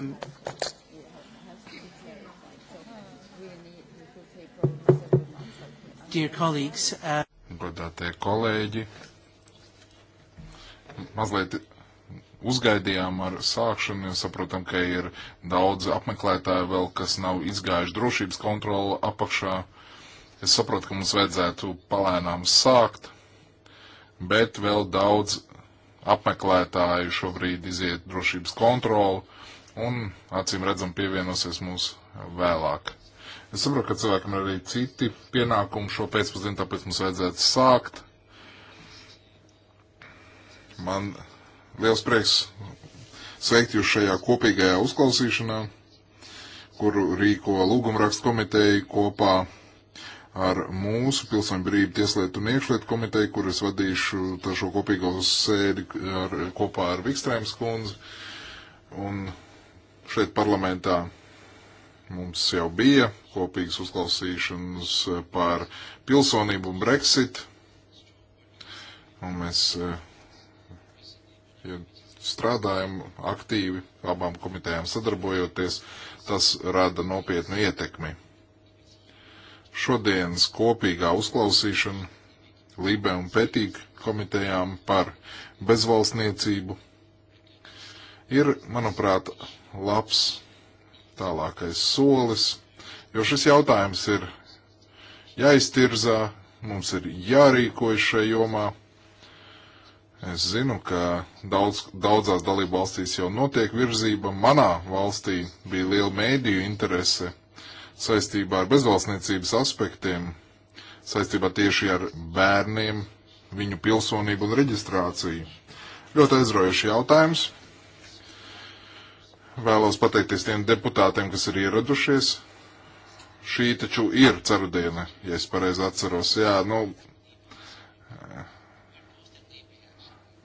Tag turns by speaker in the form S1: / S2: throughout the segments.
S1: Um, dear colleagues, uh, Godātie kolēģi, mazliet uzgaidījām ar sākšanu, jo saprotam, ka ir daudz apmeklētāju vēl, kas nav izgājuši drošības kontroli apakšā. Es saprotu, ka mums vajadzētu palēnām sākt, bet vēl daudz apmeklētāju šobrīd iziet drošības kontroli, un acīm redzam pievienosies mums vēlāk. Es saprotu, ka cilvēkam ir arī citi pienākumi šo pēcpusdienu, tāpēc mums vajadzētu sākt. Man liels prieks sveikt jūs šajā kopīgajā uzklausīšanā, kuru rīko lūgumrakstu komiteju kopā ar mūsu pilsoņu brīvību tieslietu un iekšlietu komiteju, kur es vadīšu šo kopīgo sēdi ar, kopā ar Vikstrēms kundzi. Un šeit parlamentā. Mums jau bija kopīgas uzklausīšanas par pilsonību un Brexit. Un mēs eh, ja strādājam aktīvi, abām komitējām sadarbojoties, tas rada nopietnu ietekmi. Šodienas kopīgā uzklausīšana Lībe un Petīk komitejām par bezvalstniecību ir, manuprāt, labs tālākais solis, jo šis jautājums ir jāiztirzā, mums ir jārīkojas šajā jomā. Es zinu, ka daudz, daudzās dalību valstīs jau notiek virzība. Manā valstī bija liela mēdīju interese saistībā ar bezvalstniecības aspektiem, saistībā tieši ar bērniem, viņu pilsonību un reģistrāciju. Ļoti aizraujoši jautājums. Vēlos pateikties tiem deputātiem, kas ir ieradušies. Šī taču ir ceru diena, ja es pareizi atceros. Jā, nu,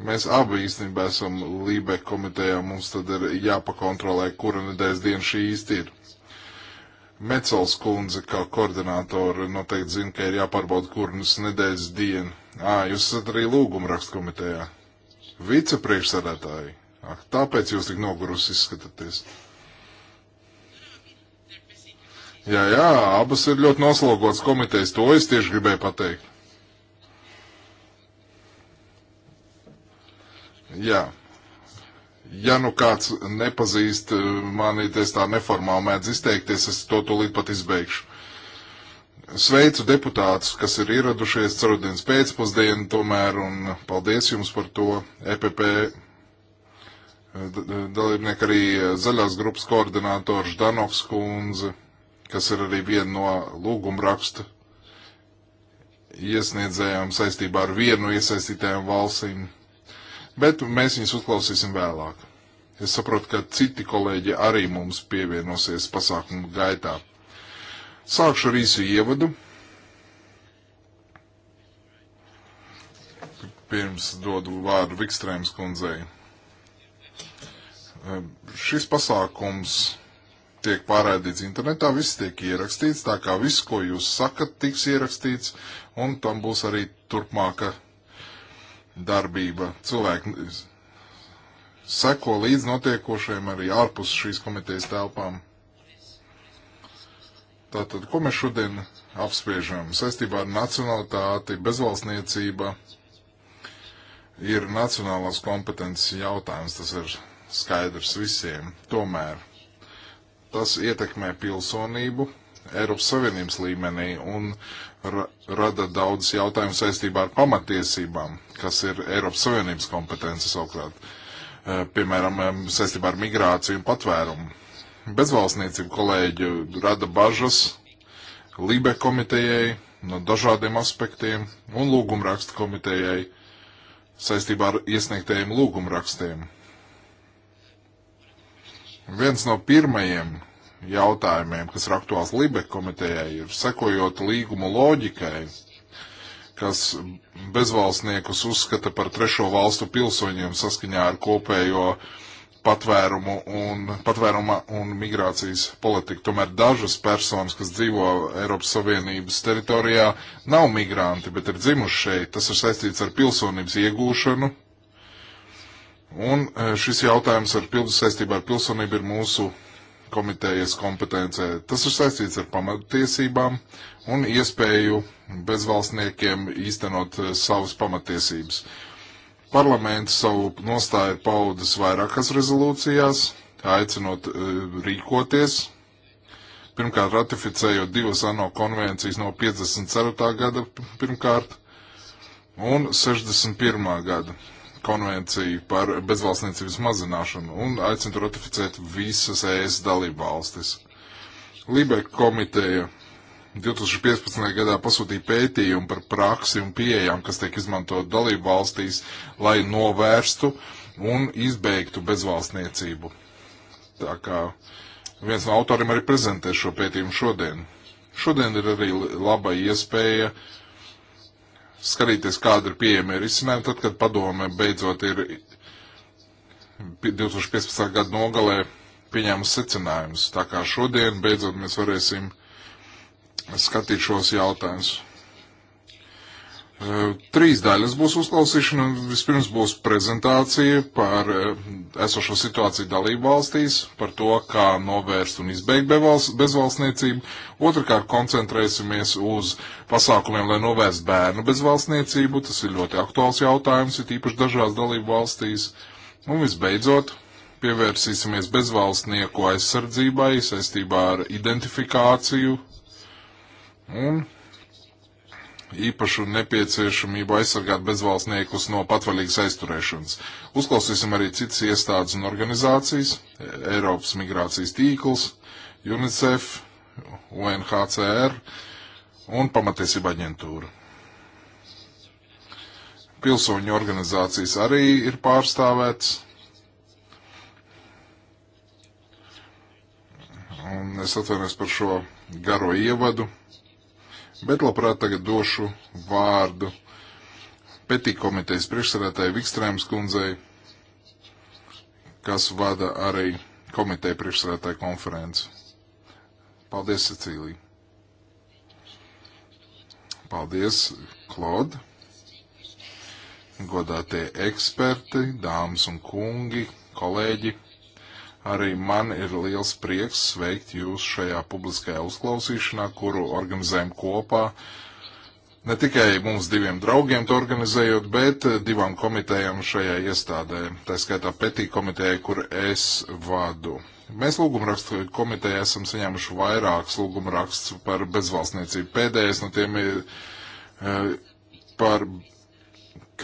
S1: Mēs abi īstenībā esam Lībeka komitejā, mums tad ir jāpakontrolē, kura nedēļas diena šī īsti ir. Mecels kundze kā koordinātori noteikti zina, ka ir jāpārbauda, kuras nedēļas diena. Ā, jūs esat arī lūguma rakstu komitejā. Vicepriekšsēdētāji. Ak, ah, tāpēc jūs tik nogurus izskatāties. Jā, jā, abas ir ļoti noslogotas komitejas. To es tieši gribēju pateikt. Jā. Ja nu kāds nepazīst eh, mani, es tā neformāli mēdz izteikties, es to tūlīt pat izbeigšu. Sveicu deputātus, kas ir ieradušies ceturtdienas pēcpusdienu tomēr, un paldies jums par to. EPP dalībnieki arī e, zaļās grupas koordinātori Ždanoks kundze, kas ir arī viena no lūguma raksta iesniedzējām saistībā ar vienu iesaistītajām valstīm, bet mēs viņus uzklausīsim vēlāk. Es saprotu, ka citi kolēģi arī mums pievienosies pasākumu gaitā. Sākšu ar īsu ievadu. Pirms dodu vārdu Vikstrēms kundzei. Šis pasākums tiek pārraidīts internetā, viss tiek ierakstīts, tā kā viss, ko jūs sakat, tiks ierakstīts, un tam būs arī turpmāka darbība. Cilvēki seko līdz notiekošajiem arī ārpus šīs komitejas telpām. Tātad, ko mēs šodien apspriežam? Saistībā ar nacionalitāti, bezvalstniecība ir nacionālās kompetences jautājums. Tas ir skaidrs visiem. Tomēr tas ietekmē pilsonību Eiropas Savienības līmenī un ra rada daudz jautājumu saistībā ar pamatiesībām, kas ir Eiropas Savienības kompetence savukārt, e, piemēram, saistībā ar migrāciju un patvērumu. Bezvalstniecību kolēģi rada bažas Libe komitejai no dažādiem aspektiem un lūgumrakstu komitejai saistībā ar iesniegtajiem lūgumrakstiem. Viens no pirmajiem jautājumiem, kas ir aktuāls Libeka komitejai, ir sekojot līguma loģikai, kas bezvalstniekus uzskata par trešo valstu pilsoņiem saskaņā ar kopējo patvērumu un, patvēruma un migrācijas politiku. Tomēr dažas personas, kas dzīvo Eiropas Savienības teritorijā, nav migranti, bet ir dzimuši šeit. Tas ir saistīts ar pilsonības iegūšanu Un e, šis jautājums ar pildus saistībā ar pilsonību ir mūsu komitejas kompetencē. Tas ir saistīts ar pamatiesībām un iespēju bezvalstniekiem īstenot e, savas pamatiesības. Parlaments savu nostāju paudas vairākas rezolūcijās, aicinot e, rīkoties, pirmkārt ratificējot divas ANO konvencijas no 54. gada pirmkārt un 61. gada konvenciju par bezvalstniecības mazināšanu un aicinu ratificēt visas ES dalību valstis. Libeka komiteja 2015. gadā pasūtīja pētījumu par praksi un pieejām, kas tiek izmantot dalību valstīs, lai novērstu un izbeigtu bezvalstniecību. Tā kā viens no autoriem arī prezentē šo pētījumu šodien. Šodien ir arī laba iespēja uh, skatīties, kāda ir pieejama risinājuma, tad, kad padome beidzot ir 2015. gada nogalē pieņēmusi secinājumus. Tā kā šodien beidzot mēs varēsim skatīt šos jautājumus. Eh, trīs daļas būs uzklausīšana. Vispirms būs prezentācija par eh, esošo situāciju dalību valstīs, par to, kā novērst un izbeigt bezvalstniecību. Otrakārt koncentrēsimies uz pasākumiem, lai novērst bērnu bezvalstniecību. Tas ir ļoti aktuāls jautājums, ir īpaši dažās dalību valstīs. Un visbeidzot, pievērsīsimies bezvalstnieku aizsardzībai saistībā ar identifikāciju un īpašu nepieciešamību aizsargāt bezvalstniekus no patvaļīgas aizturēšanas. Uzklausīsim arī citas iestādes un organizācijas - Eiropas migrācijas tīkls, UNICEF, UNHCR un pamatiesība aģentūra. Pilsoņu organizācijas arī ir pārstāvēts. Un es atvainojos par šo garo ievadu bet labprāt tagad došu vārdu Petī komitejas priekšsēdētāji Vikstrēmas kundzei, kas vada arī komiteja priekšsēdētāja konferenci. Paldies, Cecīlija! Paldies, Klod! Godātie eksperti, dāmas un kungi, kolēģi! Arī man ir liels prieks sveikt jūs šajā publiskajā uzklausīšanā, kuru organizējam kopā. Ne tikai mums diviem draugiem to organizējot, bet divām komitejām šajā iestādē, tā skaitā petī komitejai, kur es vadu. Mēs lūgumrakstu komitejā esam saņēmuši vairākus lūgumrakstus par bezvalstniecību. Pēdējais no tiem ir uh, par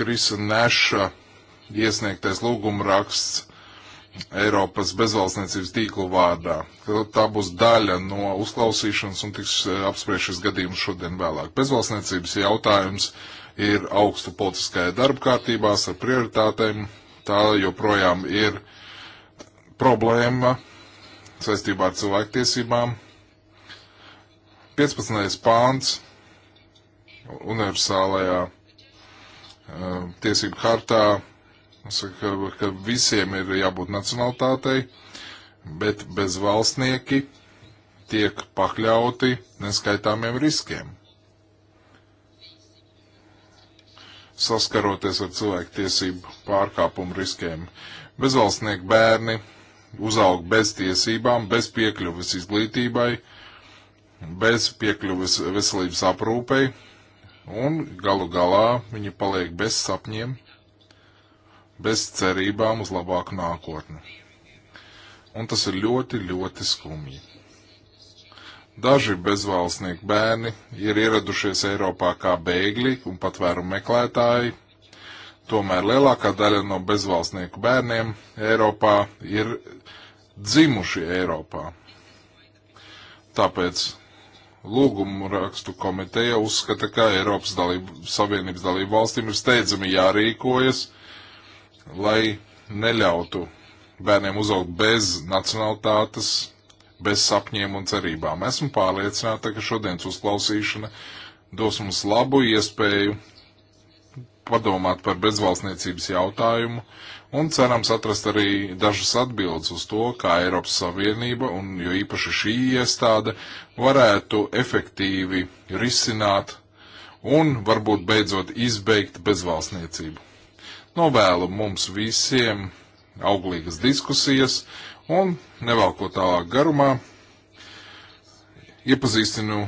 S1: Krisa Neša iesniegtais lūgumraksts Eiropas bezvalstniecības tīklu vārdā. Tā būs daļa no uzklausīšanas un tiks eh, apspriest šis gadījums šodien vēlāk. Bezvalstniecības jautājums ir augstu politiskajā darba kārtībās ar prioritātēm. Tā joprojām ir problēma saistībā ar cilvēktiesībām. 15. pāns universālajā uh, tiesību hartā saka, ka visiem ir jābūt nacionalitātei, bet bezvalstnieki tiek pakļauti neskaitāmiem riskiem. Saskaroties ar cilvēku tiesību pārkāpumu riskiem, bezvalstnieku bērni uzaug bez tiesībām, bez piekļuves izglītībai, bez piekļuves veselības aprūpei, un galu galā viņi paliek bez sapņiem bez cerībām uz labāku nākotni. Un tas ir ļoti, ļoti skumji. Daži bezvalstnieku bērni ir ieradušies Eiropā kā bēgļi un patvērumu meklētāji, tomēr lielākā daļa no bezvalstnieku bērniem Eiropā ir dzimuši Eiropā. Tāpēc lūgumu rakstu komiteja uzskata, ka Eiropas dalību, Savienības dalību valstīm ir steidzami jārīkojas lai neļautu bērniem uzaugt bez nacionalitātes, bez sapņiem un cerībām. Esmu pārliecināta, ka šodienas uzklausīšana dos mums labu iespēju padomāt par bezvalstniecības jautājumu un cerams atrast arī dažas atbildes uz to, kā Eiropas Savienība un jo īpaši šī iestāde varētu efektīvi risināt un varbūt beidzot izbeigt bezvalstniecību. Novēlu mums visiem auglīgas diskusijas un nevelko tālāk garumā. Iepazīstinu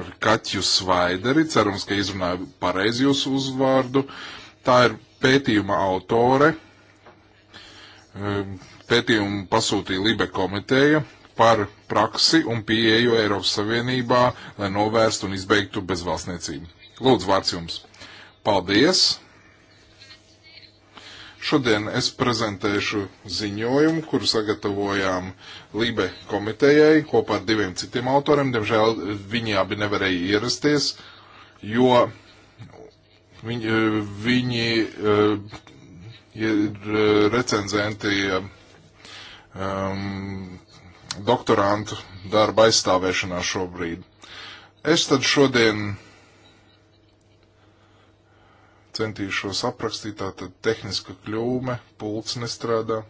S1: ar Kaķu Svaideri, cerams, ka izrunāju pareizi jūsu uzvārdu. Tā ir pētījuma autore. Ehm, pētījumu pasūtīja Libe komiteja par praksi un pieeju Eiropas Savienībā, lai novērstu un izbeigtu bezvalstniecību. Lūdzu, vārds jums. Paldies! Šodien es prezentēšu ziņojumu, kuru sagatavojām Lībe komitejai kopā ar diviem citiem autoriem. Diemžēl viņi abi nevarēja ierasties, jo viņi, eh, viņi eh, ir recenzenti um, ehm, doktorantu darba aizstāvēšanā šobrīd. Es tad šodien centīšos aprakstīt, tātad tehniska kļūme, pults nestrādā.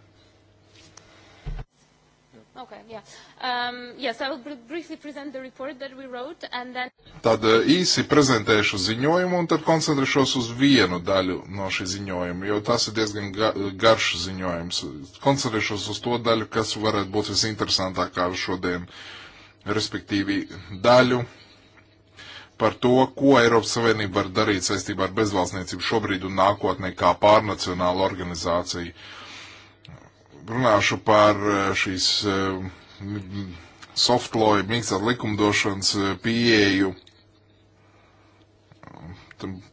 S2: Okay, yeah. um, yes, wrote, then...
S1: Tad uh, īsi prezentēšu ziņojumu un tad koncentrēšos uz vienu daļu no šī ziņojuma, jo tas ir diezgan ga garš ziņojums. Koncentrēšos uz to daļu, kas varētu būt visinteresantākā šodien, respektīvi daļu par to, ko Eiropas Savienība var darīt saistībā ar bezvalstniecību šobrīd un nākotnē kā pārnacionāla organizācija. Runāšu par eh, šīs eh, soft law, mīkstāt likumdošanas eh, pieeju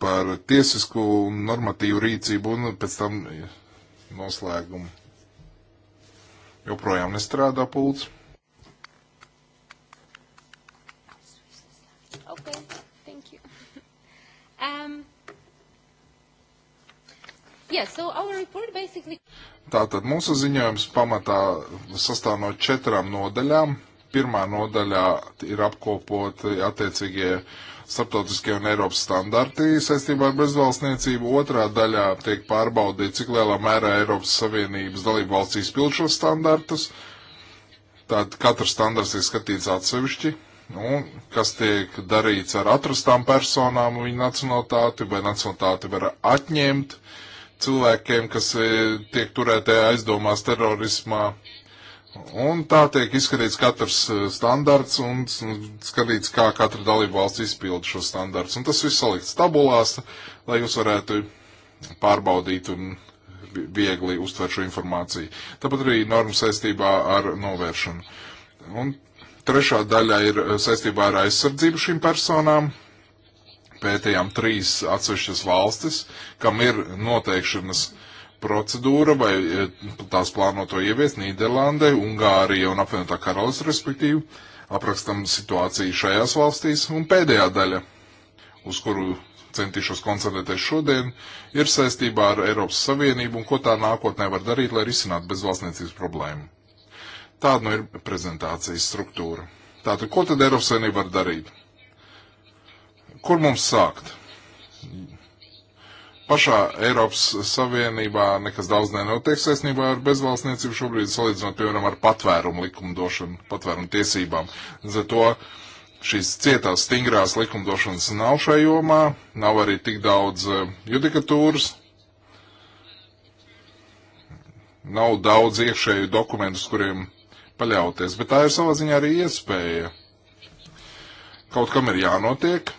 S1: par tiesisku un normatīvu rīcību un pēc tam noslēgumu. Joprojām nestrādā pults.
S3: Okay. Yeah, so basically...
S1: Tātad mūsu ziņojums pamatā sastāv no četrām nodaļām. Pirmā nodaļā ir apkopoti attiecīgie starptautiskie un Eiropas standarti saistībā ar bezvalstniecību. Otrā daļā tiek pārbaudīts, cik lielā mērā Eiropas Savienības dalību valsts izpild šos standartus. Tātad katrs standarts ir skatīts atsevišķi nu, kas tiek darīts ar atrastām personām, viņu nacionalitāti vai nacionalitāti var atņemt. Uh, cilvēkiem, kas e, tiek turētē aizdomās terorismā. Un tā tiek izskatīts katrs e, standarts un skatīts, kā katra dalība valsts izpilda šo standarts. Un tas viss salikts tabulās, lai jūs varētu pārbaudīt un viegli uztvert šo informāciju. Tāpat arī norma saistībā ar novēršanu. Un trešā daļa ir e, saistībā ar aizsardzību šīm personām pētījām trīs atsevišķas valstis, kam ir noteikšanas procedūra vai e, tās plānoto ieviest Nīderlandē, Ungārija un apvienotā karalis, respektīvi. Aprakstam situāciju šajās valstīs. Un pēdējā daļa, uz kuru centīšos koncentrēties šodien, ir saistībā ar Eiropas Savienību un ko tā nākotnē var darīt, lai risinātu bezvalstniecības problēmu. Tāda nu ir prezentācijas struktūra. Tātad, ko tad Eiropas Savienība var darīt? Kur mums sākt? Pašā Eiropas Savienībā nekas daudz nenotiek saistībā ar bezvalstniecību šobrīd, salīdzinot, piemēram, ar patvērumu likumdošanu, patvērumu tiesībām. Līdz ar to šīs cietās stingrās likumdošanas nav šajā jomā, nav arī tik daudz eh, judikatūras, nav daudz iekšēju dokumentu, uz kuriem paļauties, bet tā ir savā ziņā arī iespēja. Kaut kam ir jānotiek,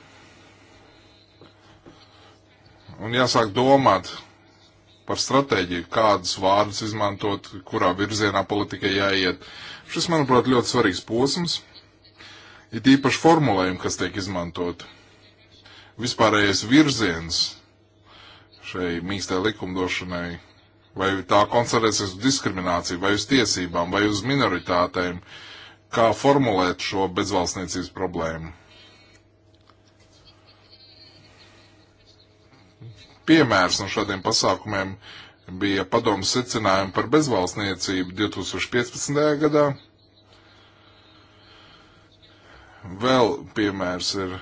S1: un jāsāk domāt par stratēģiju, kādus vārdus izmantot, kurā virzienā politikai jāiet. Šis, manuprāt, ļoti svarīgs posms, ir īpaši formulējumi, kas tiek izmantot. Vispārējais virziens šai mīkstai likumdošanai, vai tā koncentrēsies uz diskrimināciju, vai uz tiesībām, vai uz minoritātēm, kā formulēt šo bezvalstniecības problēmu. piemērs no šādiem pasākumiem bija padomu secinājumi par bezvalstniecību 2015. gadā. Vēl piemērs ir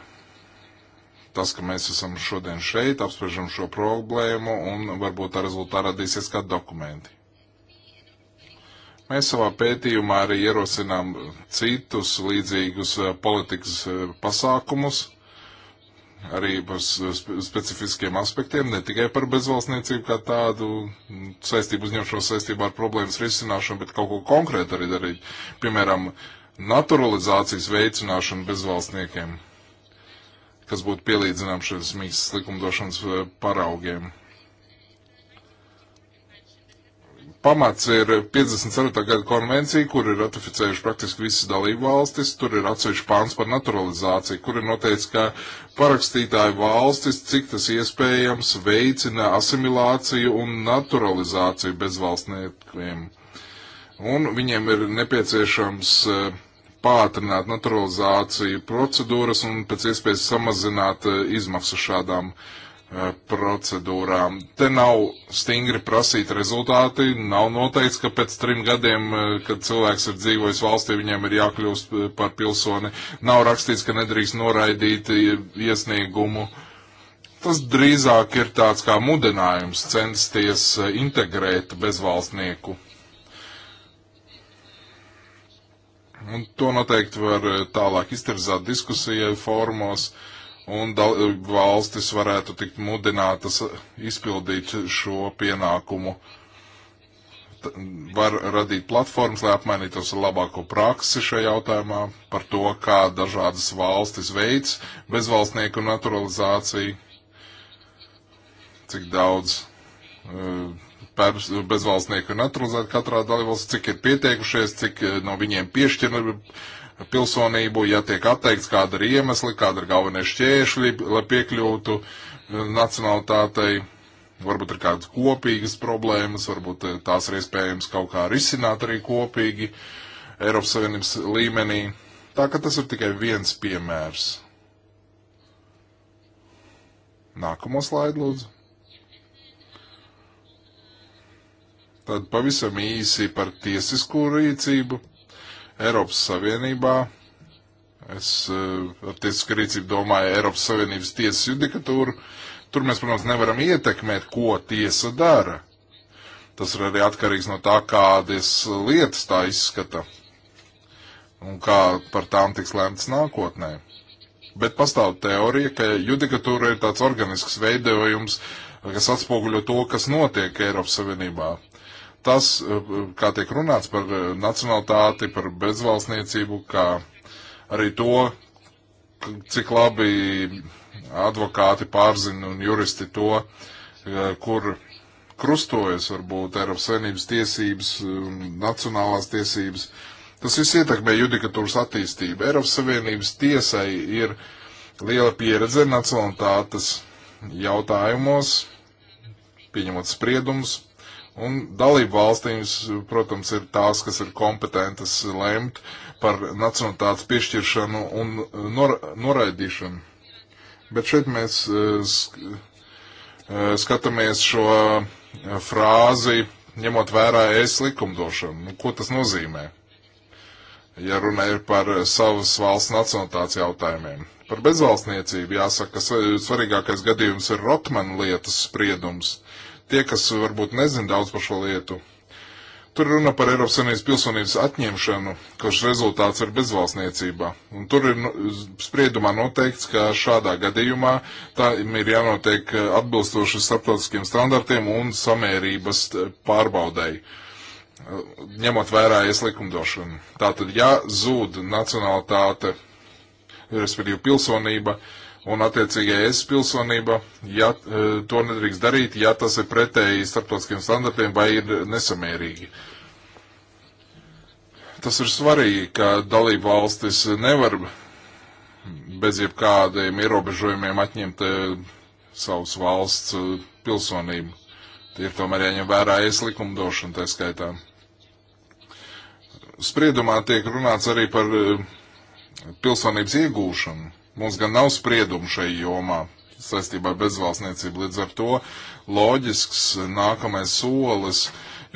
S1: tas, ka mēs esam šodien šeit, apspriežam šo problēmu un varbūt tā rezultā radīsies kā dokumenti. Mēs savā pētījumā arī ierosinām citus līdzīgus eh, politikas eh, pasākumus arī par specifiskiem aspektiem, ne tikai par bezvalstniecību kā tādu saistību uzņemšanos saistībā ar problēmas risināšanu, bet kaut ko konkrētu arī darīt. Piemēram, naturalizācijas veicināšanu bezvalstniekiem, kas būtu pielīdzināms šīs mīkstas likumdošanas eh, paraugiem. pamats ir 54. gada konvencija, kur ir ratificējuši praktiski visas dalību valstis. Tur ir atsevišķi pāns par naturalizāciju, kur ir noteikts, ka parakstītāju valstis, cik tas iespējams, veicina asimilāciju un naturalizāciju bezvalstniekiem. Un viņiem ir nepieciešams eh, pātrināt naturalizāciju procedūras un pēc iespējas samazināt eh, izmaksu šādām uh, Eh, procedūrām. Te nav stingri prasīti rezultāti, nav noteikts, ka pēc trim gadiem, eh, kad cilvēks ir dzīvojis valstī, viņiem ir jākļūst eh, par pilsoni. Nav rakstīts, ka nedrīkst noraidīt iesniegumu. Tas drīzāk ir tāds kā mudinājums censties integrēt bezvalstnieku. Un to noteikti var tālāk izterzāt diskusiju formos. Uh, un eh, valstis varētu tikt mudinātas izpildīt šo pienākumu. Var radīt platformas, lai apmainītos ar labāko praksi šajā jautājumā par to, kā dažādas valstis veids bezvalstnieku naturalizāciju, cik daudz uh, bezvalstnieku ir naturalizēti katrā dalībvalstī, cik ir pieteikušies, cik eh, no viņiem piešķir pilsonību, ja tiek atteikts, kāda ir iemesli, kāda ir galvenie šķēršļi, lai piekļūtu eh, nacionalitātei. Varbūt ir kādas kopīgas problēmas, varbūt eh, tās ir iespējams kaut kā risināt arī kopīgi Eiropas Savienības līmenī. Tā ka tas ir tikai viens piemērs. Nākamo slaidu lūdzu. Tad pavisam īsi par tiesisko rīcību. Eiropas Savienībā. Es eh, ar tiesisku rīcību domāju Eiropas Savienības tiesas judikatūru. Tur mēs, protams, nevaram ietekmēt, ko tiesa dara. Tas ir arī atkarīgs no tā, kādas lietas tā izskata un kā par tām tiks lēmts nākotnē. Bet pastāv teorija, ka judikatūra ir tāds organisks veidojums, kas atspoguļo to, kas notiek Eiropas Savienībā. Tas, eh, kā tiek runāts par eh, nacionalitāti, par bezvalstniecību, kā arī to, cik labi advokāti pārzina un juristi to, eh, kur krustojas varbūt Eiropas Savienības tiesības, um, nacionālās tiesības. Tas viss ietekmē judikatūras attīstību. Eiropas Savienības tiesai ir liela pieredze nacionalitātes jautājumos, pieņemot spriedumus, Un dalību valstīs, protams, ir tās, kas ir kompetentas lemt par nacionalitātes piešķiršanu un uh, nor noraidīšanu. Bet šeit mēs uh, uh, skatāmies šo frāzi, ņemot vērā es likumdošanu. Nu, ko tas nozīmē? ja runa ir par savas valsts nacionalitātes jautājumiem. Par bezvalstniecību jāsaka, ka svarīgākais gadījums ir Rotmana lietas spriedums, tie, kas varbūt nezin daudz par šo lietu, tur runa par Eiropas Savienības pilsonības atņemšanu, kurš rezultāts ir bezvalstniecībā. Un tur ir spriedumā noteikts, ka šādā gadījumā tā ir jānotiek atbilstoši starptautiskiem standartiem un samērības pārbaudai, ņemot vērā ieslikumdošanu. Tātad, ja zūd nacionalitāte, respektīvi pilsonība, uh, un attiecīgai es pilsonība, ja e, to nedrīkst darīt, ja tas ir pretēji starptautiskiem standartiem vai ir nesamērīgi. Tas ir svarīgi, ka dalību valstis nevar bez jebkādiem ierobežojumiem atņemt e, savus valsts e, pilsonību. Tie ir tomēr jāņem vērā es likumdošana, tā skaitā. Spriedumā tiek runāts arī par pilsonības iegūšanu Mums gan nav spriedumu šai jomā saistībā ar bezvalstniecību. Līdz ar to loģisks nākamais solis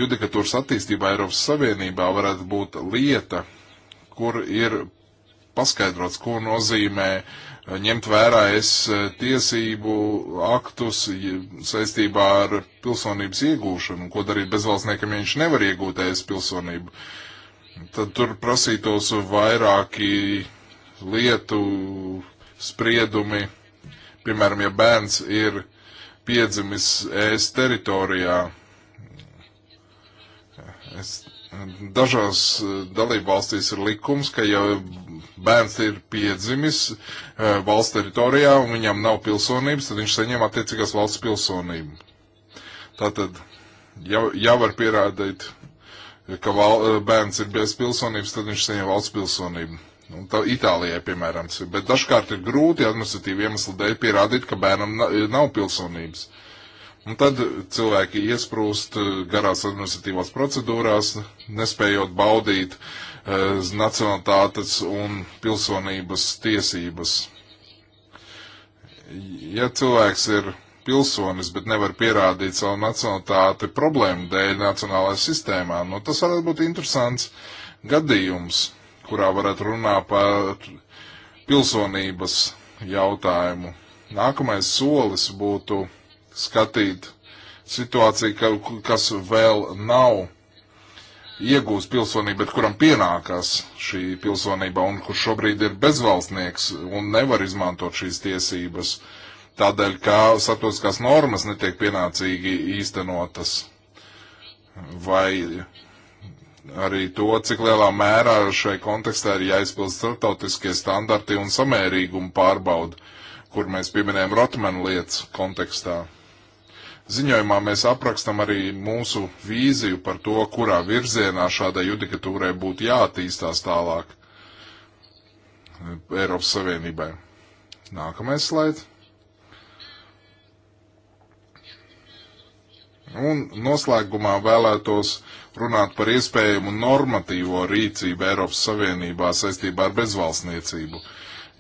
S1: judikatūras attīstībā Eiropas Savienībā varētu būt lieta, kur ir paskaidrots, ko nozīmē ņemt vērā es eh, tiesību aktus saistībā ar pilsonības iegūšanu, ko darīt bezvalstniekam, ja viņš nevar iegūt es pilsonību. Tad tur prasītos vairāki lietu spriedumi, piemēram, ja bērns ir piedzimis ES teritorijā, es, dažās dalībvalstīs ir likums, ka ja bērns ir piedzimis e, valsts teritorijā un viņam nav pilsonības, tad viņš saņem attiecīgās valsts pilsonību. Tātad jau, jau var pierādīt, ka val, e, bērns ir bez pilsonības, tad viņš saņem valsts pilsonību. Nu, tā Itālijai, piemēram, bet dažkārt ir grūti administratīvi iemesli dēļ pierādīt, ka bērnam nav pilsonības. Un tad cilvēki iesprūst eh, garās administratīvās procedūrās, nespējot baudīt uh, nacionalitātes un pilsonības tiesības. Ja cilvēks ir pilsonis, bet nevar pierādīt savu nacionalitāti problēmu dēļ nacionālajā sistēmā, nu tas varētu būt interesants gadījums kurā varētu runāt par pilsonības jautājumu. Nākamais solis būtu skatīt situāciju, ka, kas vēl nav iegūst pilsonību, bet kuram pienākās šī pilsonība un kurš šobrīd ir bezvalstnieks un nevar izmantot šīs tiesības, tādēļ, ka saturiskās normas netiek pienācīgi īstenotas vai arī to, cik lielā mērā šai kontekstā ir jāizpild starptautiskie standarti un samērīguma pārbauda, kur mēs pieminējam Rotmanu lietas kontekstā. Ziņojumā mēs aprakstam arī mūsu vīziju par to, kurā virzienā šādai judikatūrai būtu jātīstās tālāk Eiropas Savienībai. Nākamais slaids. Un noslēgumā vēlētos uh, runāt par iespējamu normatīvo rīcību Eiropas Savienībā saistībā ar bezvalstniecību.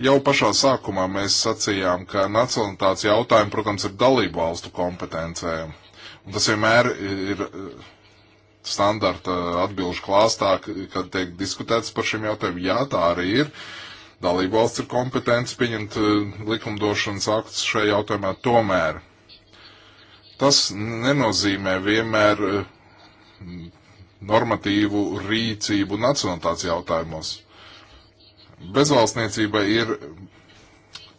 S1: Jau pašā sākumā mēs sacījām, ka nacionalitātes jautājumi, protams, ir dalību valstu kompetencē. Un tas vienmēr ir eh, standarta atbilžu klāstā, kad tiek diskutēts par šiem jautājumiem. Jā, tā arī ir. Dalību valsts ir kompetents pieņemt eh, likumdošanas aktus šajā jautājumā. Tomēr tas nenozīmē vienmēr eh, normatīvu rīcību nacionalitātes jautājumos. Bezvalstniecība ir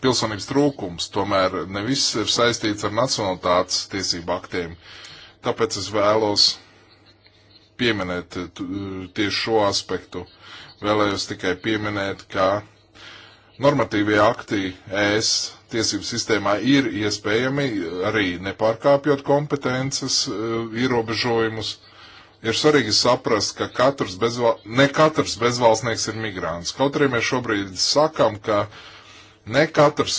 S1: pilsonības trūkums, tomēr ne viss ir saistīts ar nacionalitātes tiesību aktiem. Tāpēc es vēlos pieminēt eh, eh, tieši šo aspektu. Vēlējos tikai pieminēt, ka normatīvie akti ES tiesību sistēmā ir iespējami eh, arī nepārkāpjot kompetences ierobežojumus. Uh, Ir svarīgi saprast, ka katrs bezval... ne katrs bezvalstnieks ir migrants. Kaut arī mēs šobrīd sakam, ka ne katrs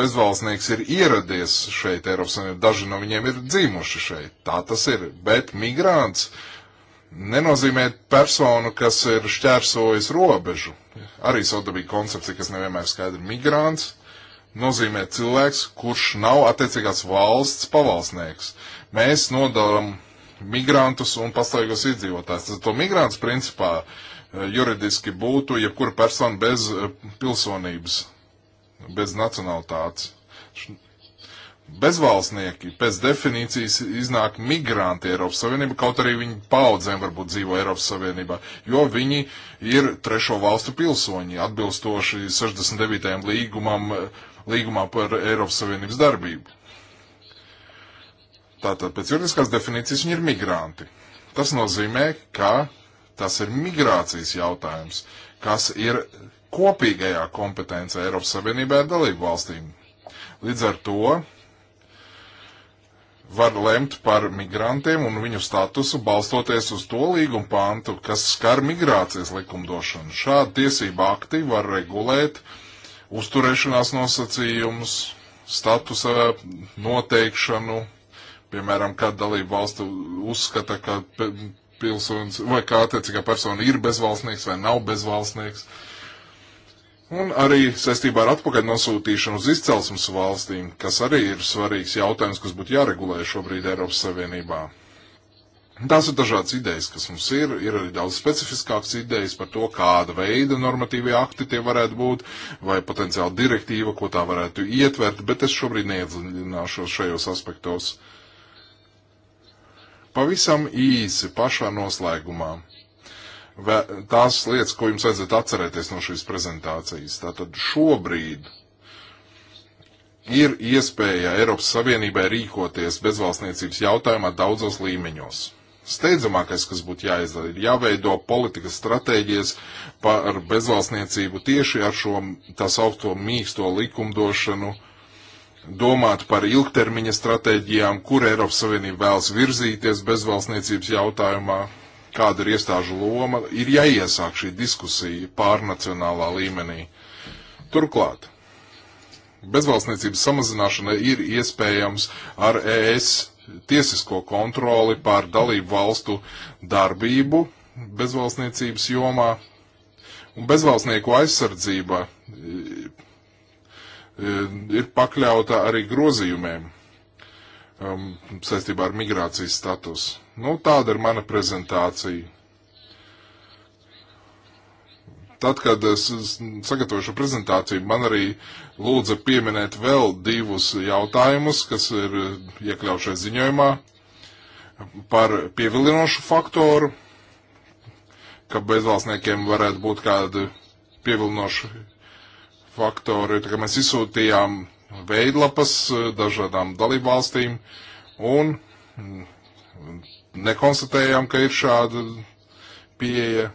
S1: bezvalstnieks ir ieradies šeit Eiropas Savienībā, daži no viņiem ir dzīvojuši šeit. Tā tas ir. Bet migrants nenozīmē personu, kas ir šķērsojis robežu. Arī sodabīga koncepcija, kas nevienmēr skaidra. Migrants nozīmē cilvēks, kurš nav attiecīgās valsts pavalsnieks. Mēs nodalam migrantus un pastāvīgos iedzīvotājus. Tad to migrants principā eh, juridiski būtu jebkura persona bez eh, pilsonības, bez nacionalitātes. Bezvalstnieki pēc definīcijas iznāk migranti Eiropas Savienībā, kaut arī viņi paudzēm varbūt dzīvo Eiropas Savienībā, jo viņi ir trešo valstu pilsoņi, atbilstoši 69. līgumam, eh, līgumā par Eiropas Savienības darbību. Tātad pēc juridiskās definīcijas viņi ir migranti. Tas nozīmē, ka tas ir migrācijas jautājums, kas ir kopīgajā kompetencē Eiropas Savienībā ar dalību valstīm. Līdz ar to var lemt par migrantiem un viņu statusu balstoties uz to līgumu pantu, kas skar migrācijas likumdošanu. Šādi tiesība akti var regulēt uzturēšanās nosacījumus, statusa noteikšanu, Piemēram, kad dalību valstu uzskata, ka pilsonis vai kā attiecīgā persona ir bezvalstnieks vai nav bezvalstnieks. Un arī saistībā ar atpakaļ nosūtīšanu uz izcelsmes valstīm, kas arī ir svarīgs jautājums, kas būtu jāregulē šobrīd Eiropas Savienībā. Tās ir dažādas idejas, kas mums ir, ir arī daudz specifiskākas idejas par to, kāda veida normatīvie akti tie varētu būt, vai potenciāli direktīva, ko tā varētu ietvert, bet es šobrīd neiedziļināšos šajos aspektos. Uh, Pavisam īsi pašā noslēgumā. Vē, tās lietas, ko jums vajadzētu atcerēties no šīs prezentācijas. Tātad šobrīd ir iespēja Eiropas Savienībai rīkoties bezvalstniecības jautājumā daudzos līmeņos. Steidzamākais, kas būtu jāizdara, ir jāveido politikas stratēģijas par bezvalstniecību tieši ar šo tā saukto mīksto likumdošanu uh, domāt par ilgtermiņa stratēģijām, kur Eiropas Savienība vēlas virzīties bezvalstniecības jautājumā, kāda ir iestāžu loma, ir jāiesāk šī diskusija pārnacionālā līmenī. Turklāt, bezvalstniecības samazināšana ir iespējams ar ES tiesisko kontroli pār dalību valstu darbību bezvalstniecības jomā, un bezvalstnieku aizsardzība Um, ir pakļauta arī grozījumiem um, saistībā ar migrācijas status. Nu, tāda ir mana prezentācija. Tad, kad es sagatavoju šo prezentāciju, man arī lūdza pieminēt vēl divus jautājumus, kas ir iekļaušai ziņojumā par pievilinošu faktoru, ka bezvalstniekiem varētu būt kādi pievilinoši faktori, tā kā mēs izsūtījām veidlapas eh, dažādām dalībvalstīm un mm, nekonstatējām, ka ir šāda pieeja.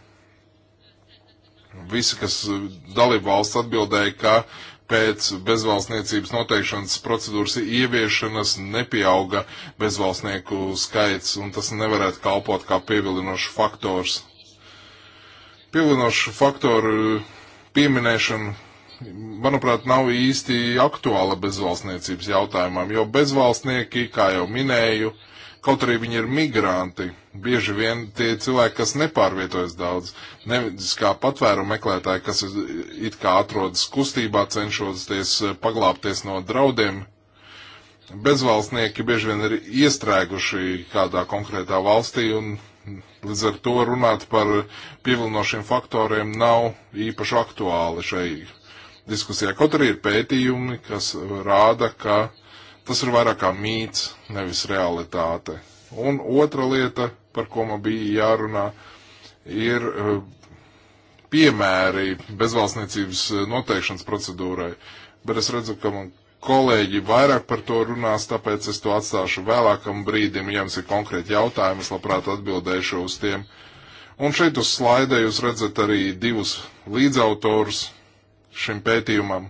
S1: Visi, kas eh, dalībvalsts atbildēja, ka pēc bezvalstniecības noteikšanas procedūras ieviešanas nepieauga bezvalstnieku skaits, un tas nevarētu kalpot kā pievilinošs faktors. Pievilinošu faktoru pieminēšanu manuprāt, nav īsti aktuāla bezvalstniecības jautājumam, jo bezvalstnieki, kā jau minēju, kaut arī viņi ir migranti, bieži vien tie cilvēki, kas nepārvietojas daudz, nevis kā patvēru meklētāji, kas it kā atrodas kustībā, cenšoties paglāpties no draudiem. Bezvalstnieki bieži vien ir iestrēguši kādā konkrētā valstī un Līdz ar to runāt par pievilinošiem faktoriem nav īpaši aktuāli šai diskusijā. Kaut arī ir pētījumi, kas rāda, ka tas ir vairāk kā mīts, nevis realitāte. Un otra lieta, par ko man bija jārunā, ir eh, piemēri bezvalstniecības eh, noteikšanas procedūrai. Bet es redzu, ka man kolēģi vairāk par to runās, tāpēc es to atstāšu vēlākam brīdim. Ja jums ir konkrēti jautājumi, es labprāt atbildēšu uz tiem. Un šeit uz slaida jūs redzat arī divus līdzautorus, šim pētījumam.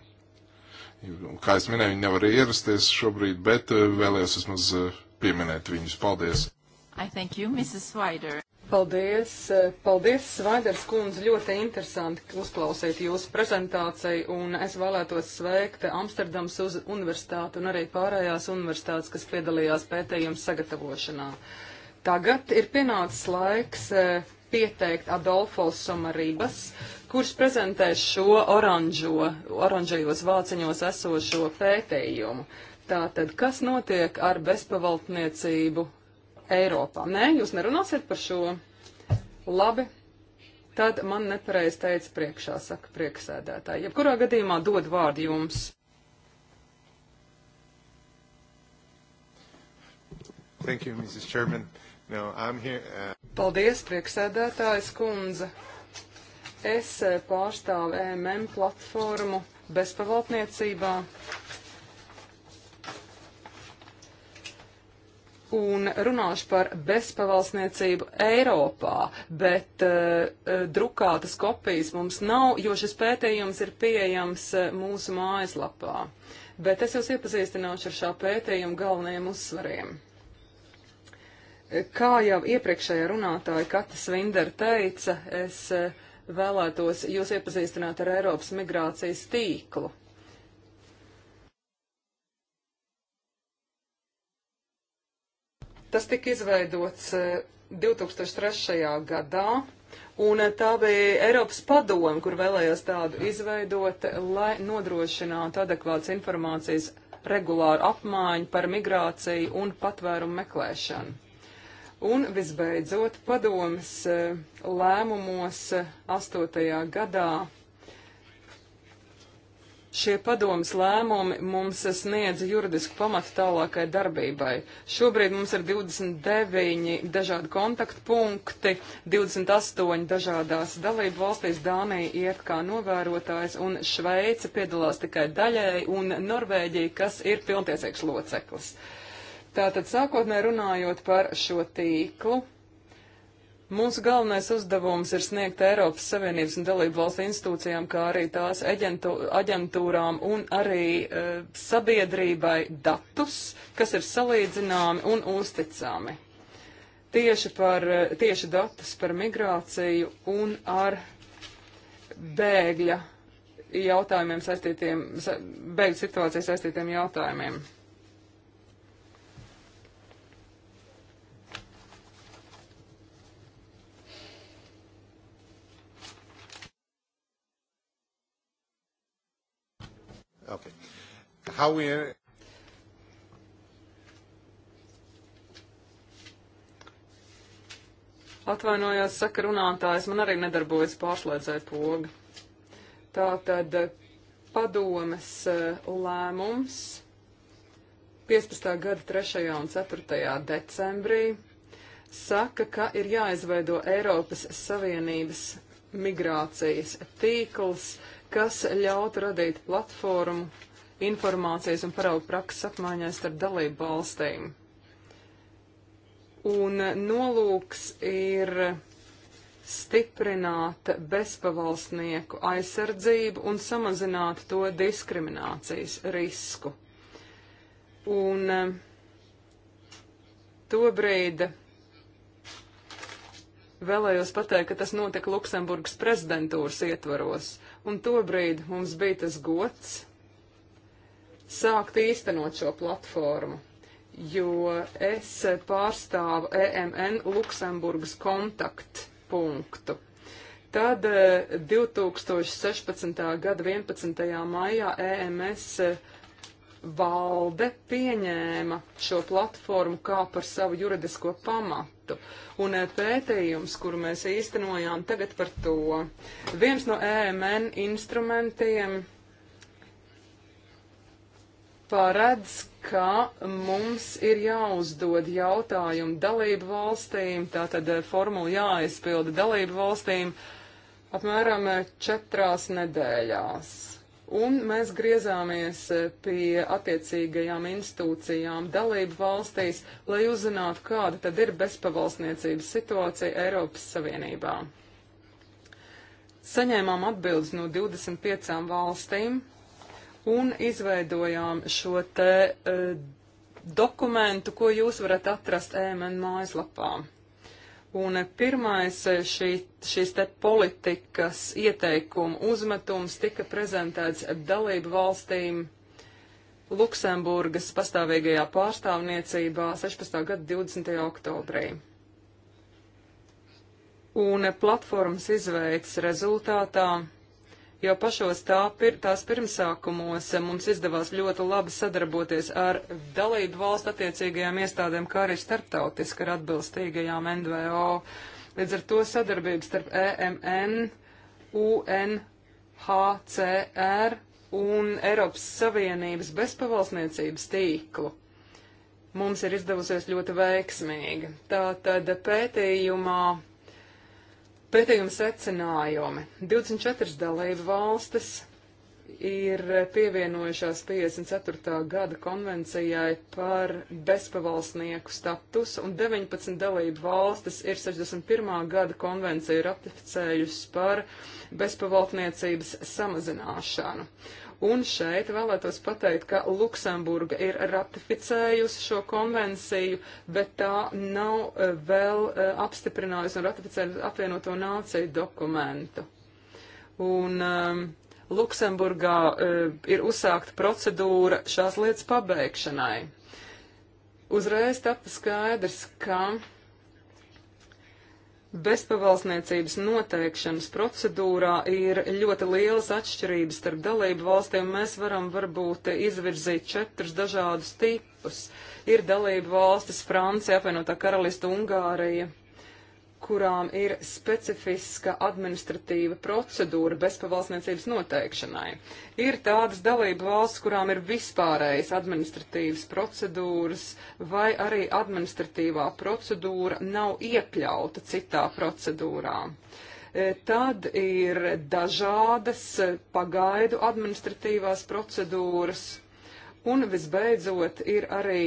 S1: Kā es minēju, viņi nevar ierasties šobrīd, bet eh, vēlējos vismaz eh, pieminēt viņus. Paldies!
S2: I thank you, Mrs.
S4: Swider. Paldies, eh, paldies, Svaiders kundze, ļoti interesanti uzklausīt jūsu prezentāciju, un es vēlētos sveikt Amsterdams uz universitāti un arī pārējās universitātes, kas piedalījās pētījuma sagatavošanā. Tagad ir pienācis laiks pieteikt Adolfo Somarības, kurš prezentēs šo oranžo, oranžajos vāciņos esošo pētījumu. Tātad, kas notiek ar bezpavaltniecību Eiropā? Nē, jūs nerunāsiet par šo. Labi. Tad man nepareiz teica priekšā, saka prieksēdētāji. Jebkurā gadījumā dod vārdu jums.
S3: Thank you, Mrs. Chairman. No, I'm here. Uh...
S4: Paldies, prieksēdētājs kundze. Es e, pārstāvu EMM platformu bezpavaldniecībā. un runāšu par bezpavalsniecību Eiropā, bet uh, drukātas kopijas mums nav, jo šis pētījums ir pieejams mūsu mājaslapā. Bet es jūs iepazīstināšu ar šā pētījuma galvenajiem uzsvariem. Kā jau iepriekšējā runātāja Kata Svindera teica, es uh, vēlētos jūs iepazīstināt ar Eiropas migrācijas tīklu. Tas tika izveidots 2003. Eh, gadā, un eh, tā bija Eiropas padoma, kur vēlējās tādu izveidot, lai nodrošinātu adekvāts informācijas regulāru apmaiņu par migrāciju un patvērumu meklēšanu. Un visbeidzot, padomas eh, lēmumos 8. Eh, gadā Šie padomas lēmumi mums sniedz juridisku pamatu tālākai darbībai. Šobrīd mums ir 29 dažādi kontaktpunkti, 28 dažādās dalību valstīs. Dānija iet kā novērotājs un Šveice piedalās tikai daļēji un Norvēģija, kas ir pilntiesīgs loceklis. Uh, Tātad sākotnē runājot par šo tīklu, mūsu galvenais uzdevums ir sniegt Eiropas Savienības un dalību valstu institūcijām, kā arī tās aģentu, aģentūrām un arī e, sabiedrībai datus, kas ir salīdzināmi un uzticami tieši, par, e, tieši datus par migrāciju un ar bēgļa jautājumiem saistītiem, bēgļu situāciju saistītiem jautājumiem.
S1: Okay. How we... Uh,
S4: Atvainojās, saka runātājs, man arī nedarbojas pārslēdzēja poga. Tātad uh, padomes uh, lēmums 15. gada 3. un 4. decembrī saka, ka ir jāizveido Eiropas Savienības migrācijas tīkls, uh, kas ļautu radīt platformu informācijas un paraugu prakses apmaiņai starp dalību valstīm. Un nolūks ir stiprināt bezpavalstnieku aizsardzību un samazināt to diskriminācijas risku. Un eh, tobrīd vēlējos pateikt, ka tas notika Luksemburgas prezidentūras ietvaros. Uh, un tobrīd mums bija tas gods sākt īstenot šo platformu, jo es pārstāvu EMN Luksemburgas kontaktpunktu. Tad 2016. Eh, gada 11. maijā EMS eh, valde pieņēma šo platformu kā par savu juridisko pamatu. Un eh, pētījums, kuru mēs īstenojām tagad par to, viens no EMN instrumentiem paredz, ka mums ir jāuzdod jautājumu dalību valstīm, tātad eh, formula jāizpilda dalību valstīm apmēram eh, četrās nedēļās Un mēs griezāmies e, pie attiecīgajām institūcijām dalību valstīs, lai uzzinātu, kāda tad ir bezpavalsniecības situācija Eiropas Savienībā. Saņēmām atbildes no 25 valstīm un izveidojām šo te e, dokumentu, ko jūs varat atrast ēmēn e mājaslapām. Un pirmais eh, šī, šīs te politikas ieteikuma uzmetums tika prezentēts dalību valstīm Luksemburgas pastāvīgajā pārstāvniecībā 16. gada 20. oktobrī. Un platformas izveids rezultātā Jau pašos tā pir, tās pirmsākumos eh, mums izdevās ļoti labi sadarboties ar dalību valstu attiecīgajām iestādēm, kā arī starptautiski ar atbilstīgajām NVO. Līdz ar to sadarbības starp EMN, UNHCR un Eiropas Savienības bezpavalsniecības tīklu mums ir izdevusies ļoti veiksmīgi. Tātad pētījumā Pētījuma secinājumi. 24 dalību valstis ir pievienojušās 54. gada konvencijai par bezpavalsnieku statusu, un 19 dalību valstis ir 61. gada konvenciju ratificējusi par bezpavaltniecības samazināšanu. Uh, Un šeit vēlētos pateikt, ka Luksemburga ir ratificējusi šo konvenciju, bet tā nav e, vēl e, apstiprinājusi un ratificējusi apvienoto nāciju dokumentu. Un um, Luksemburgā uh, ir uzsākta procedūra šās lietas pabeigšanai. Uzreiz tapu skaidrs, ka bezpavalsniecības noteikšanas procedūrā ir ļoti lielas atšķirības starp dalību valstīm. Mēs varam varbūt izvirzīt četrus dažādus tipus. Ir dalību valstis Francija, apvienotā karalista Ungārija, kurām ir specifiska administratīva procedūra bezpavalsniecības noteikšanai. Ir tādas dalība valsts, kurām ir vispārējas administratīvas procedūras, vai arī administratīvā procedūra nav iekļauta citā procedūrā. E, tad ir dažādas pagaidu administratīvās procedūras, un visbeidzot ir arī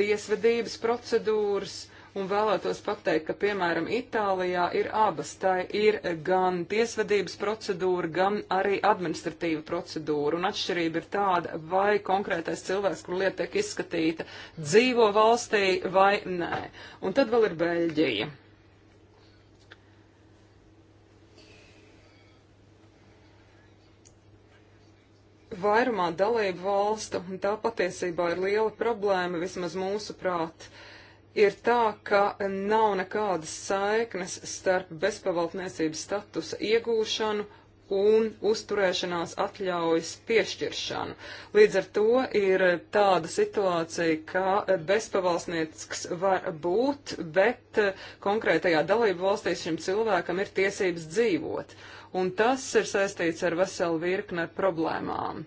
S4: tiesvedības procedūras, un vēlētos pateikt, ka, piemēram, Itālijā ir abas. Tā ir gan tiesvedības procedūra, gan arī administratīva procedūra, un atšķirība ir tāda, vai konkrētais cilvēks, kur lieta tiek izskatīta, dzīvo valstī vai nē. Un tad vēl ir Beļģija. vairumā dalību valstu, un tā patiesībā ir liela problēma, vismaz mūsu prāt, ir tā, ka nav nekādas saiknes starp bezpavaldniecības statusa iegūšanu un uzturēšanās atļaujas piešķiršanu. Līdz ar to ir tāda situācija, ka bezpavalsnieks var būt, bet konkrētajā dalību valstīs šim cilvēkam ir tiesības dzīvot. Un tas ir saistīts ar veselu virkne problēmām,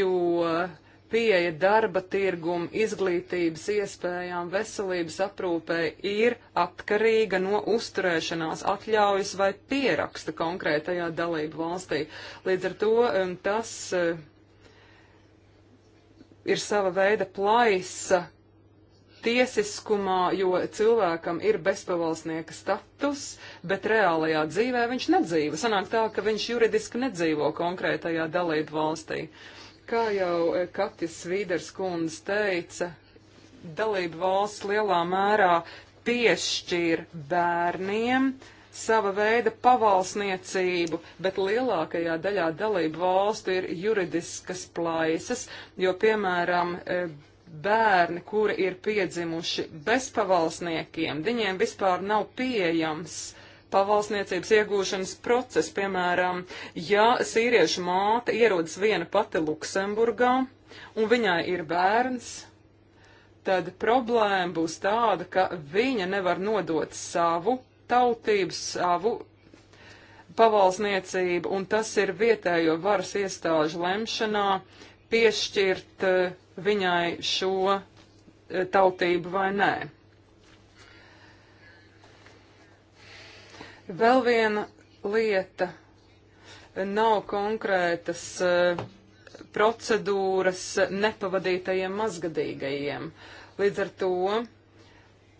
S4: jo uh, pieeja darba tirgum, izglītības iespējām, veselības aprūpē ir atkarīga no uzturēšanās atļaujas vai pieraksta konkrētajā dalību valstī. Līdz ar to um, tas uh, ir sava veida plaisa tiesiskumā, jo cilvēkam ir bezpavalsnieka status, bet reālajā dzīvē viņš nedzīvo. Sanāk tā, ka viņš juridiski nedzīvo konkrētajā dalību valstī. Uh, Kā jau eh, Katis Vīders kundze teica, dalību valsts lielā mērā piešķir bērniem sava veida pavalsniecību, bet lielākajā daļā dalību valstu ir juridiskas plaisas, jo, piemēram, eh, bērni, kuri ir piedzimuši bez pavalsniekiem, viņiem vispār nav pieejams pavalsniecības iegūšanas process. Piemēram, ja sīriešu māte ierodas viena pati Luksemburgā un viņai ir bērns, tad problēma būs tāda, ka viņa nevar nodot savu tautību, savu pavalsniecību, un tas ir vietējo varas iestāžu lemšanā piešķirt eh, viņai šo eh, tautību vai nē. Vēl viena lieta. Nav konkrētas eh, procedūras nepavadītajiem mazgadīgajiem. Līdz ar to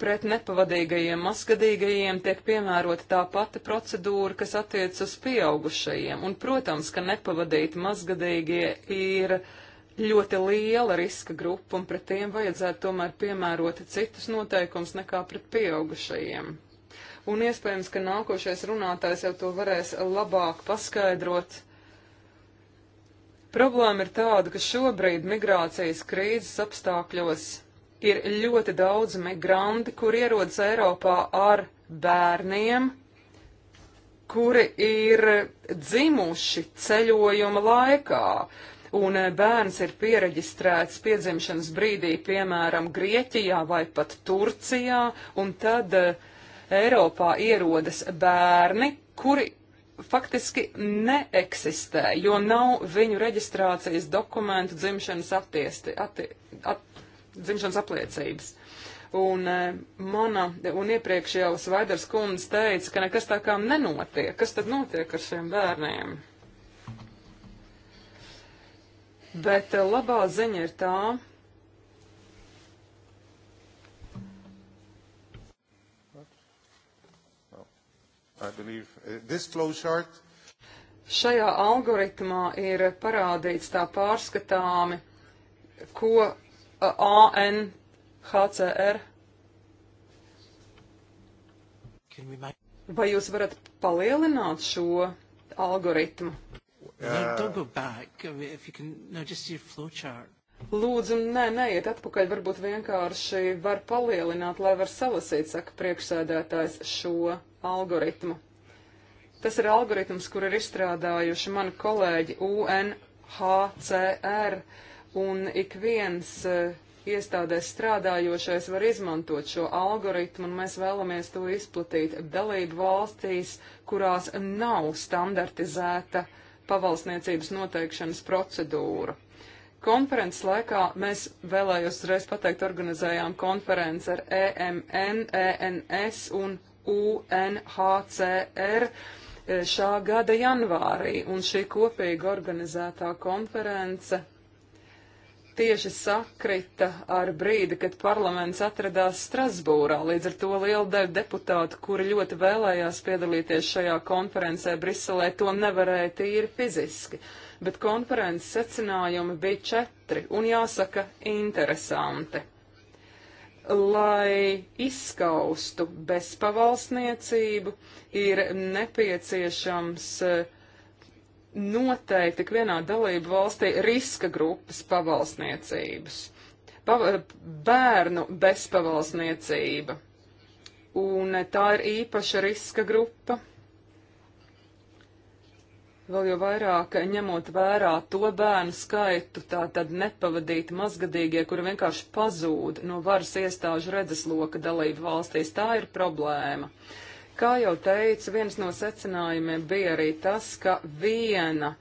S4: pret nepavadīgajiem mazgadīgajiem tiek piemērota tā pati procedūra, kas attiec uz pieaugušajiem. Un, protams, ka nepavadīti mazgadīgie ir ļoti liela riska grupa, un pret tiem vajadzētu tomēr piemērot citus noteikums nekā pret pieaugušajiem un iespējams, ka nākošais runātājs jau to varēs labāk paskaidrot. Problēma ir tāda, ka šobrīd migrācijas krīzes apstākļos ir ļoti daudz migranti, kur ierodas Eiropā ar bērniem, kuri ir dzimuši ceļojuma laikā. Un e, bērns ir pieregistrēts piedzimšanas brīdī, piemēram, Grieķijā vai pat Turcijā, un tad uh, Eiropā ierodas bērni, kuri faktiski neeksistē, jo nav viņu reģistrācijas dokumentu dzimšanas, attiesti, atti, at, dzimšanas apliecības. Un e, mana, un iepriekš jau Svaidars kundze teica, ka nekas tā kā nenotiek. Kas tad notiek ar šiem bērniem? Bet e, labā ziņa ir tā,
S3: I believe uh, this flow chart.
S4: Šajā algoritmā ir parādīts tā pārskatāmi, ko uh, ANHCR. Vai jūs varat palielināt šo algoritmu? Uh, Lūdzu, nē, neiet atpakaļ, varbūt vienkārši var palielināt, lai var salasīt, saka priekšsēdētājs, šo algoritmu. Tas ir algoritms, kur ir izstrādājuši mani kolēģi UNHCR, un ik viens eh, iestādēs strādājošais var izmantot šo algoritmu, un mēs vēlamies to izplatīt dalību valstīs, kurās nav standartizēta pavalsniecības noteikšanas procedūra. Konferences laikā mēs vēlējos uzreiz pateikt, organizējām konferenci ar EMN, ENS un UNHCR e, šā gada janvārī, un šī kopīga organizētā konference tieši sakrita ar brīdi, kad parlaments atradās Strasbūrā. Līdz ar to liela daļa deputātu, kuri ļoti vēlējās piedalīties šajā konferencē Briselē, to nevarēja tīri fiziski. Bet konferences secinājumi bija četri un jāsaka interesanti lai izskaustu bezpavalsniecību, ir nepieciešams eh, noteikti tik vienā dalību valstī riska grupas pavalsniecības. Pav eh, bērnu bezpavalsniecība. Un eh, tā ir īpaša riska grupa. Vēl jau vairāk ņemot vērā to bērnu skaitu, tā tad nepavadīti mazgadīgie, kuri vienkārši pazūd no varas iestāžu redzesloka dalību valstīs, tā ir problēma. Kā jau teicu, viens no secinājumiem bija arī tas, ka viena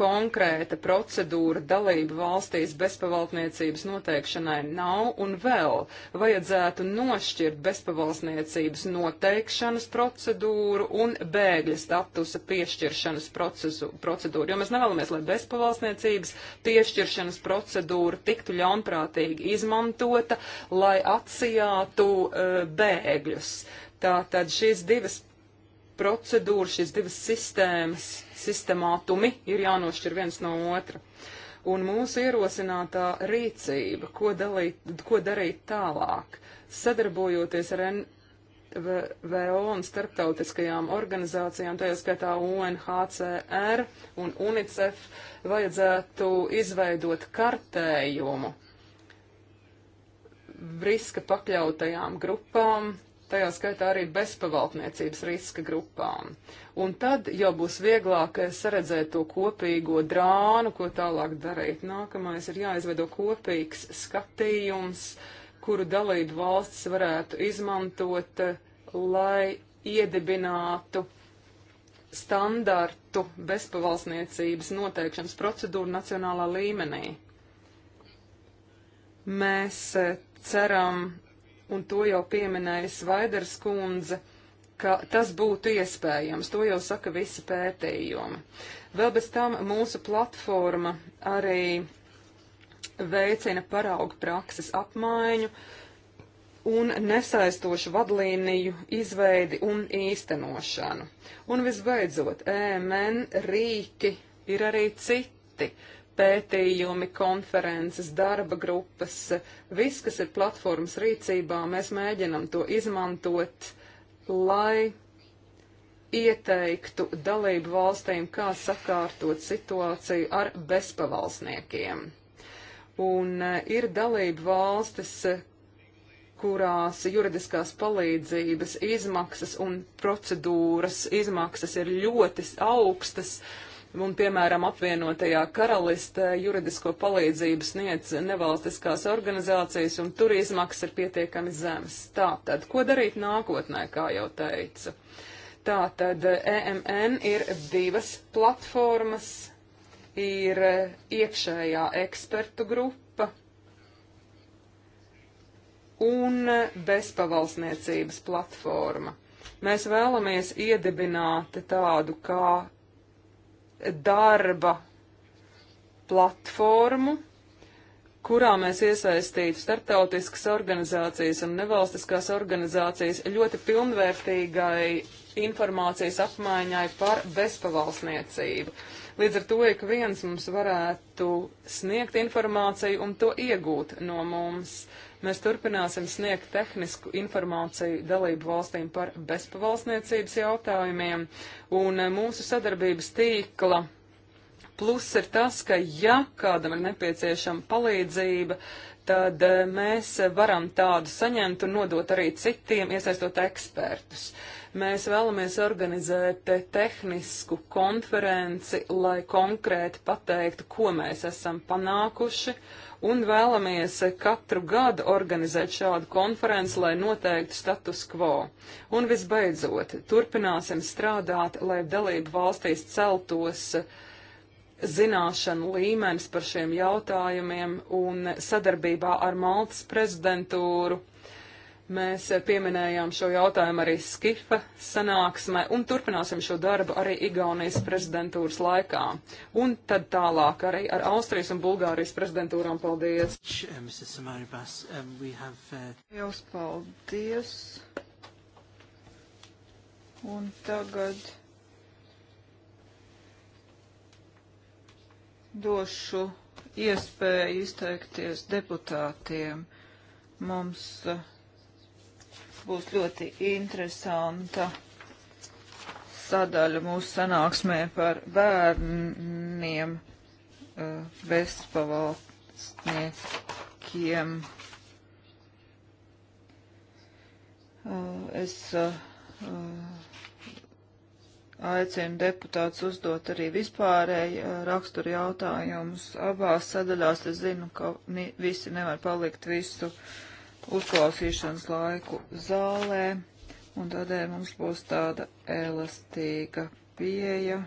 S4: konkrēta procedūra dalību valstīs bezpavaltniecības noteikšanai nav un vēl vajadzētu nošķirt bezpavaltniecības noteikšanas procedūru un bēgļa statusa piešķiršanas procesu, procedūru, jo mēs nevēlamies, lai bezpavaltniecības piešķiršanas procedūra tiktu ļaunprātīgi izmantota, lai atsijātu uh, bēgļus. Tātad šīs divas procedūras, šīs divas sistēmas sistemātumi ir jānošķir viens no otra. Un mūsu ierosinātā rīcība, ko, dalīt, ko darīt tālāk, sadarbojoties ar NVO un starptautiskajām organizācijām, tajā skaitā UNHCR un UNICEF, vajadzētu izveidot kartējumu riska pakļautajām grupām, tajā skaitā arī bezpavaldniecības riska grupām. Un tad jau būs vieglāk eh, saredzēt to kopīgo drānu, ko tālāk darīt. Nākamais ir jāizveido kopīgs skatījums, kuru dalību valsts varētu izmantot, eh, lai iedibinātu standartu bezpavalsniecības noteikšanas procedūru nacionālā līmenī. Mēs eh, ceram un to jau pieminēja Svaidars kundze, ka tas būtu iespējams, to jau saka visi pētījumi. Vēl bez tam mūsu platforma arī veicina paraugu prakses apmaiņu un nesaistošu vadlīniju izveidi un īstenošanu. Un visbeidzot, ēmen e rīki ir arī citi, pētījumi, konferences, darba grupas, viss, kas ir platformas rīcībā, mēs mēģinam to izmantot, lai ieteiktu dalību valstīm, kā sakārtot situāciju ar bezpavalsniekiem. Un e, ir dalību valstis, e, kurās juridiskās palīdzības izmaksas un procedūras izmaksas ir ļoti augstas, uh, Un, piemēram, apvienotajā karalistē juridisko palīdzību sniedz nevalstiskās organizācijas, un tur izmaksas ir pietiekami zemes. Tātad, ko darīt nākotnē, kā jau teicu? Tātad, EMN ir divas platformas, ir iekšējā ekspertu grupa un bezpavalsniecības platforma. Mēs vēlamies iedibināt tādu kā darba platformu, kurā mēs iesaistītu starptautiskas organizācijas un nevalstiskās organizācijas ļoti pilnvērtīgai informācijas apmaiņai par bezpavalsniecību. Līdz ar to ik viens mums varētu sniegt informāciju un to iegūt no mums. Mēs turpināsim sniegt tehnisku informāciju dalību valstīm par bezpavalsniecības jautājumiem, un e, mūsu sadarbības tīkla plus ir tas, ka ja kādam ir nepieciešama palīdzība, tad e, mēs varam tādu saņemt un nodot arī citiem, iesaistot ekspertus. Mēs vēlamies organizēt tehnisku konferenci, lai konkrēti pateiktu, ko mēs esam panākuši un vēlamies katru gadu organizēt šādu konferenci, lai noteiktu status quo. Un visbeidzot, turpināsim strādāt, lai dalību valstīs celtos zināšanu līmenis par šiem jautājumiem un sadarbībā ar Maltas prezidentūru Mēs pieminējām šo jautājumu arī Skifa sanāksmē un turpināsim šo darbu arī Igaunijas prezidentūras laikā. Un tad tālāk arī ar Austrijas un Bulgārijas prezidentūrām paldies.
S2: Jūs um, uh, paldies. Un tagad došu iespēju izteikties deputātiem. Mums uh, būs ļoti interesanta sadaļa mūsu sanāksmē par bērniem eh, bezpavalsniekiem. Eh, es eh, aicinu deputātus uzdot arī vispārēji raksturu jautājumus abās sadaļās. Es zinu, ka visi nevar palikt visu uh, uzklausīšanas laiku zālē, un tādēļ mums būs tāda elastīga pieeja.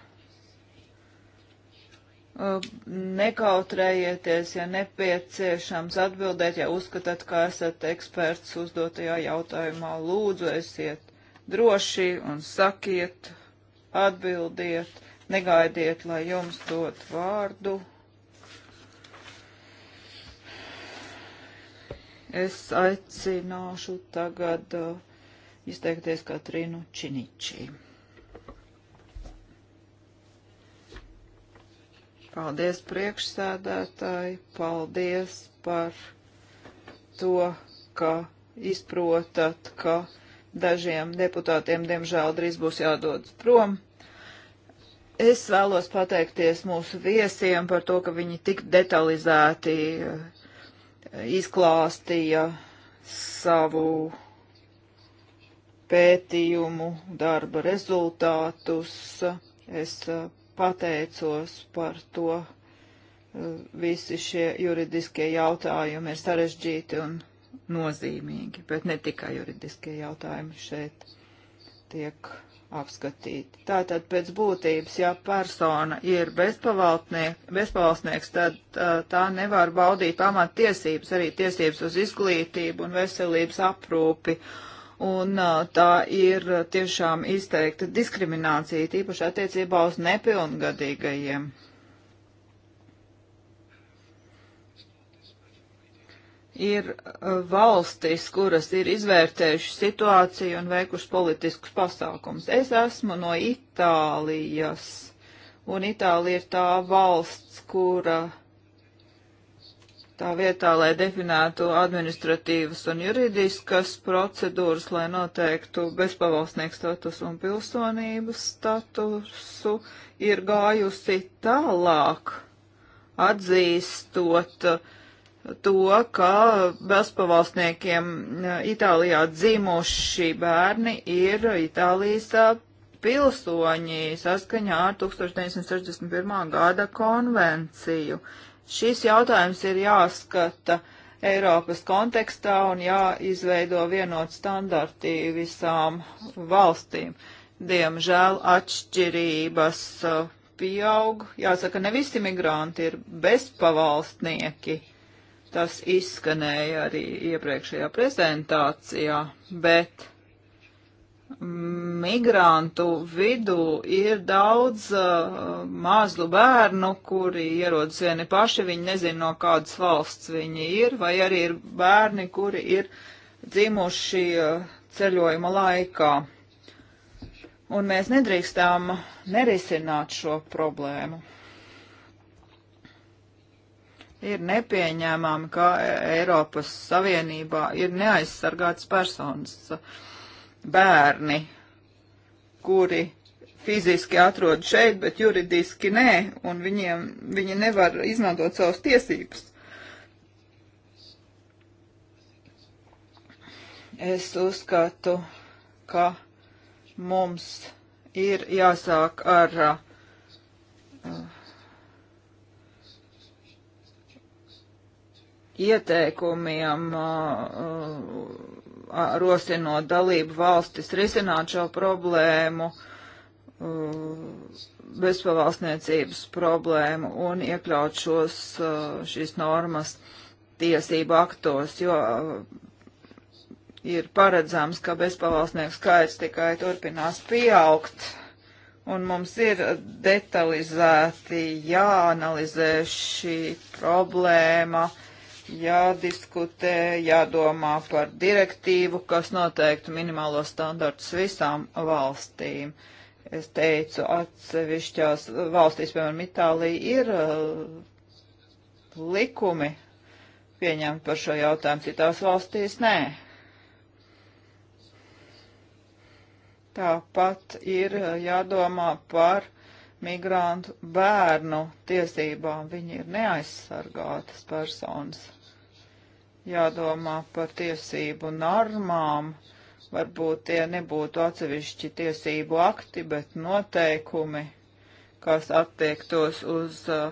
S2: Nekautrējieties, ja nepieciešams atbildēt, ja uzskatāt, ka esat eksperts uzdotajā jautājumā, lūdzu, esiet droši un sakiet, atbildiet, negaidiet, lai jums dot vārdu. Es aicināšu tagad uh, izteikties Katrīnu Činičī. Paldies priekšsēdētāji, paldies par to, ka izprotat, ka dažiem deputātiem, diemžēl, drīz būs jādodas prom. Es vēlos pateikties mūsu viesiem par to, ka viņi tik detalizēti uh, izklāstīja savu pētījumu darba rezultātus. Es eh, pateicos par to. Eh, visi šie juridiskie jautājumi ir sarežģīti un nozīmīgi, bet ne tikai juridiskie jautājumi šeit tiek apskatīt. Tātad pēc būtības, ja persona ir bezpavalsnieks, tad tā nevar baudīt pamat tiesības, arī tiesības uz izglītību un veselības aprūpi. Un tā ir tiešām izteikta diskriminācija, tīpaši attiecībā uz nepilngadīgajiem. ir uh, valstis, kuras ir izvērtējušas situāciju un veikušas politiskus pasākumus. Es esmu no Itālijas, un Itālija ir tā valsts, kura tā vietā, lai definētu administratīvas un juridiskas procedūras, lai noteiktu bezpavalstnieku statusu un pilsonības statusu, ir gājusi tālāk, atzīstot uh, to, ka bezpavalstniekiem e, Itālijā dzimuši bērni ir Itālijas e, pilsoņi saskaņā ar 1961. gada konvenciju. Šis jautājums ir jāskata Eiropas kontekstā un jāizveido vienot standarti visām valstīm. Diemžēl atšķirības e, pieaug. Jāsaka, ne visi migranti ir bezpavalstnieki Tas izskanēja arī iepriekšējā prezentācijā, bet migrantu vidū ir daudz uh, mazu bērnu, kuri ierodas vieni paši, viņi nezina, no kādas valsts viņi ir, vai arī ir bērni, kuri ir dzimuši uh, ceļojuma laikā. Un mēs nedrīkstām nerisināt šo problēmu. Ir nepieņēmami, ka Eiropas Savienībā ir neaizsargāts personas bērni, kuri fiziski atrodas šeit, bet juridiski nē, un viņiem, viņi nevar izmantot savas tiesības. Es uzskatu, ka mums ir jāsāk ar uh, ieteikumiem uh, uh, rosinot dalību valstis risināt šo problēmu, uh, bezpavalsniecības problēmu un iekļaut šos, šīs normas tiesību aktos, jo ir paredzams, ka bezpavalsnieku skaits tikai turpinās pieaugt. Un mums ir detalizēti jāanalizē šī problēma, uh, jādiskutē, jādomā par direktīvu, kas noteiktu minimālo standartus visām valstīm. Es teicu, atsevišķās valstīs, piemēram, Itālija, ir uh, likumi pieņemti par šo jautājumu, citās valstīs nē. Tāpat ir uh, jādomā par migrantu bērnu tiesībām. Viņi ir neaizsargātas personas jādomā par tiesību normām. Varbūt tie nebūtu atsevišķi tiesību akti, bet noteikumi, kas attiektos uz uh,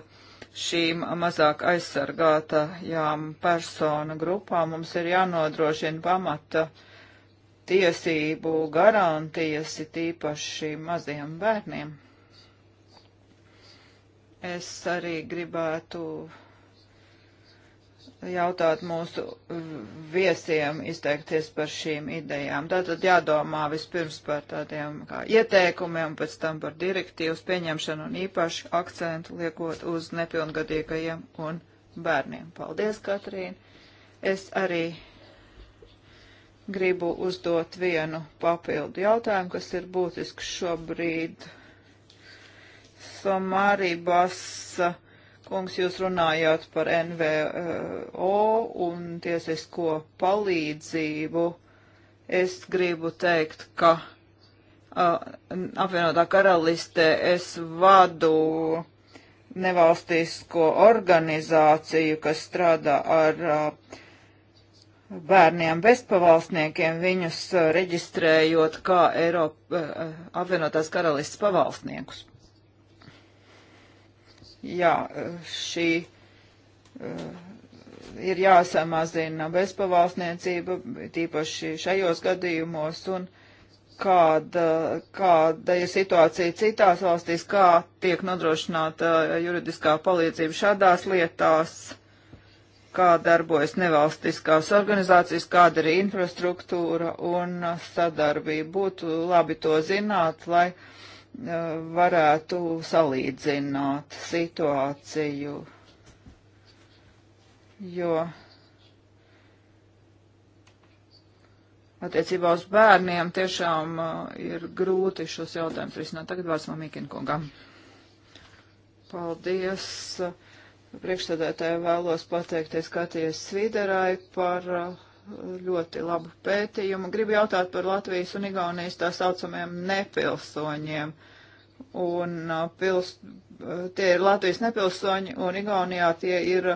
S2: šīm mazāk aizsargātajām persona grupām, mums ir jānodrošina pamata tiesību garantijas, it īpaši maziem bērniem. Es arī gribētu jautāt mūsu viesiem izteikties par šīm idejām. Tātad jādomā vispirms par tādiem kā ieteikumiem, pēc tam par direktīvas pieņemšanu un īpaši akcentu liekot uz nepilngadīgajiem un bērniem. Paldies, Katrīna! Es arī gribu uzdot vienu papildu jautājumu, kas ir būtisks šobrīd. Somārī Basa kungs, jūs runājāt par NVO un tiesisko palīdzību. Es gribu teikt, ka uh, apvienotā karalistē es vadu nevalstisko organizāciju, kas strādā ar uh, bērniem bezpavalsniekiem, viņus uh, reģistrējot kā Eiropa, apvienotās karalistas pavalsniekus jā, šī eh, ir jāsamazina bezpavalsniecība, tīpaši šajos gadījumos, un kāda, kāda ir situācija citās valstīs, kā tiek nodrošināta eh, juridiskā palīdzība šādās lietās, kā darbojas nevalstiskās organizācijas, kāda ir infrastruktūra un eh, sadarbība. Būtu labi to zināt, lai uh, varētu salīdzināt situāciju, jo attiecībā uz bērniem tiešām uh, ir grūti šos jautājumus risināt. Tagad vārds Mamīkinkungam. Paldies. Priekšstādātāji vēlos pateikties Katijas Sviderai par uh, ļoti labu pētījumu. Gribu jautāt par Latvijas un Igaunijas tā saucamajiem nepilsoņiem. Un uh, pils, uh, tie ir Latvijas nepilsoņi un Igaunijā tie ir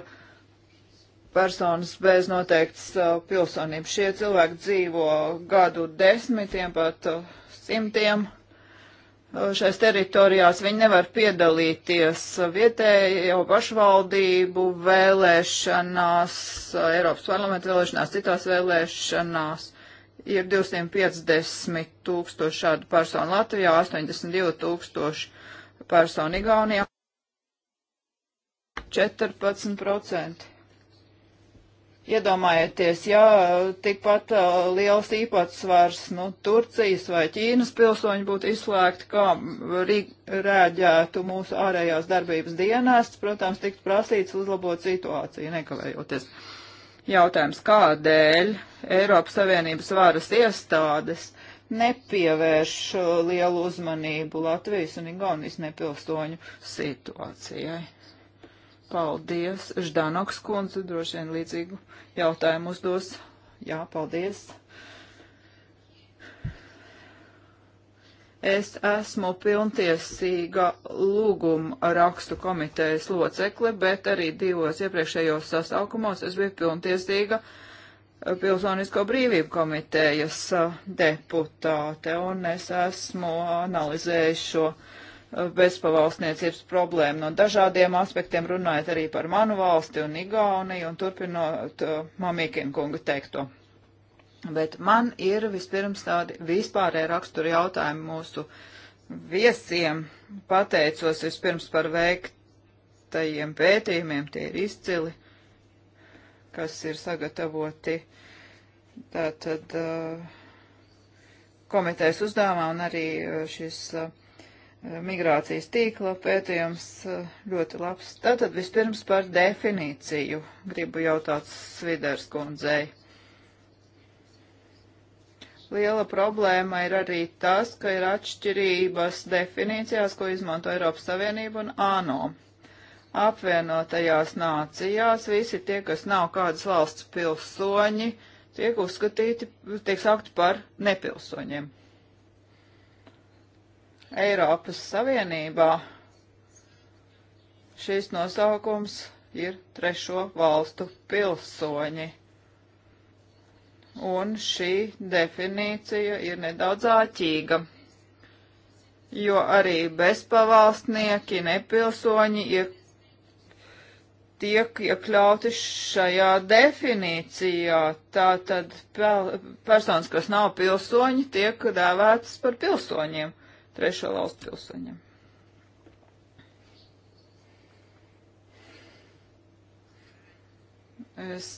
S2: personas bez noteikts uh, pilsonības. Šie cilvēki dzīvo gadu desmitiem, pat simtiem šais teritorijās, viņi nevar piedalīties vietējo pašvaldību vēlēšanās, Eiropas parlamenta vēlēšanās, citās vēlēšanās. Ir 250 tūkstoši šādu personu Latvijā, 82 tūkstoši personu Igaunijā. 14%. Iedomājieties, ja tikpat uh, liels īpatsvars nu, Turcijas vai Ķīnas pilsoņi būtu izslēgti, kā rēģētu mūsu ārējās darbības dienests, protams, tiktu prasīts uzlabot situāciju, nekavējoties. Jautājums, kādēļ Eiropas Savienības varas iestādes nepievērš uh, lielu uzmanību Latvijas un Igaunijas nepilsoņu situācijai? Paldies. Ždanoks kundze droši vien līdzīgu jautājumu uzdos. Jā, paldies. Es esmu pilntiesīga lūguma rakstu komitejas locekle, bet arī divos iepriekšējos sasaukumos es biju pilntiesīga eh, Pilsonisko brīvību komitejas eh, deputāte, un es esmu analizējis šo bezpavalstniecības problēmu no dažādiem aspektiem, runājot arī par manu valsti un Igauniju un turpinot uh, Mamīkina kunga teikto. Bet man ir vispirms tādi vispārēji raksturi jautājumi mūsu viesiem. Pateicos vispirms par veiktajiem pētījumiem, tie ir izcili, kas ir sagatavoti tātad uh, komitejas uzdevumā un arī uh, šis uh, migrācijas tīkla pētījums eh, ļoti labs. Tātad vispirms par definīciju gribu jautāt Sviders kundzei. Liela problēma ir arī tas, ka ir atšķirības definīcijās, ko izmanto Eiropas Savienība un ANO. Apvienotajās nācijās visi tie, kas nav kādas valsts pilsoņi, tiek uzskatīti, tiek saukti par nepilsoņiem. Eiropas Savienībā šīs nosaukums ir trešo valstu pilsoņi. Un šī definīcija ir nedaudz āķīga, jo arī bezpavalstnieki, nepilsoņi ir tiek iekļauti šajā definīcijā. Tātad personas, kas nav pilsoņi, tiek dēvētas par pilsoņiem trešo valstu pilsoņiem. Es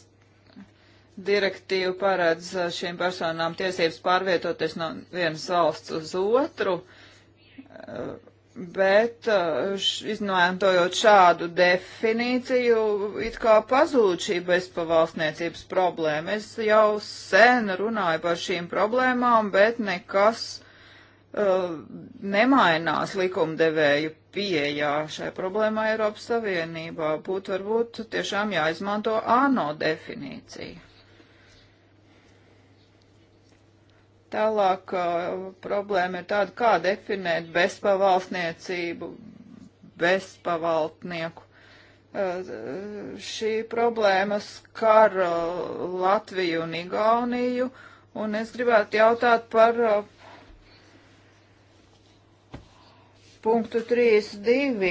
S2: direktīvu paredz šīm personām tiesības pārvietoties no vienas valsts uz otru, bet uh, izmantojot šādu definīciju, it kā pazūd šī bezpavalstniecības problēma. Es jau sen runāju par šīm problēmām, bet nekas nemainās likumdevēju pieejā šai problēmai Eiropas Savienībā. Būtu varbūt tiešām jāizmanto ANO definīcija. Tālāk problēma ir tāda, kā definēt bezpavaltniecību, bezpavaltnieku. Šī problēma skar Latviju un Igauniju, un es gribētu jautāt par punktu 3.2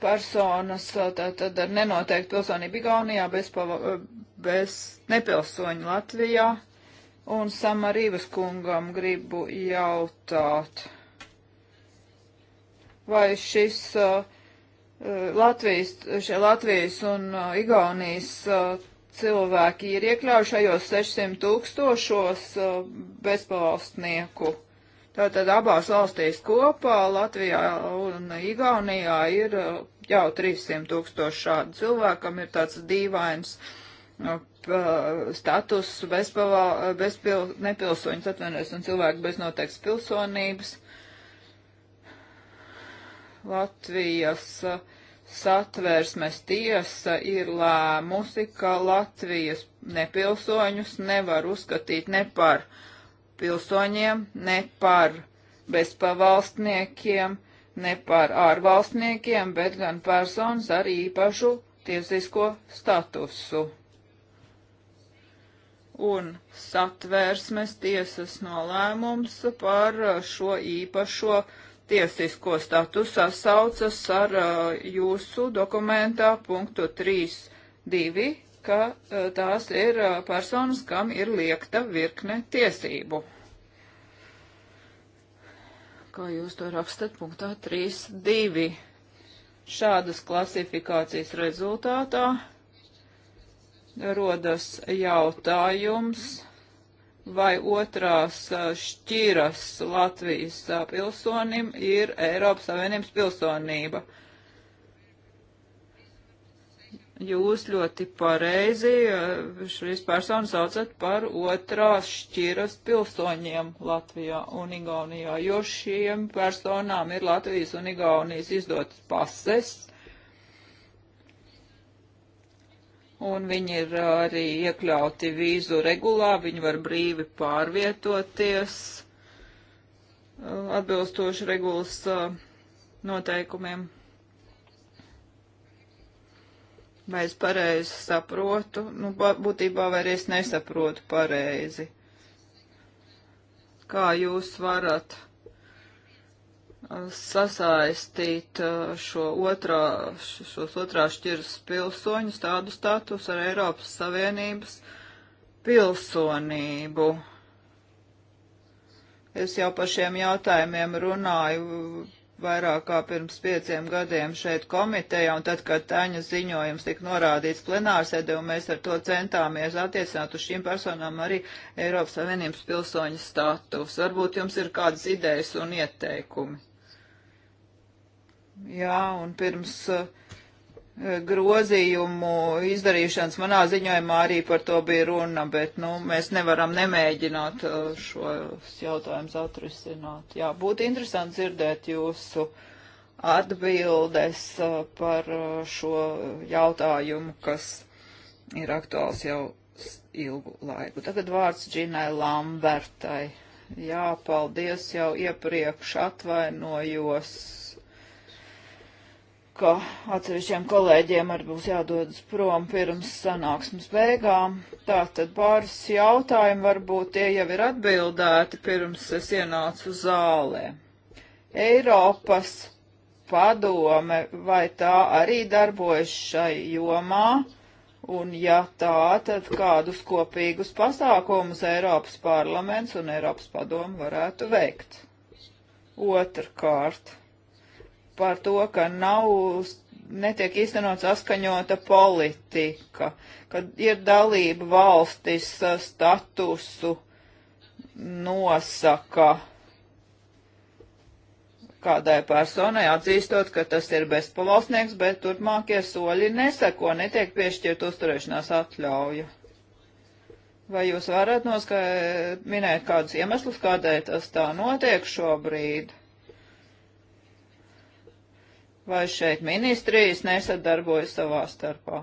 S2: personas tātad ar nenoteiktu pilsonību Igaunijā, bez, pava, bez nepilsoņu Latvijā. Un Samarīvas kungam gribu jautāt, vai šis uh, uh Latvijas, šie Latvijas un uh, Igaunijas uh, cilvēki ir iekļaujušajos 600 tūkstošos bezpavalstnieku? Uh, Tātad abās valstīs kopā, Latvijā un Igaunijā, ir uh, jau 300 tūkstoši šādu cilvēkam, ir tāds dīvains nu, status bezpavā, bezpil, nepilsoņas atvainojas un cilvēku bez noteikts pilsonības. Latvijas uh, satvērsmes tiesa ir lēmusi, ka Latvijas nepilsoņus nevar uzskatīt ne par uh, pilsoņiem, ne par bezpavalstniekiem, ne par ārvalstniekiem, bet gan personas ar īpašu tiesisko statusu. Un satvērsmes tiesas nolēmums par šo īpašo tiesisko statusu sasaucas ar uh, jūsu dokumentā punktu 3.2, ka uh, tās ir uh, personas, kam ir liekta virkne tiesību kā jūs to rakstat punktā 3.2. Šādas klasifikācijas rezultātā rodas jautājums, vai otrās šķiras Latvijas pilsonim ir Eiropas Savienības pilsonība jūs ļoti pareizi eh, šīs personas saucat par otrās šķiras pilsoņiem Latvijā un Igaunijā, jo šiem personām ir Latvijas un Igaunijas izdotas pases. Un viņi ir eh, arī iekļauti vīzu regulā, viņi var brīvi pārvietoties eh, atbilstoši regulas noteikumiem vai es pareizi saprotu. Nu, būtībā vai es nesaprotu pareizi. Kā jūs varat sasaistīt šo otrā, šos otrās šķiras pilsoņus tādu status ar Eiropas Savienības pilsonību? Es jau par šiem jautājumiem runāju vairāk kā pirms pieciem gadiem šeit komitejā, un tad, kad Taņa ziņojums tika norādīts plenārsēdē, un mēs ar to centāmies attiecināt uz šīm personām arī Eiropas Savienības pilsoņu status. Varbūt jums ir kādas idejas un ieteikumi. Jā, un pirms uh, grozījumu izdarīšanas manā ziņojumā arī par to bija runa, bet nu, mēs nevaram nemēģināt uh, šos jautājumus atrisināt. Jā, būtu interesanti dzirdēt jūsu atbildes uh, par uh, šo jautājumu, kas ir aktuāls jau ilgu laiku. Tagad vārds Džinai Lambertai. Jā, paldies jau iepriekš atvainojos ka atsevišķiem kolēģiem arī būs jādodas prom pirms sanāksmes beigām. Tātad pāris jautājumi varbūt tie jau ir atbildēti pirms es ienācu zālē. Eiropas padome, vai tā arī darbojas šai jomā? Un ja tā, tad kādus kopīgus pasākumus Eiropas parlaments un Eiropas padome varētu veikt? Otrkārt par to, ka nav, netiek īstenot saskaņota politika, kad ir dalība valstis statusu nosaka kādai personai, atzīstot, ka tas ir bezpavalsnieks, bet turpmākie soļi neseko, netiek piešķirt uzturēšanās atļauju. Vai jūs varat noskai, minēt kādus iemeslus, kādēļ tas tā notiek šobrīd? Vai šeit ministrijas nesadarbojas savā starpā?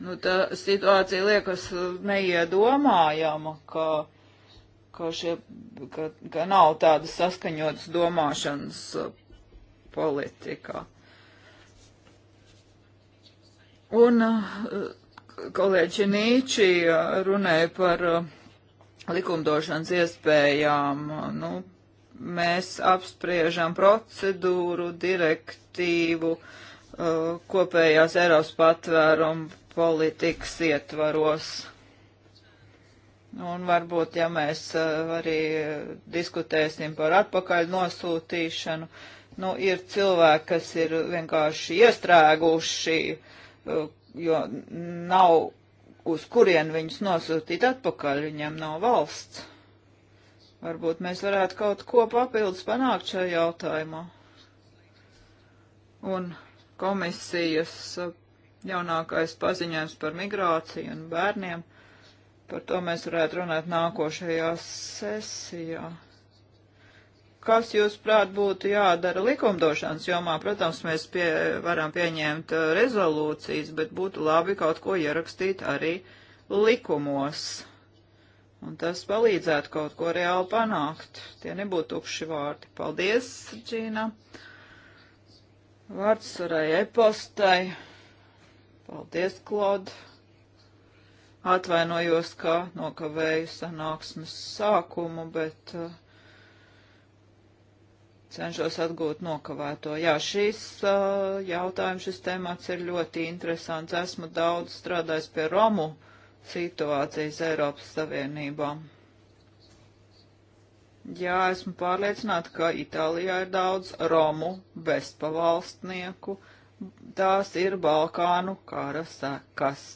S2: Nu, tā situācija liekas neiedomājama, ka, ka, šie, ka, ka nav tādas saskaņotas domāšanas uh, politikā. Un uh, kolēģi Nīči uh, runāja par likumdošanas iespējām. Nu, mēs apspriežam procedūru, direktīvu uh, kopējās Eiropas patvērumu politikas ietvaros. Un varbūt, ja mēs uh, arī diskutēsim par atpakaļ nosūtīšanu, nu, ir cilvēki, kas ir vienkārši iestrēguši, uh, jo nav uz kurien viņus nosūtīt atpakaļ, viņiem nav valsts. Varbūt mēs varētu kaut ko papildus panākt šajā jautājumā. Un komisijas uh, jaunākais paziņojums par migrāciju un bērniem, par to mēs varētu runāt nākošajā sesijā. Kas jūs prāt būtu jādara likumdošanas jomā? Protams, mēs pie, varam pieņemt uh, rezolūcijas, bet būtu labi kaut ko ierakstīt arī likumos Un tas palīdzētu kaut ko reāli panākt. Tie nebūtu tukši vārdi. Paldies, Džīna. Vārds Sarai Epostai. Paldies, Klod. Atvainojos, ka nokavēju sanāksmes sākumu, bet uh, cenšos atgūt nokavēto. Jā, šis uh, jautājums, šis temats ir ļoti interesants. Esmu daudz strādājis pie Romu situācijas Eiropas Savienībā. Jā, esmu pārliecināta, ka Itālijā ir daudz romu bezpavalstnieku. Tās ir Balkānu kara sekas.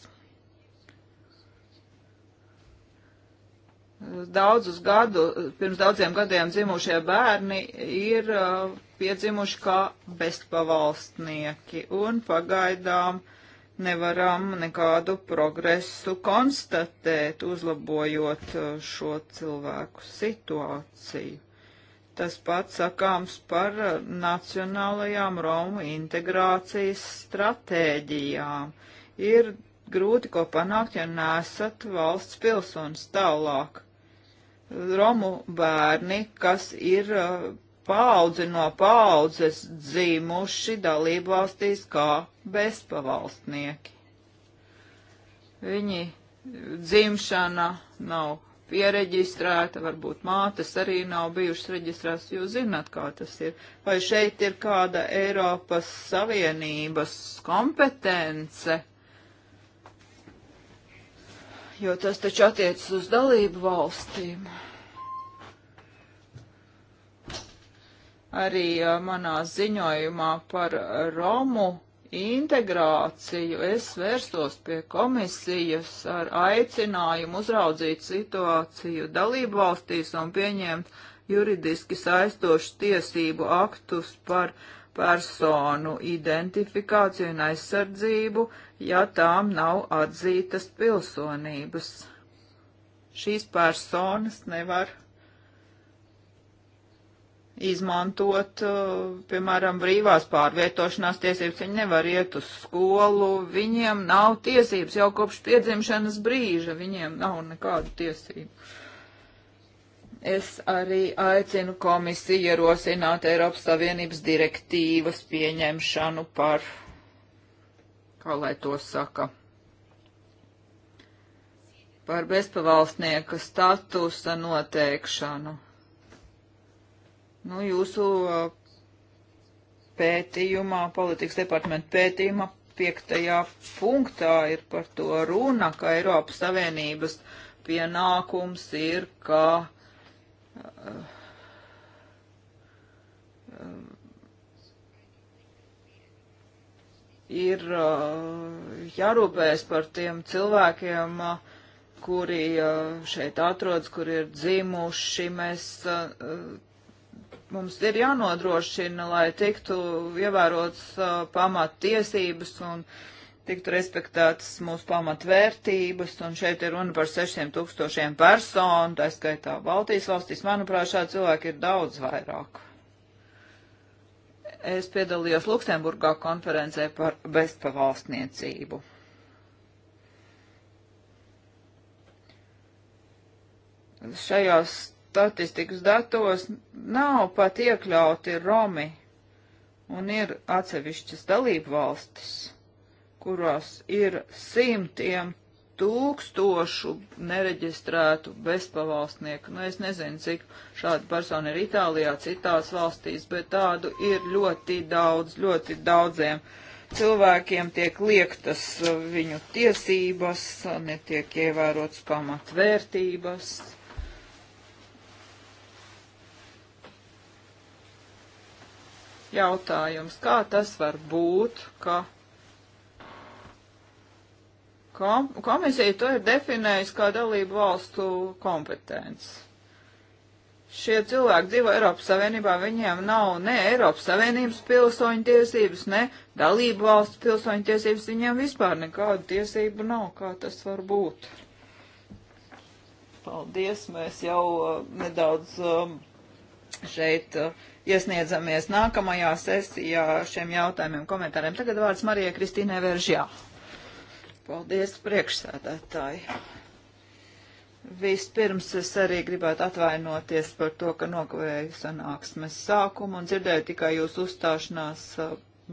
S2: Daudzus gadu, pirms daudziem gadiem dzimušie bērni ir uh, piedzimuši kā bezpavalstnieki, un pagaidām uh, nevaram nekādu progresu konstatēt, uzlabojot uh, šo cilvēku situāciju. Tas pats sakāms par uh, nacionālajām Romu integrācijas stratēģijām. Ir grūti ko panākt, ja nesat valsts pilsonis tālāk. Romu bērni, kas ir uh, paudze no paudzes dzīmuši dalību valstīs kā bezpavalstnieki. Viņi dzimšana nav piereģistrēta, varbūt mātes arī nav bijušas reģistrētas, jūs zināt, kā tas ir. Vai šeit ir kāda Eiropas Savienības kompetence? Jo tas taču attiecas uz dalību valstīm. Arī manā ziņojumā par Romu integrāciju es vērstos pie komisijas ar aicinājumu uzraudzīt situāciju dalību valstīs un pieņemt juridiski saistošu tiesību aktus par personu identifikāciju un aizsardzību, ja tām nav atzītas pilsonības. Šīs personas nevar izmantot, uh, piemēram, brīvās pārvietošanās tiesības. Viņi nevar iet uz skolu, viņiem nav tiesības jau kopš piedzimšanas brīža, viņiem nav nekādu tiesību. Es arī aicinu komisiju ierosināt Eiropas Savienības direktīvas pieņemšanu par, kā lai to saka, par bezpavalstnieka statusa noteikšanu. Nu, jūsu pētījumā, politikas departamenta pētījumā, piektajā punktā ir par to runa, ka Eiropas Savienības pienākums ir, ka ir jārūpēs par tiem cilvēkiem, kuri šeit atrodas, kur ir dzimuši. Mēs mums ir jānodrošina, lai tiktu ievērots uh, pamattiesības un tiktu respektētas mūsu pamatvērtības, un šeit ir runa par 600 tūkstošiem personu, tā skaitā Baltijas valstīs, manuprāt, šādi cilvēki ir daudz vairāk. Es piedalījos Luksemburgā konferencē par bezpavalstniecību. Šajās statistikas datos nav pat iekļauti Romi un ir atsevišķas dalību valstis, kurās ir simtiem tūkstošu nereģistrētu bezpavalstnieku. Nu, es nezinu, cik šādu personu ir Itālijā, citās valstīs, bet tādu ir ļoti daudz, ļoti daudziem cilvēkiem tiek liektas viņu tiesības, netiek ievērotas pamatvērtības. jautājums, kā tas var būt, ka kom komisija to ir definējusi kā dalību valstu kompetenci. Šie cilvēki dzīvo Eiropas Savienībā, viņiem nav ne Eiropas Savienības pilsoņu tiesības, ne dalību valstu pilsoņu tiesības, viņiem vispār nekādu tiesību nav, kā tas var būt. Paldies, mēs jau uh, nedaudz um, šeit uh, iesniedzamies nākamajā sesijā šiem jautājumiem, komentāriem. Tagad vārds Marijai Kristīnai Veržjā. Paldies, priekšsēdētāji. Vispirms es arī gribētu atvainoties par to, ka nokavēju sanāksmes sākumu un dzirdēju tikai jūsu uzstāšanās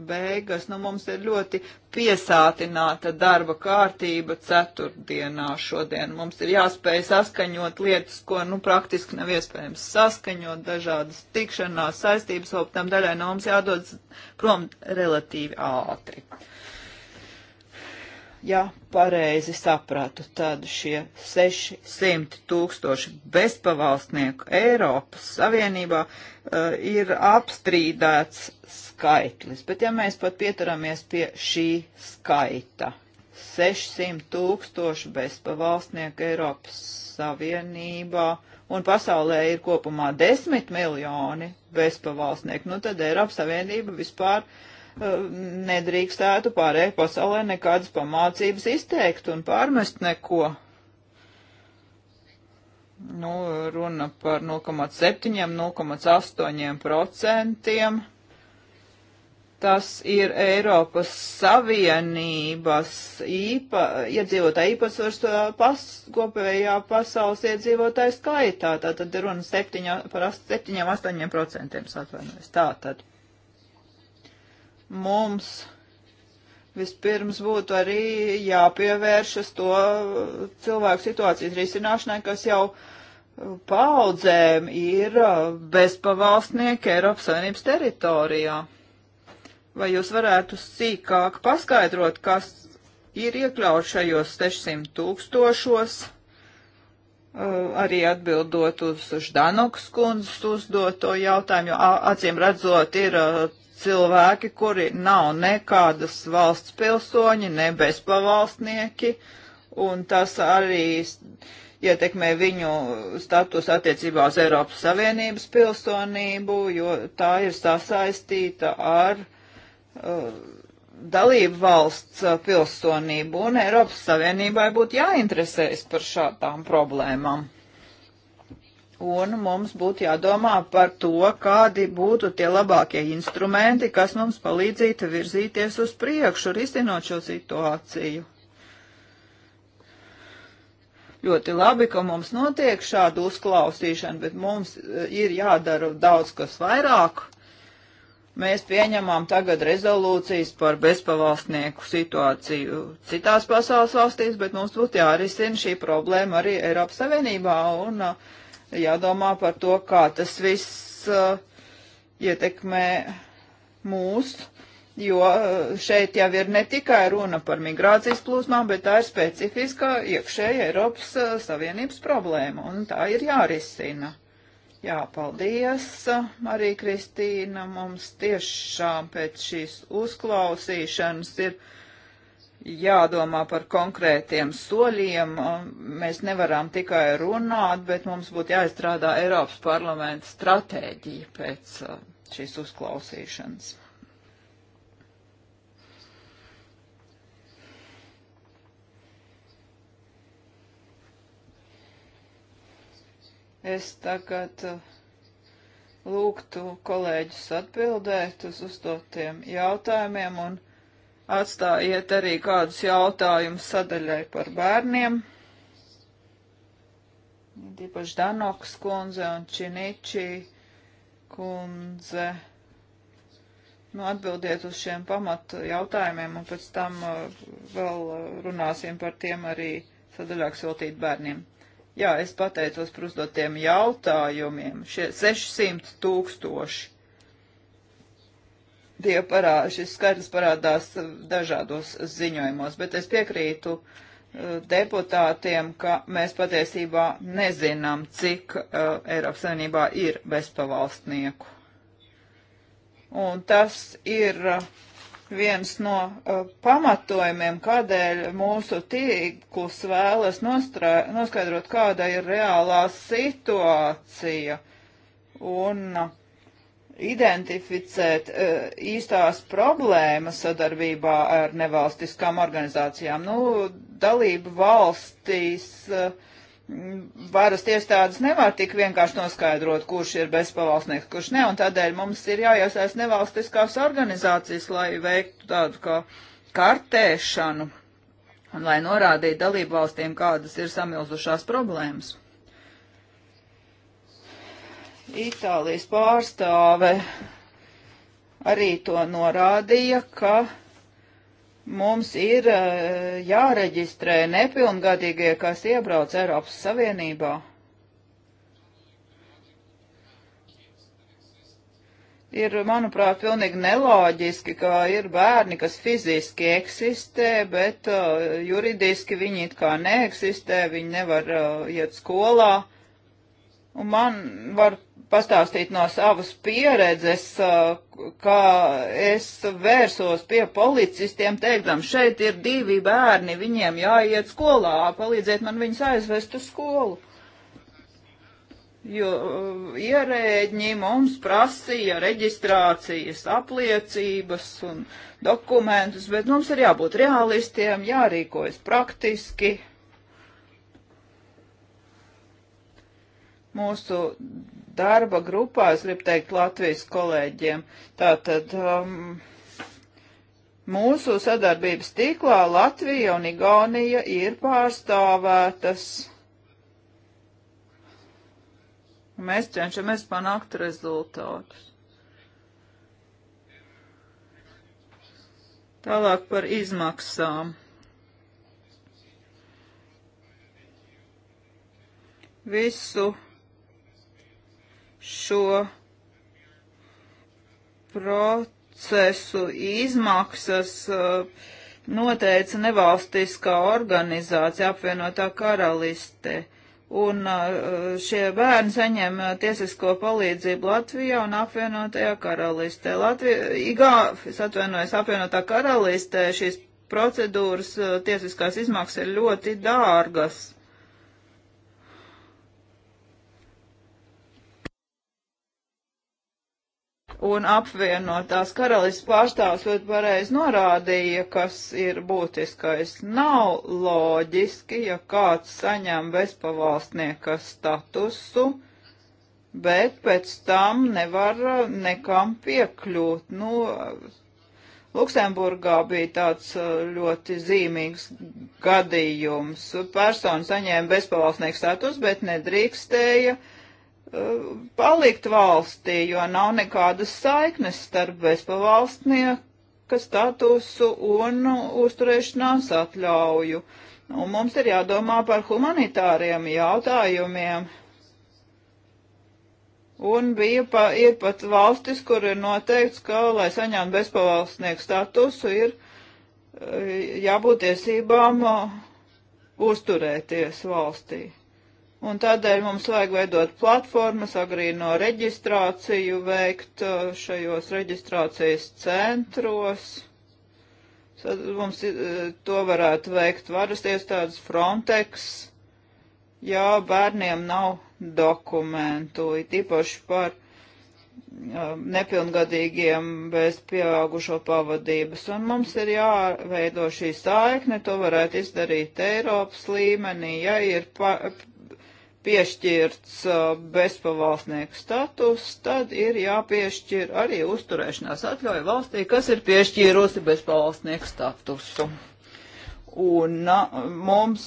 S2: beigas. Nu, mums ir ļoti piesātināta darba kārtība ceturtdienā šodien. Mums ir jāspēj saskaņot lietas, ko, nu, praktiski nav iespējams saskaņot, dažādas tikšanās saistības, vēl tam daļai no mums jādodas prom relatīvi ātri. Uh, ja pareizi sapratu, tad šie 600 tūkstoši bezpavalstnieku Eiropas Savienībā uh, ir apstrīdēts skaitlis. Bet ja mēs pat pieturamies pie šī skaita, 600 tūkstoši bezpavalstnieku Eiropas Savienībā un pasaulē ir kopumā 10 miljoni bezpavalstnieku, nu tad Eiropas Savienība vispār uh, nedrīkstētu pārējai pasaulē nekādas pamācības izteikt un pārmest neko. Nu, runa par 0,7, 0,8 procentiem. Tas ir Eiropas Savienības īpa, iedzīvotāja īpatsvars pas, kopējā pasaules iedzīvotāja skaitā. Tātad ir runa 7, par 7, 8 procentiem, atvainojos. Tātad mums vispirms būtu arī jāpievēršas to cilvēku situācijas risināšanai, kas jau paudzēm ir bezpavalstnieki Eiropas Savienības teritorijā. Vai jūs varētu sīkāk paskaidrot, kas ir iekļauts šajos 600 tūkstošos, arī atbildot uz Ždanoks kundzes uzdoto jautājumu, jo acīm redzot ir cilvēki, kuri nav nekādas valsts pilsoņi, ne bezpavalstnieki, un tas arī ietekmē viņu status attiecībā uz Eiropas Savienības pilsonību, jo tā ir sasaistīta ar uh, dalību valsts uh, pilsonību, un Eiropas Savienībai būtu jāinteresējas par šādām problēmām un mums būtu jādomā par to, kādi būtu tie labākie instrumenti, kas mums palīdzītu virzīties uz priekšu, risinot šo situāciju. Ļoti labi, ka mums notiek šāda uzklausīšana, bet mums e, ir jādara daudz kas vairāk. Mēs pieņemam tagad rezolūcijas par bezpavalstnieku situāciju citās pasaules valstīs, bet mums būtu jārisina šī problēma arī Eiropas Savienībā un uh, jādomā par to, kā tas viss uh, ietekmē mūs, jo uh, šeit jau ir ne tikai runa par migrācijas plūsmām, bet tā ir specifiska iekšēja Eiropas uh, Savienības problēma, un tā ir jārisina. Jā, paldies uh, arī Kristīna. Mums tiešām pēc šīs uzklausīšanas ir jādomā par konkrētiem soļiem. Um, mēs nevaram tikai runāt, bet mums būtu jāizstrādā Eiropas parlamenta stratēģija pēc uh, šīs uzklausīšanas. Es tagad uh, lūgtu kolēģus atbildēt uz uzdotiem jautājumiem un Atstājiet arī kādus jautājumus sadaļai par bērniem. Tīpaši Danoks kundze un Činičī kundze. Nu, atbildiet uz šiem pamatu jautājumiem, un pēc tam uh, vēl uh, runāsim par tiem arī sadaļāk sveltīt bērniem. Jā, es pateicos par uzdotiem jautājumiem. Šie 600 tūkstoši tie parā, šis skaitlis parādās dažādos ziņojumos, bet es piekrītu uh, deputātiem, ka mēs patiesībā nezinām, cik uh, Eiropas Savienībā ir bezpavalstnieku. Un tas ir uh, viens no uh, pamatojumiem, kādēļ mūsu tīklus vēlas nostrā, noskaidrot, kāda ir reālā situācija. Un uh, identificēt e, īstās problēmas sadarbībā ar nevalstiskām organizācijām. Nu, dalību valstīs e, varas iestādes nevar tik vienkārši noskaidrot, kurš ir bezpavalsnieks, kurš ne, un tādēļ mums ir jāiesaist nevalstiskās organizācijas, lai veiktu tādu kā kartēšanu un lai norādītu dalību valstīm, kādas ir samilzušās problēmas. Itālijas pārstāve arī to norādīja, ka mums ir eh, jāreģistrē nepilngadīgie, kas iebrauc Eiropas Savienībā. Ir, manuprāt, pilnīgi neloģiski, ka ir bērni, kas fiziski eksistē, bet uh, juridiski viņi it kā neeksistē, viņi nevar uh, iet skolā. Un man var pastāstīt no savas pieredzes, uh, kā es vērsos pie policistiem, teikdam, šeit ir divi bērni, viņiem jāiet skolā, palīdziet man viņus aizvest uz skolu. Jo uh, ierēģi mums prasīja reģistrācijas apliecības un dokumentus, bet mums ir jābūt realistiem, jārīkojas praktiski. Mūsu darba grupā, es gribu teikt Latvijas kolēģiem, tātad um, mūsu sadarbības tīklā Latvija un Igaunija ir pārstāvētas. Mēs cenšamies panākt rezultātus. Tālāk par izmaksām. Visu šo procesu izmaksas uh, noteica nevalstiskā organizācija apvienotā karaliste. Un uh, šie bērni saņem uh, tiesisko palīdzību Latvijā un apvienotajā karalistē. Latvija, Igā, es atvainojos, apvienotā karalistē šīs procedūras tiesiskās izmaksas ir ļoti dārgas. un apvienotās karalists pārstāvs ļoti pareizi norādīja, kas ir būtiskais. Nav loģiski, ja kāds saņem bezpavalstnieka statusu, bet pēc tam nevar uh, nekam piekļūt. Nu, Luksemburgā bija tāds uh, ļoti zīmīgs gadījums. Persona saņēma bezpavalstnieku status, bet nedrīkstēja uh, palikt valstī, jo nav nekādas saiknes starp bezpavalstnieka statusu un uzturēšanās atļauju. Un nu, mums ir jādomā par humanitāriem jautājumiem. Un bija pa, ir pat valstis, kur ir noteikts, ka, lai saņemtu bezpavalstnieku statusu, ir e, jābūt tiesībām uzturēties valstī. Un tādēļ mums vajag veidot platformas, agrīno reģistrāciju veikt uh, šajos reģistrācijas centros. Tad mums uh, to varētu veikt varas iestādes Frontex, ja bērniem nav dokumentu, it īpaši par um, nepilngadīgiem bez pieaugušo pavadības. Un mums ir jāveido šī saikne, to varētu izdarīt Eiropas līmenī, ja ir pa, piešķirts uh, bezpavalsnieku status, tad ir jāpiešķir arī uzturēšanās atļauja valstī, kas ir piešķīrusi bezpavalsnieku statusu. Un na, uh, mums,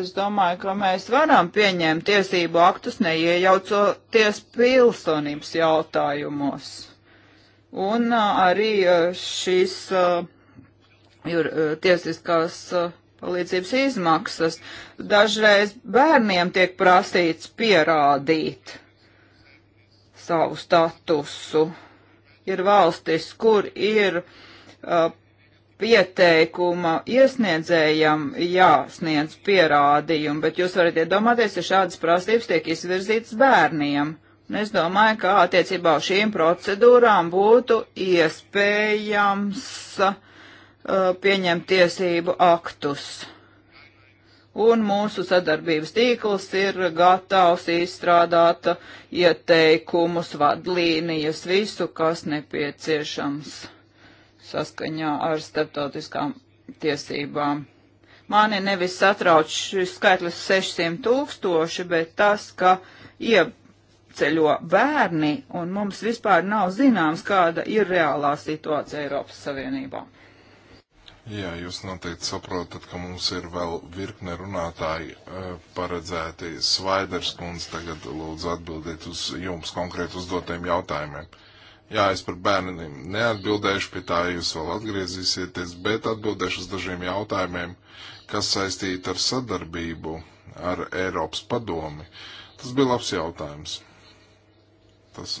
S2: es domāju, ka mēs varam pieņemt tiesību aktus, neiejaucoties pilsonības jautājumos. Un uh, arī šīs jur, tiesiskās palīdzības izmaksas. Dažreiz bērniem tiek prasīts pierādīt savu statusu. Ir valstis, kur ir uh, pieteikuma iesniedzējam jāsniedz pierādījumi, bet jūs varat iedomāties, ja šādas prasības tiek izvirzītas bērniem. Un es domāju, ka attiecībā uz šīm procedūrām būtu iespējams uh, Uh, pieņemt tiesību aktus. Un mūsu sadarbības tīkls ir gatavs izstrādāt ieteikumus, vadlīnijas, visu, kas nepieciešams saskaņā ar starptautiskām tiesībām. Mani nevis satrauc šis skaitlis 600 tūkstoši, bet tas, ka ieceļo bērni, un mums vispār nav zināms, kāda ir reālā situācija Eiropas Savienībā.
S1: Jā, jūs noteikti saprotat, ka mums ir vēl virkne runātāji eh, paredzēti. Svaiders kundze tagad lūdzu atbildēt uz jums konkrēti uzdotiem jautājumiem. Jā, es par bērniem neatbildēšu, pie tā jūs vēl atgriezīsieties, bet atbildēšu uz dažiem jautājumiem, kas saistīti ar sadarbību ar Eiropas padomi. Tas bija labs jautājums tas,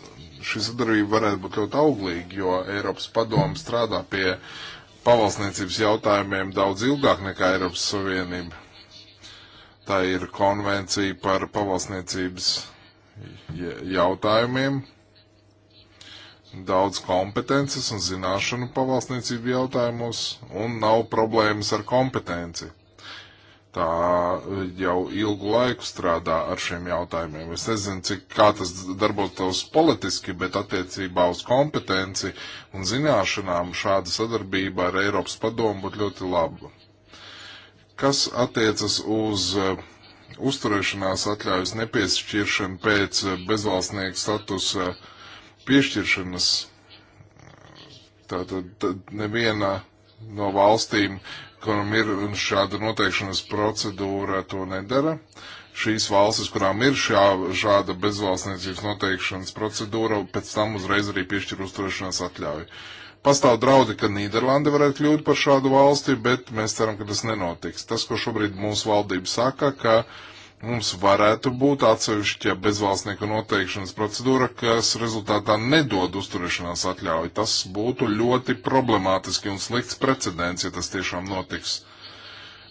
S1: šī sadarbība varētu būt ļoti auglīga, jo Eiropas padomu strādā pie pavalsniecības jautājumiem daudz ilgāk nekā Eiropas Savienība. Tā ir konvencija par pavalsniecības jautājumiem, daudz kompetences un zināšanu pavalsniecību jautājumos, un nav problēmas ar kompetenci tā e, jau ilgu laiku strādā ar šiem jautājumiem. Es nezinu, cik kā tas darbotos politiski, bet attiecībā uz kompetenci un zināšanām šāda sadarbība ar Eiropas padomu būtu ļoti laba. Kas attiecas uz e, uzturēšanās atļaujas nepiešķiršanu pēc e, bezvalstnieku statusa piešķiršanas? Tātad neviena no valstīm uh, kuram ir šāda noteikšanas procedūra, to nedara. Šīs valstis, kurām ir šā, šāda bezvalstniecības noteikšanas procedūra, pēc tam uzreiz arī piešķir uzturēšanās atļauju. Pastāv draudi, ka Nīderlanda varētu kļūt par šādu valsti, bet mēs ceram, ka tas nenotiks. Tas, ko šobrīd mūsu valdība saka, ka uh, mums varētu būt atsevišķa bezvalstnieku noteikšanas procedūra, kas rezultātā nedod uzturēšanās atļauju. Tas būtu ļoti problemātiski un slikts precedents, ja tas tiešām notiks.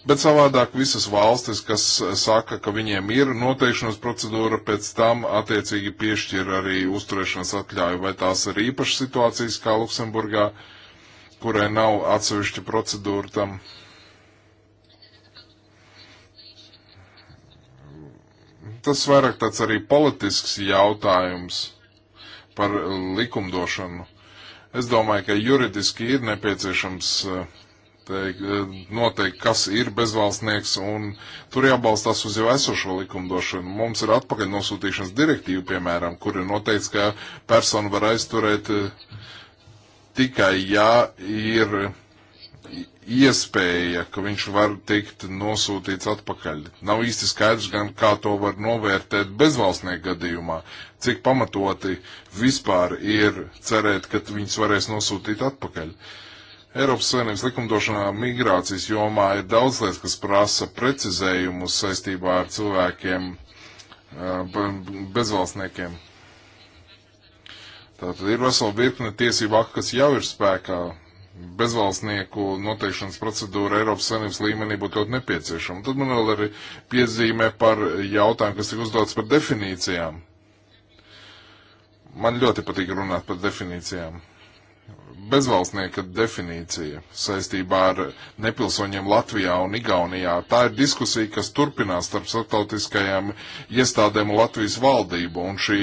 S1: Bet savādāk visas valstis, kas saka, ka viņiem ir noteikšanas procedūra, pēc tam attiecīgi piešķir arī uzturēšanas atļauju, vai tās ir īpašas situācijas kā Luksemburgā, kurai nav atsevišķa procedūra tam. tas vairāk tāds arī politisks jautājums par likumdošanu. Es domāju, ka juridiski ir nepieciešams eh, teik, eh, noteikt, kas ir bezvalstnieks, un tur jābalstās uz jau esošo likumdošanu. Mums ir atpakaļ nosūtīšanas direktīva, piemēram, kur ir noteikts, ka persona var aizturēt eh, tikai, ja ir iespēja, ka viņš var tikt nosūtīts atpakaļ. Nav īsti skaidrs gan, kā to var novērtēt bezvalstnieku gadījumā, cik pamatoti vispār ir cerēt, ka viņus varēs nosūtīt atpakaļ. Eiropas Savienības likumdošanā migrācijas jomā ir daudz lietas, kas prasa precizējumus saistībā ar cilvēkiem, bezvalstniekiem. Tātad ir vesela virkne tiesību aktu, kas jau ir spēkā, bezvalstnieku noteikšanas procedūra Eiropas Savienības līmenī būtu ļoti nepieciešama. Tad man vēl arī piezīmē par jautājumu, kas tika uzdots par definīcijām. Man ļoti patīk runāt par definīcijām. Bezvalstnieka definīcija saistībā ar nepilsoņiem Latvijā un Igaunijā. Tā ir diskusija, kas turpinās starp starptautiskajām iestādēm Latvijas valdību, un šī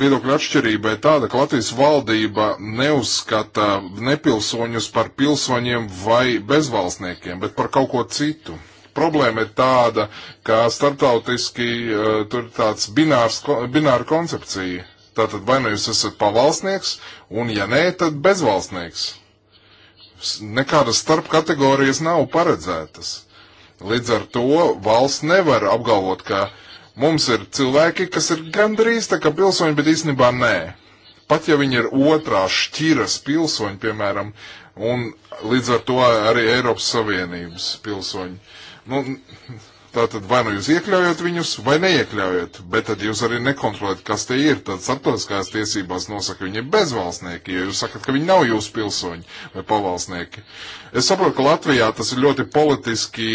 S1: viedokļu atšķirība ir tāda, ka Latvijas valdība neuzskata nepilsoņus par pilsoņiem vai bezvalstniekiem, bet par kaut ko citu. Problēma ir tāda, ka starptautiski uh, tur ir tāds binārs, bināra koncepcija. Tātad vai nu jūs esat pavalstnieks, un ja nē, tad bezvalstnieks. Nekādas starp kategorijas nav paredzētas. Līdz ar to valsts nevar apgalvot, ka uh, Mums ir cilvēki, kas ir gandrīz tā kā pilsoņi, bet īstenībā nē. Pat ja viņi ir otrās šķiras pilsoņi, piemēram, un līdz ar to arī Eiropas Savienības pilsoņi. Nu, tā tad vai nu jūs iekļaujat viņus, vai neiekļaujat, bet tad jūs arī nekontrolējat, kas tie ir. Tad starptautiskās tiesībās nosaka, viņi ir bezvalstnieki, jo jūs sakat, ka viņi nav jūsu pilsoņi vai pavalstnieki. Es saprotu, ka Latvijā tas ir ļoti politiski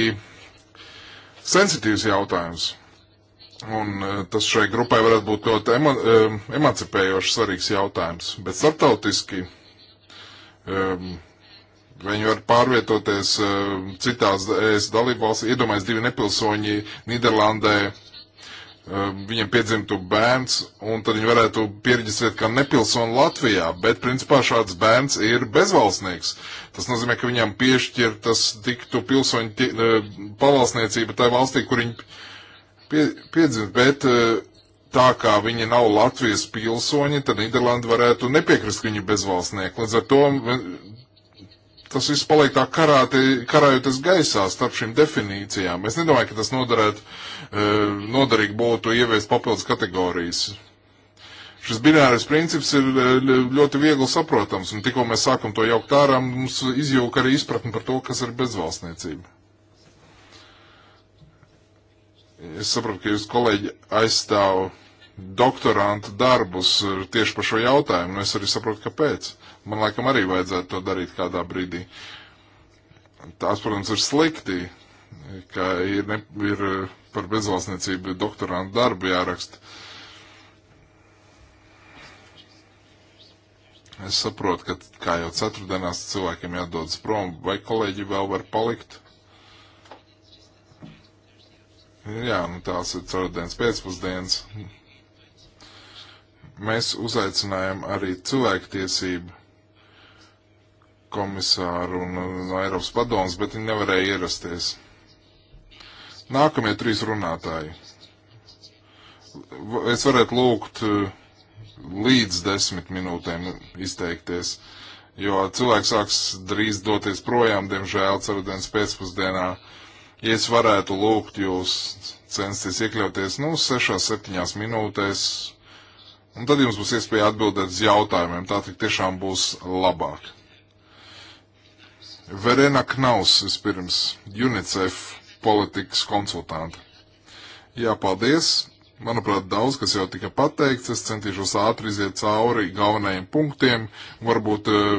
S1: sensitīvs jautājums. Un e, tas šai grupai varētu būt ļoti emo, e, emancipējošs svarīgs jautājums. Bet starptautiski um, viņi var pārvietoties um, citās ES dalībvalstīs. Iedomājies divi nepilsoņi Nīderlandē, um, viņiem piedzimtu bērns, un tad viņi varētu pierģistrēt kā nepilsoni Latvijā. Bet principā šāds bērns ir bezvalstnieks. Tas nozīmē, ka viņam piešķirtas tiktu pilsoņu pavalsniecība tajā valstī, kur viņi Pie, piedzim, bet eh, tā kā viņi nav Latvijas pilsoņi, tad Nīderlanda varētu nepiekrist, ka viņi ir bezvalstnieki. Līdz ar to eh, tas viss paliek tā karāti, karājoties gaisā starp šīm definīcijām. Es nedomāju, ka tas noderētu, eh, noderīgi būtu ieviest papildus kategorijas. Šis binārais princips ir ļoti viegli saprotams, un tikko mēs sākam to jaukt ārā, mums izjūka arī izpratni par to, kas ir bezvalstniecība. Es saprotu, ka jūs kolēģi aizstāv doktorantu darbus tieši par šo jautājumu, un nu, es arī saprotu, kāpēc. Man laikam arī vajadzētu to darīt kādā brīdī. Tās, protams, ir slikti, ka ir, ne, ir eh, par bezvalstniecību doktorantu darbu jāraksta. Es saprotu, ka kā jau ceturtdienās cilvēkiem jādodas prom, vai kolēģi vēl var palikt? Jā, nu tās ir ceturtdienas pēcpusdienas. Mēs uzaicinājām arī cilvēktiesību komisāru un no Eiropas padomus, bet viņi nevarēja ierasties. Nākamie trīs runātāji. Es varētu lūgt eh, līdz desmit minūtēm izteikties, jo cilvēks sāks drīz doties projām, diemžēl, ceturtdienas pēcpusdienā. Uh, Ja es varētu lūgt jūs censties iekļauties, nu, 6-7 minūtēs, un tad jums būs iespēja atbildēt uz jautājumiem. Tā tik tiešām būs labāk. Verena Knaus, vispirms, UNICEF politikas konsultanta. Jā, paldies. Manuprāt, daudz, kas jau tika pateikts, es centīšos ātri iziet cauri galvenajiem punktiem, varbūt eh,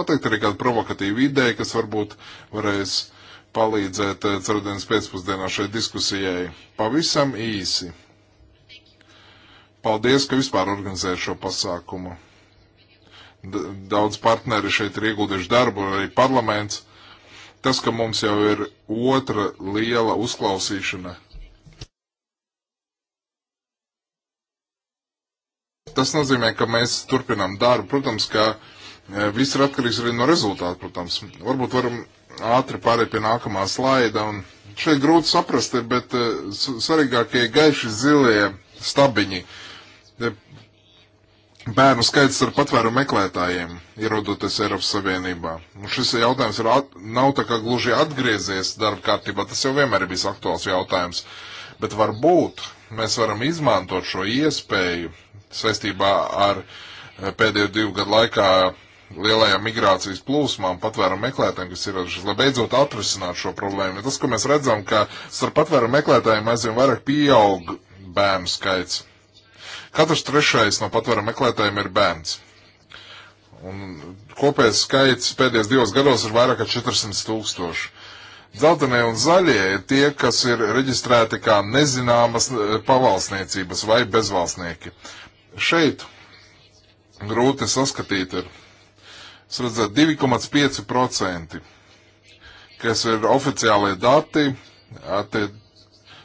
S1: pateikt arī kādu provokatīvu ideju, kas varbūt varēs palīdzēt eh, ceturtdienas pēcpusdienā šai diskusijai. Pavisam īsi. Paldies, ka vispār organizē šo pasākumu. D daudz partneri šeit ir ieguldījuši darbu, arī parlaments. Tas, ka mums jau ir otra liela uzklausīšana. Tas nozīmē, ka mēs turpinām darbu. Protams, ka eh, viss ir atkarīgs arī no rezultātu, protams. Varbūt varam ātri pārēj pie nākamā slaida. Un šeit grūti saprast, bet eh, svarīgākie gaiši zilie stabiņi. Bērnu skaits ar patvēru meklētājiem, ierodoties Eiropas Savienībā. Un šis jautājums ir at, nav tā kā gluži atgriezies darba kārtībā, tas jau vienmēr ir bijis aktuāls jautājums. Bet varbūt mēs varam izmantot šo iespēju saistībā ar eh, pēdējo divu gadu laikā lielajām migrācijas plūsmām, patvērumu meklētājiem, kas ir radušies, lai beidzot atrisināt šo problēmu. Tas, ko mēs redzam, ka starp patvērumu meklētājiem aizvien vairāk pieaug bērnu skaits. Katrs trešais no patvērumu meklētājiem ir bērns. Un kopējais skaits pēdējos divos gados ir vairāk kā 400 tūkstoši. Zeltenie un zaļie ir tie, kas ir reģistrēti kā nezināmas e, pavalsniecības vai bezvalstnieki. Šeit grūti saskatīt ir Jūs redzat, 2,5%, kas ir oficiālie dati attiec,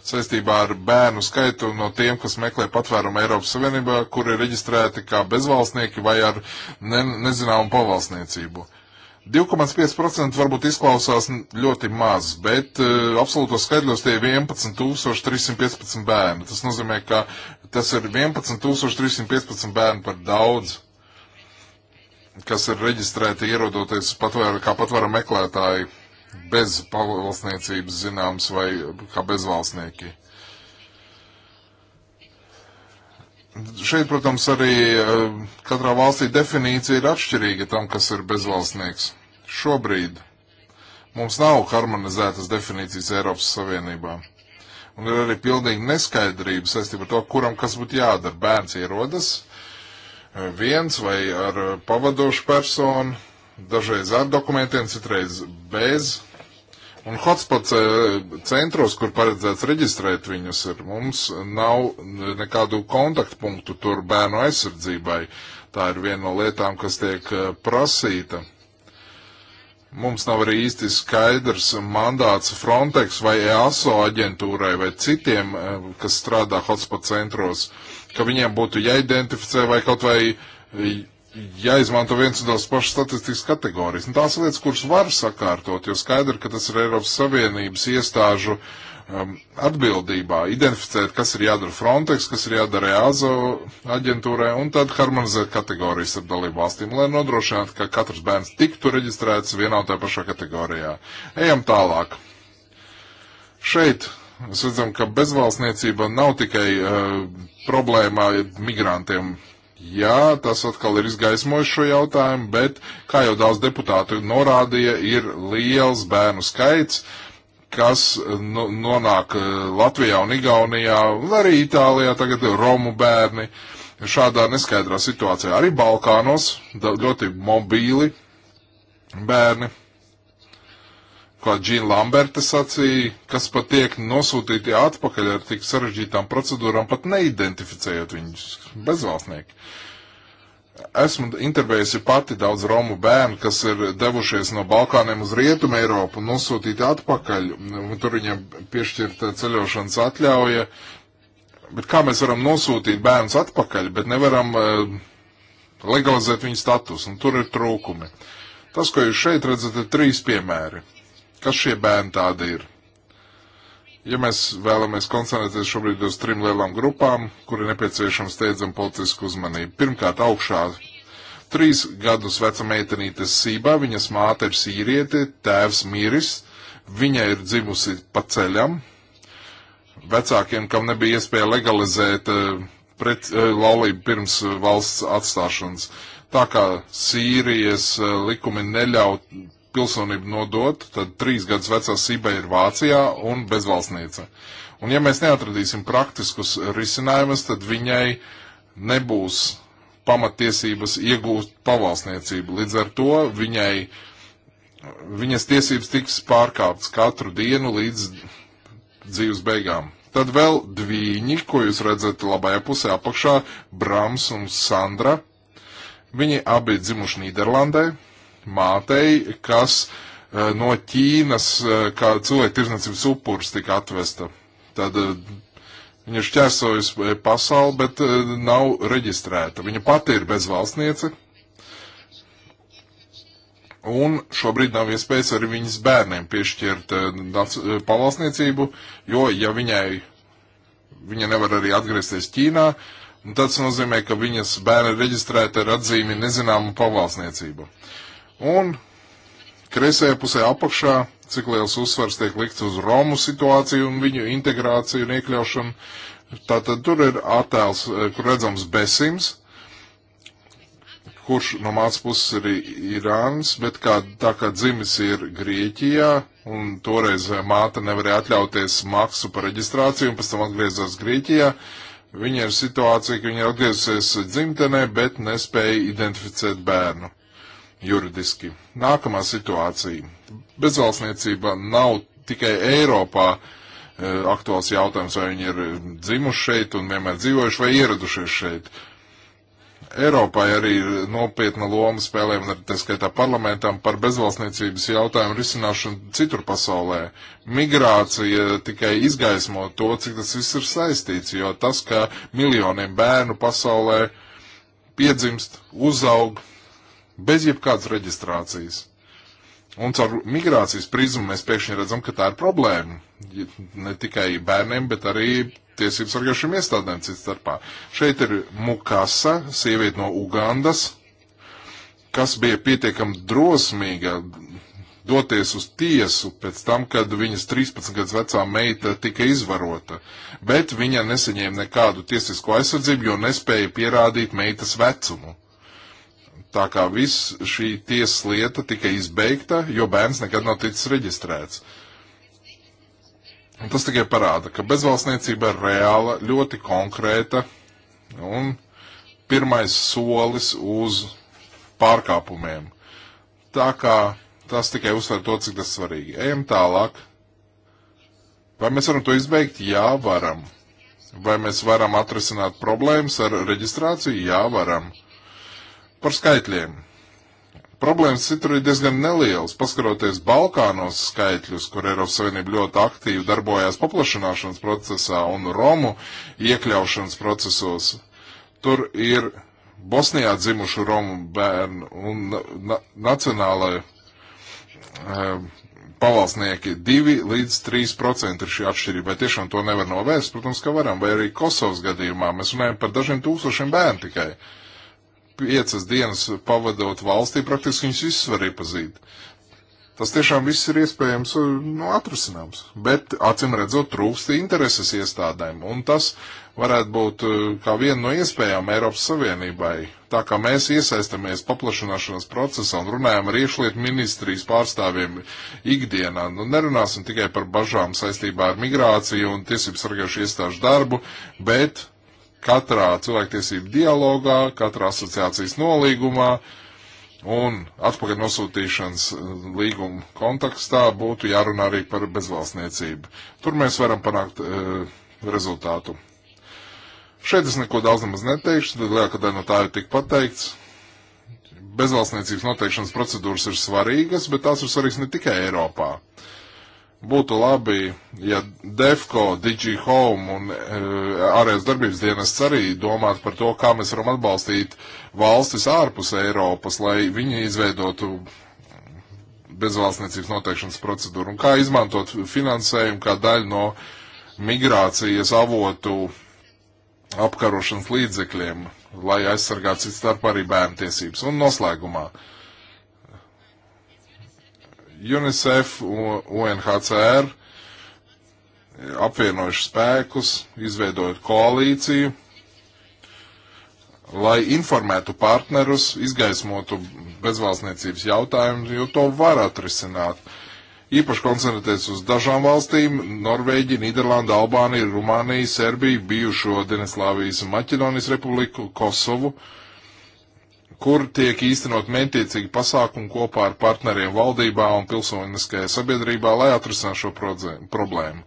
S1: saistībā ar bērnu skaitu no tiem, kas meklē patvērumu Eiropas Savienībā, kuri ir reģistrēti kā bezvalstnieki vai ar ne, nezināmu pavalsniecību. 2,5% varbūt izklausās ļoti maz, bet uh, absolūtos skaidros tie ir 11,315 bērni. Tas nozīmē, ka tas ir 11,315 bērni par daudz kas ir reģistrēti ierodoties patvēr, kā patvara meklētāji bez pavalsniecības zināms vai kā bezvalstnieki. Šeit, protams, arī eh, katrā valstī definīcija ir atšķirīga tam, kas ir bezvalstnieks. Šobrīd mums nav harmonizētas definīcijas Eiropas Savienībā. Un ir arī pilnīgi neskaidrība saistībā ar to, kuram kas būtu jādara. Bērns ierodas, uh, viens vai ar uh, pavadošu personu, dažreiz ar dokumentiem, citreiz bez. Un hotspot uh, centros, kur paredzēts reģistrēt viņus, ir, mums nav nekādu kontaktpunktu tur bērnu aizsardzībai. Tā ir viena no lietām, kas tiek uh, prasīta. Mums nav arī īsti skaidrs mandāts Frontex vai EASO aģentūrai vai citiem, kas strādā hotspot centros. Uh, ka viņiem būtu jāidentificē vai kaut vai jāizmanto viens un tās pašas statistikas kategorijas. Un nu, tās lietas, kuras var sakārtot, jo skaidri, ka tas ir Eiropas Savienības iestāžu um, atbildībā identificēt, kas ir jādara Frontex, kas ir jādara EASO aģentūrai, un tad harmonizēt kategorijas ar dalību valstīm, lai nodrošinātu, ka katrs bērns tiktu reģistrēts vienā un tā pašā kategorijā. Ejam tālāk. Šeit Mēs redzam, ka bezvalstniecība nav tikai uh, e, problēmā migrantiem. Jā, tas atkal ir izgaismojis šo jautājumu, bet, kā jau daudz deputātu norādīja, ir liels bērnu skaits, kas nu, nonāk e, Latvijā un Igaunijā, un arī Itālijā tagad ir Romu bērni. Šādā neskaidrā situācijā arī Balkānos ļoti mobīli bērni kā Džina Lamberta sacīja, kas pat tiek nosūtīti atpakaļ ar tik sarežģītām procedūrām, pat neidentificējot viņus bezvalstnieki. Esmu intervējusi pati daudz romu bērnu, kas ir devušies no Balkāniem uz Rietumu Eiropu un nosūtīti atpakaļ. Tur viņiem piešķirta ceļošanas atļauja. Bet kā mēs varam nosūtīt bērnus atpakaļ, bet nevaram uh, legalizēt viņu status? Un tur ir trūkumi. Tas, ko jūs šeit redzat, ir trīs piemēri Kas šie bērni tādi ir? Ja mēs vēlamies koncentrēties šobrīd uz trim lielām grupām, kuri nepieciešams steidzam politisku uzmanību. Pirmkārt, augšā trīs gadus veca meitenīte Sībā, viņas māte ir sīrieti, tēvs miris, viņa ir dzimusi pa ceļam. Vecākiem, kam nebija iespēja legalizēt eh, pret, eh, laulību pirms eh, valsts atstāšanas. Tā kā Sīrijas likumi neļauj pilsonību nodot, tad trīs gadus vecā Sība ir Vācijā un bezvalstniece. Un ja mēs neatradīsim praktiskus risinājumus, tad viņai nebūs pamatiesības iegūst pavalsniecību. Līdz ar to viņai, viņas tiesības tiks pārkāptas katru dienu līdz dzīves beigām. Tad vēl dviņi, ko jūs redzat labajā pusē apakšā, Brams un Sandra. Viņi abi dzimuši Nīderlandē, mātei, kas eh, no Ķīnas eh, kā cilvēku tirzniecības upurs tika atvesta. Tad eh, viņa šķērsojas pasauli, bet nav reģistrēta. Viņa pati ir bezvalstniece. Un šobrīd nav iespējas arī viņas bērniem piešķirt pavalsniecību, jo ja viņai, viņa nevar arī atgriezties Ķīnā, tad tas nozīmē, ka viņas bērni reģistrēta ar atzīmi nezināmu pavalsniecību. Uh, Un kreisajā pusē apakšā, cik liels uzsvars tiek likts uz Romu situāciju un viņu integrāciju un iekļaušanu. Tātad tur ir attēls, eh, kur redzams Besims, kurš no mācas puses ir Irāns, bet kā, tā kā dzimis ir Grieķijā, un toreiz eh, māte nevarēja atļauties maksu par reģistrāciju, un pēc tam atgriezās Grieķijā, viņa ir situācija, ka viņa ir atgriezusies dzimtenē, bet nespēja identificēt bērnu juridiski. Nākamā situācija. Bezvalstniecība nav tikai Eiropā e, aktuāls jautājums, vai viņi ir dzimuši šeit un vienmēr dzīvojuši vai ieradušies šeit. Eiropai arī ir nopietna loma spēlēm, tā skaitā parlamentam, par bezvalstniecības jautājumu risināšanu citur pasaulē. Migrācija tikai izgaismo to, cik tas viss ir saistīts, jo tas, ka miljoniem bērnu pasaulē piedzimst, uzaug, bez jebkādas reģistrācijas. Un caur migrācijas prizmu mēs pēkšņi redzam, ka tā ir problēma. Ne tikai bērniem, bet arī tiesību sargājušiem iestādēm cits starpā. Šeit ir Mukasa, sieviete no Ugandas, kas bija pietiekami drosmīga doties uz tiesu pēc tam, kad viņas 13 gadus vecā meita tika izvarota, bet viņa nesaņēma nekādu tiesisko aizsardzību, jo nespēja pierādīt meitas vecumu. Tā kā viss šī tiesas lieta tika izbeigta, jo bērns nekad nav ticis reģistrēts. Un tas tikai parāda, ka bezvalstniecība ir reāla, ļoti konkrēta un pirmais solis uz pārkāpumiem. Tā kā tas tikai uzsver to, cik tas svarīgi. Ejam tālāk. Vai mēs varam to izbeigt? Jā, varam. Vai mēs varam atrisināt problēmas ar reģistrāciju? Jā, varam. Par skaitļiem. Problēmas citur ir diezgan nelielas. Paskaroties Balkānos skaitļus, kur Eiropas Savienība ļoti aktīvi darbojās paplašanāšanas procesā un Romu iekļaušanas procesos, tur ir Bosnijā dzimušu Romu bērnu un na nacionālai um, eh, pavalsnieki 2 līdz 3 procenti ir šī atšķirība. Vai tiešām to nevar novērst? Protams, ka varam. Vai arī Kosovas gadījumā mēs runājam par dažiem tūkstošiem bērnu tikai. Uh, piecas dienas pavadot valstī, praktiski viņus visus var iepazīt. Tas tiešām viss ir iespējams uh, nu, atrasināms, bet acīm redzot trūkst intereses iestādēm, un tas varētu būt uh, kā viena no iespējām Eiropas Savienībai. Tā kā mēs iesaistamies paplašanāšanas procesā un runājam ar iekšlietu ministrijas pārstāvjiem ikdienā, nu nerunāsim tikai par bažām saistībā ar migrāciju un tiesības sargājušu iestāžu darbu, bet katrā cilvēktiesību dialogā, katrā asociācijas nolīgumā un atpakaļ nosūtīšanas eh, līguma kontekstā būtu jārunā arī par bezvalstniecību. Tur mēs varam panākt e, rezultātu. Šeit es neko daudz nemaz neteikšu, tad lielākā daļa no tā ir tik pateikts. Bezvalstniecības noteikšanas procedūras ir svarīgas, bet tās ir svarīgas ne tikai Eiropā. Uh, Būtu labi, ja DEFCO, DG Home un eh, ārējās darbības dienests arī domātu par to, kā mēs varam atbalstīt valstis ārpus Eiropas, lai viņi izveidotu bezvalstniecības noteikšanas procedūru un kā izmantot finansējumu kā daļu no migrācijas avotu apkarošanas līdzekļiem, lai aizsargātu cits starp arī bērnu tiesības. Un noslēgumā. Uh, UNICEF, UNHCR apvienojuši spēkus, izveidojot koalīciju, lai informētu partnerus, izgaismotu bezvalstniecības jautājumu, jo to var atrisināt. Īpaši koncentrēties uz dažām valstīm - Norvēģi, Nīderlanda, Albānija, Rumānija, Serbija, bijušo Deneslāvijas un Maķedonijas republiku, Kosovu. Uh, kur tiek īstenot mētiecīgi pasākumi kopā ar partneriem valdībā un pilsoniskajā sabiedrībā, lai atrisināt šo problēmu.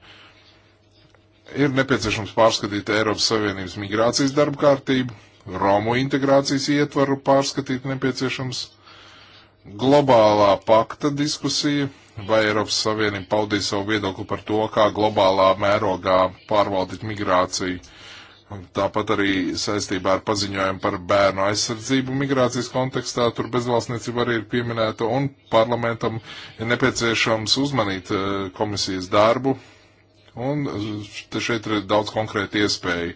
S1: Ir nepieciešams pārskatīt Eiropas Savienības migrācijas darba kārtību, Romu integrācijas ietvaru pārskatīt nepieciešams, globālā pakta diskusija, vai Eiropas Savienība paudīs savu viedokli par to, kā globālā mērogā pārvaldīt migrāciju Tāpat arī saistībā ar paziņojumu par bērnu aizsardzību migrācijas kontekstā, tur bezvalstniecība arī ir pieminēta, un parlamentam ir nepieciešams uzmanīt eh, komisijas darbu, un eh, šeit ir daudz konkrēti iespēju.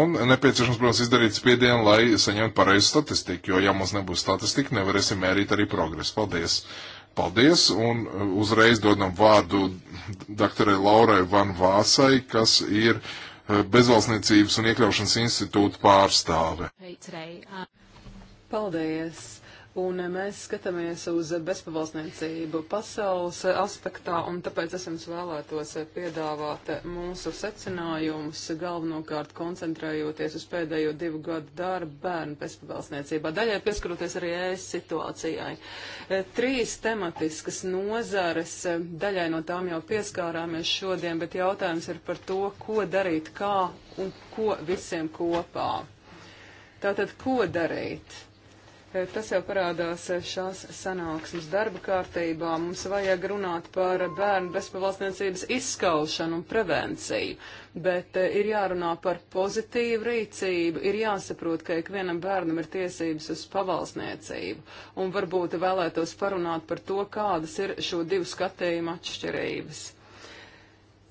S1: Un nepieciešams, protams, izdarīt spiedienu, lai saņemtu pareizu statistiku, jo ja mums nebūs statistika, nevarēsim mērīt arī progresu. Paldies! Paldies, un eh, uzreiz dodam vārdu doktorai Laurai Van Vāsai, kas ir uh, Eh, bezvalstniecības un iekļaušanas institūta pārstāve.
S4: Uh, Paldies! Un mēs skatāmies uz bezpavalsniecību pasaules aspektā, un tāpēc es jums vēlētos piedāvāt mūsu secinājumus, galvenokārt koncentrējoties uz pēdējo divu gadu darbu bērnu bezpavalsniecībā, daļai pieskaroties arī ēs situācijai. Trīs tematiskas nozares, daļai no tām jau pieskārāmies šodien, bet jautājums ir par to, ko darīt kā un ko visiem kopā. Tātad, ko darīt? Eh, tas jau parādās eh, šās sanāksmes darba kārtībā. Mums vajag runāt par bērnu bezpavalstniecības izskaušanu un prevenciju, bet eh, ir jārunā par pozitīvu rīcību, ir jāsaprot, ka ikvienam bērnam ir tiesības uz pavalstniecību. Un varbūt vēlētos parunāt par to, kādas ir šo divu skatījumu atšķirības.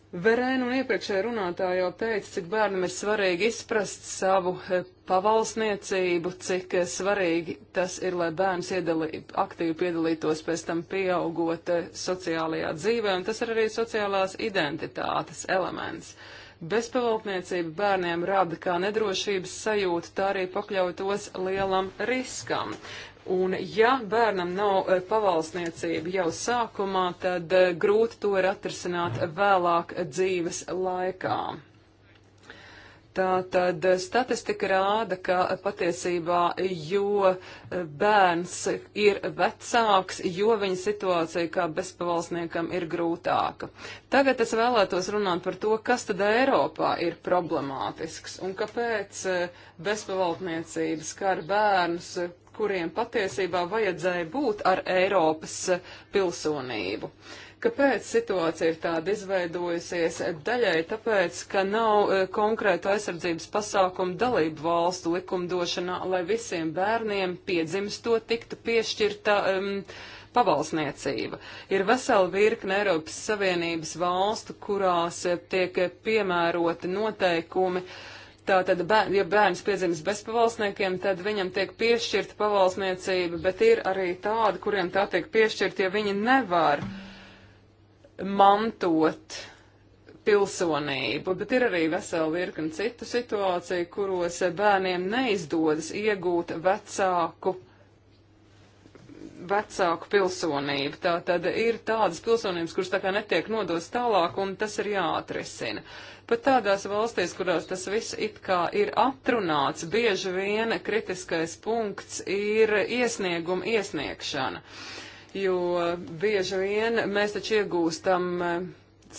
S4: Verēna un iepriekšējā runātāja jau teica, cik bērnam ir svarīgi izprast savu eh, pavalsniecību, cik eh, svarīgi tas ir, lai bērns iedalī, aktīvi piedalītos pēc tam pieaugot eh, sociālajā dzīvē, un tas ir arī sociālās identitātes elements. Bezpavaldniecība bērniem rada kā nedrošības sajūtu, tā arī pakļautos lielam riskam. Un ja bērnam nav e, pavalsniecība jau sākumā, tad e, grūti to ir atrisināt vēlāk dzīves laikā. Tā tad e, statistika rāda, ka patiesībā jo bērns ir vecāks, jo viņa situācija kā bezpavalsniekam ir grūtāka. Tagad es vēlētos runāt par to, kas tad Eiropā ir problemātisks un kāpēc bezpavalsniecības skar bērnus, kuriem patiesībā vajadzēja būt ar Eiropas pilsonību. Kāpēc situācija ir tāda izveidojusies? Daļai tāpēc, ka nav e, konkrētu aizsardzības pasākumu dalību valstu likumdošanā, lai visiem bērniem piedzimsto tiktu piešķirta. Um, pavalsniecība. Ir vesela virkne Eiropas Savienības valstu, kurās tiek piemēroti noteikumi uh, Tātad, bēr, ja bērns piedzimis bez pavalsniekiem, tad viņam tiek piešķirta pavalsniecība, bet ir arī tādi, kuriem tā tiek piešķirta, ja viņi nevar mantot pilsonību, bet ir arī vesela virkni citu situāciju, kuros bērniem neizdodas iegūt vecāku, vecāku pilsonību. Tā tad ir tādas pilsonības, kuras tā kā netiek nodos tālāk, un tas ir jāatrisina. Pat tādās valstīs, kurās tas viss it kā ir atrunāts, bieži vien kritiskais punkts ir iesnieguma iesniegšana, jo bieži vien mēs taču iegūstam eh,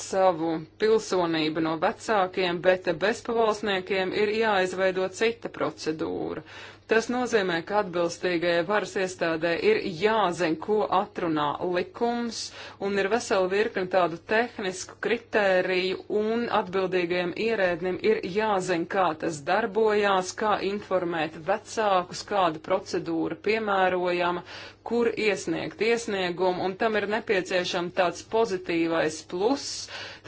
S4: savu pilsonību no vecākiem, bet bez pavalsniekiem ir jāizveido cita procedūra. Tas nozīmē, ka atbilstīgajai varas iestādē ir jāzina, ko atrunā likums, un ir vesela virkni tādu tehnisku kritēriju, un atbildīgajiem ierēdnim ir jāzina, kā tas darbojās, kā informēt vecākus, kāda procedūra piemērojama, kur iesniegt iesniegumu, un tam ir nepieciešama tāds pozitīvais plus,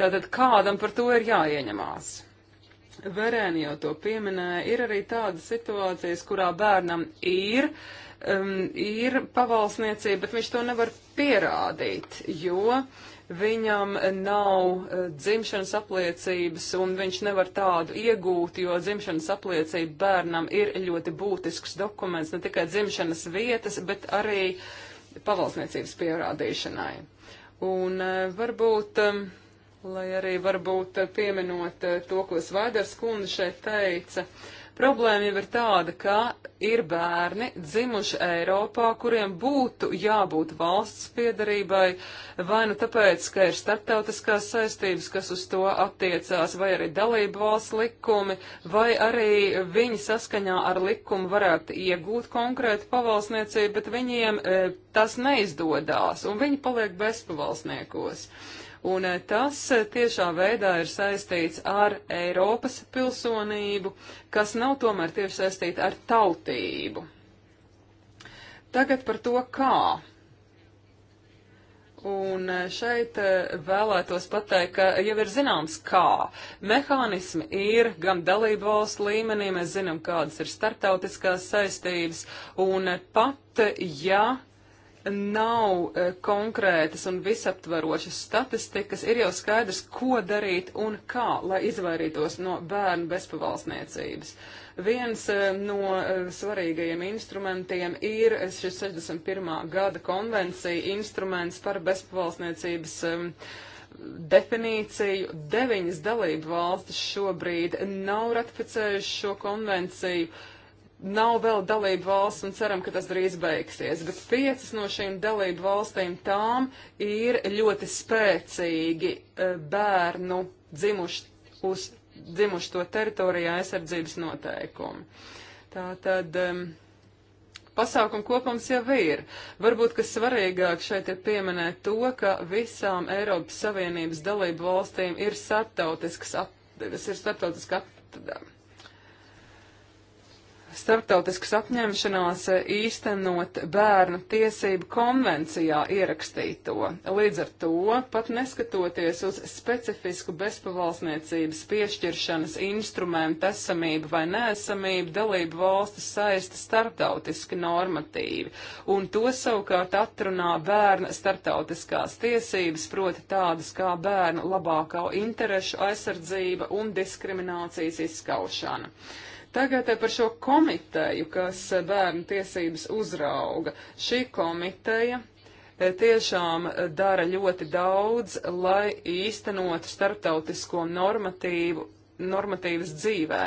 S4: tātad kādam par to ir jāieņemās. Verēni jau to pieminēja, ir arī tādas situācijas, kurā bērnam ir, um, ir pavalsniecība, bet viņš to nevar pierādīt, jo viņam nav uh, dzimšanas apliecības un viņš nevar tādu iegūt, jo dzimšanas apliecība bērnam ir ļoti būtisks dokuments ne tikai dzimšanas vietas, bet arī pavalsniecības pierādīšanai. Un uh, varbūt. Um, lai arī varbūt pieminot eh, to, ko Svaidars kundze šeit teica. Problēma jau ir tāda, ka ir bērni dzimuši Eiropā, kuriem būtu jābūt valsts piedarībai, vai nu tāpēc, ka ir starptautiskās saistības, kas uz to attiecās, vai arī dalību valsts likumi, vai arī viņi saskaņā ar likumu varētu iegūt konkrētu pavalsniecību, bet viņiem e, tas neizdodās, un viņi paliek bezpavalsniekos. pavalsniekos un eh, tas eh, tiešā veidā ir saistīts ar Eiropas pilsonību, kas nav tomēr tieši saistīta ar tautību. Tagad par to, kā. Un eh, šeit vēlētos pateikt, ka jau ir zināms, kā. Mehānismi ir gan dalību valstu līmenī, mēs zinām, kādas ir starptautiskās saistības, un pat ja nav e, konkrētas un visaptvarošas statistikas, ir jau skaidrs, ko darīt un kā, lai izvairītos no bērnu bezpavalsniecības. Viens e, no e, svarīgajiem instrumentiem ir šis 61. gada konvencija instruments par bezpavalsniecības ehm, definīciju. Deviņas dalību valstis šobrīd nav ratificējuši šo konvenciju nav vēl dalību valsts un ceram, ka tas drīz beigsies, bet piecas no šīm dalību valstīm tām ir ļoti spēcīgi e, bērnu dzimuši uz dzimuši to teritorijā aizsardzības noteikumi. Tā tad um, pasākuma kopums jau ir. Varbūt, kas svarīgāk šeit ir pieminēt to, ka visām Eiropas Savienības dalību valstīm ir starptautisks, at, ir starptautiska at, starptautiskas apņemšanās īstenot bērnu tiesību konvencijā ierakstīto. Līdz ar to, pat neskatoties uz specifisku bezpavalsniecības piešķiršanas instrumentu esamību vai neesamību, dalību valstis saista starptautiski normatīvi, un to savukārt atrunā bērna starptautiskās tiesības, proti tādas kā bērnu labākā interešu aizsardzība un diskriminācijas izskaušana. Tagad par šo komiteju, kas bērnu tiesības uzrauga. Šī komiteja eh, tiešām eh, dara ļoti daudz, lai īstenotu starptautisko normatīvu normatīvas dzīvē.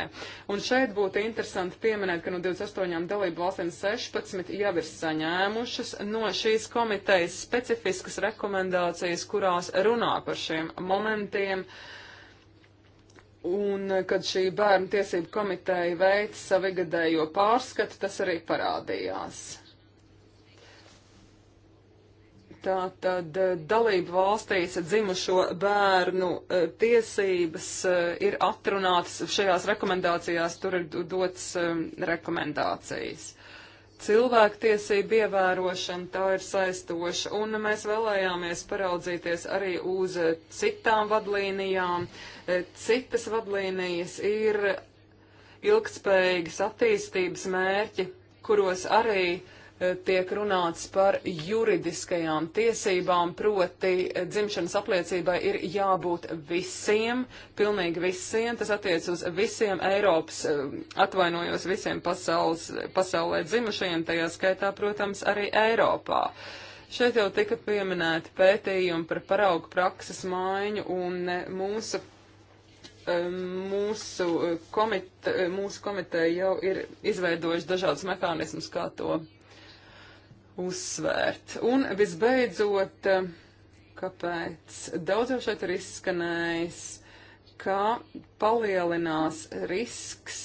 S4: Un šeit būtu interesanti pieminēt, ka no 28 dalību valstīm 16 jau ir saņēmušas no šīs komitejas specifiskas rekomendācijas, kurās runā par šiem momentiem. Uh, Un, eh, kad šī bērnu tiesību komiteja veica savigadējo pārskatu, tas arī parādījās. Tātad eh, dalību valstīs dzimušo bērnu eh, tiesības ir atrunātas šajās rekomendācijās, tur ir dots rekomendācijas cilvēktiesību ievērošana, tā ir saistoša, un mēs vēlējāmies paraudzīties arī uz eh, citām vadlīnijām. Eh, citas vadlīnijas ir ilgtspējīgas attīstības mērķi, kuros arī uh, Eh, tiek runāts par juridiskajām tiesībām, proti eh, dzimšanas apliecībai ir jābūt visiem, pilnīgi visiem, tas attiec uz visiem Eiropas, eh, atvainojos visiem pasaules, pasaulē dzimušajiem, tajā skaitā, protams, arī Eiropā. Šeit jau tika pieminēti pētījumi par paraugu prakses maiņu un mūsu mūsu, komite, mūsu komiteja jau ir izveidojuši dažādus mehānismus, kā to uzsvērt. Un visbeidzot, kāpēc daudz jau šeit ir izskanējis, ka palielinās risks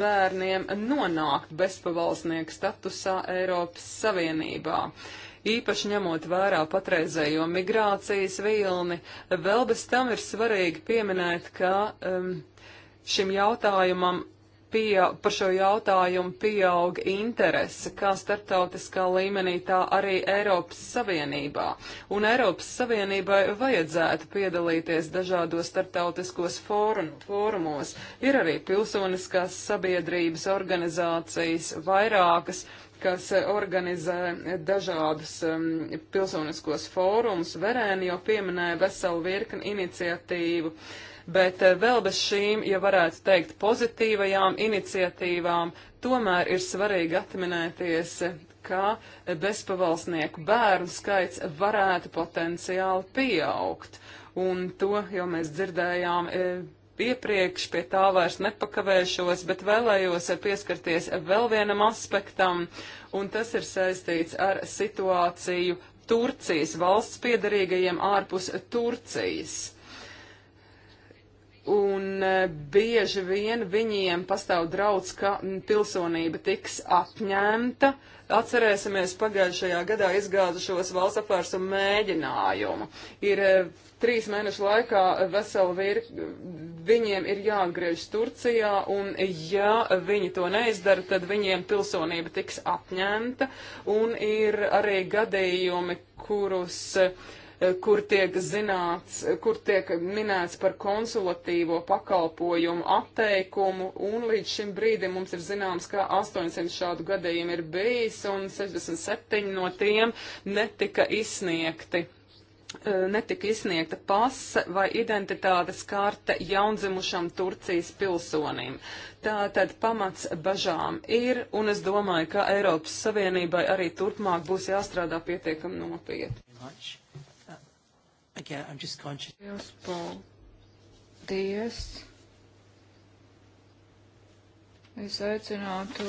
S4: bērniem nonākt bezpavalsnieku statusā Eiropas Savienībā. Īpaši ņemot vērā patreizējo migrācijas vilni, vēl bez tam ir svarīgi pieminēt, ka um, šim jautājumam pieau, par šo jautājumu pieaug interese kā starptautiskā līmenī, tā arī Eiropas Savienībā. Un Eiropas Savienībai vajadzētu piedalīties dažādos starptautiskos fórumos. Ir arī pilsoniskās sabiedrības organizācijas vairākas kas organizē dažādus um, pilsoniskos fórumus. Verēni jau pieminēja veselu virkni iniciatīvu. Uh, bet eh, vēl bez šīm, ja varētu teikt, pozitīvajām iniciatīvām, tomēr ir svarīgi atminēties, ka bezpavalsnieku bērnu skaits varētu potenciāli pieaugt. Un to jau mēs dzirdējām e, iepriekš, pie tā vairs nepakavēšos, bet vēlējos pieskarties vēl vienam aspektam, un tas ir saistīts ar situāciju Turcijas valsts piedarīgajiem ārpus Turcijas un e, bieži vien viņiem pastāv draudz, ka pilsonība tiks atņemta. Atcerēsimies pagājušajā gadā izgāzušos valsts apvērsumu mēģinājumu. Ir e, trīs mēnešu laikā veseli virkni, viņiem ir jāatgriežas Turcijā, un ja viņi to neizdara, tad viņiem pilsonība tiks atņemta, un ir arī gadījumi, kurus uh, kur tiek zināts, kur tiek minēts par konsulatīvo pakalpojumu atteikumu, un līdz šim brīdim mums ir zināms, ka 800 šādu gadījumu ir bijis, un 67 no tiem netika izsniegti e, netika izsniegta pase vai identitātes karte jaundzimušam Turcijas pilsonim. Tā tad pamats bažām ir, un es domāju, ka Eiropas Savienībai arī turpmāk būs jāstrādā pietiekami nopietni.
S1: Again, I'm just conscious.
S2: Jūs paldies. Es aicinātu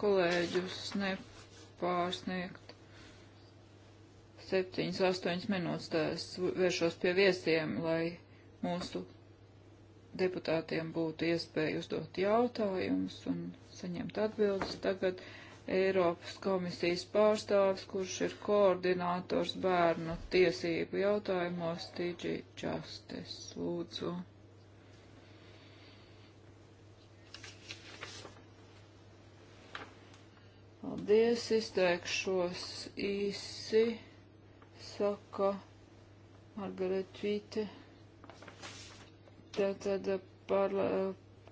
S2: kolēģus nepārsniegt 7-8 minūtes. Es vēršos pie viesiem, lai mūsu deputātiem būtu iespēja uzdot jautājumus un saņemt atbildes. Tagad Eiropas komisijas pārstāvis, kurš ir koordinators bērnu tiesību jautājumos TG Justice. Lūdzu. Paldies, izteikšos īsi, saka Margaret Vīte. Tātad par eh,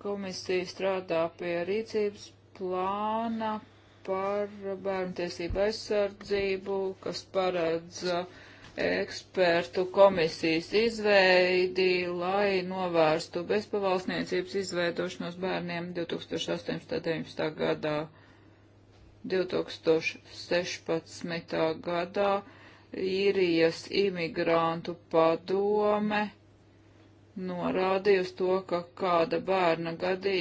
S2: komisiju strādā pie rīcības plāna par bērnu tiesību aizsardzību, kas paredz ekspertu komisijas izveidi, lai novērstu bezpavalsniecības izveidošanos bērniem 2018. gadā. 2016. gadā īrijas imigrantu padome norādīja uz to, ka kāda bērna gadī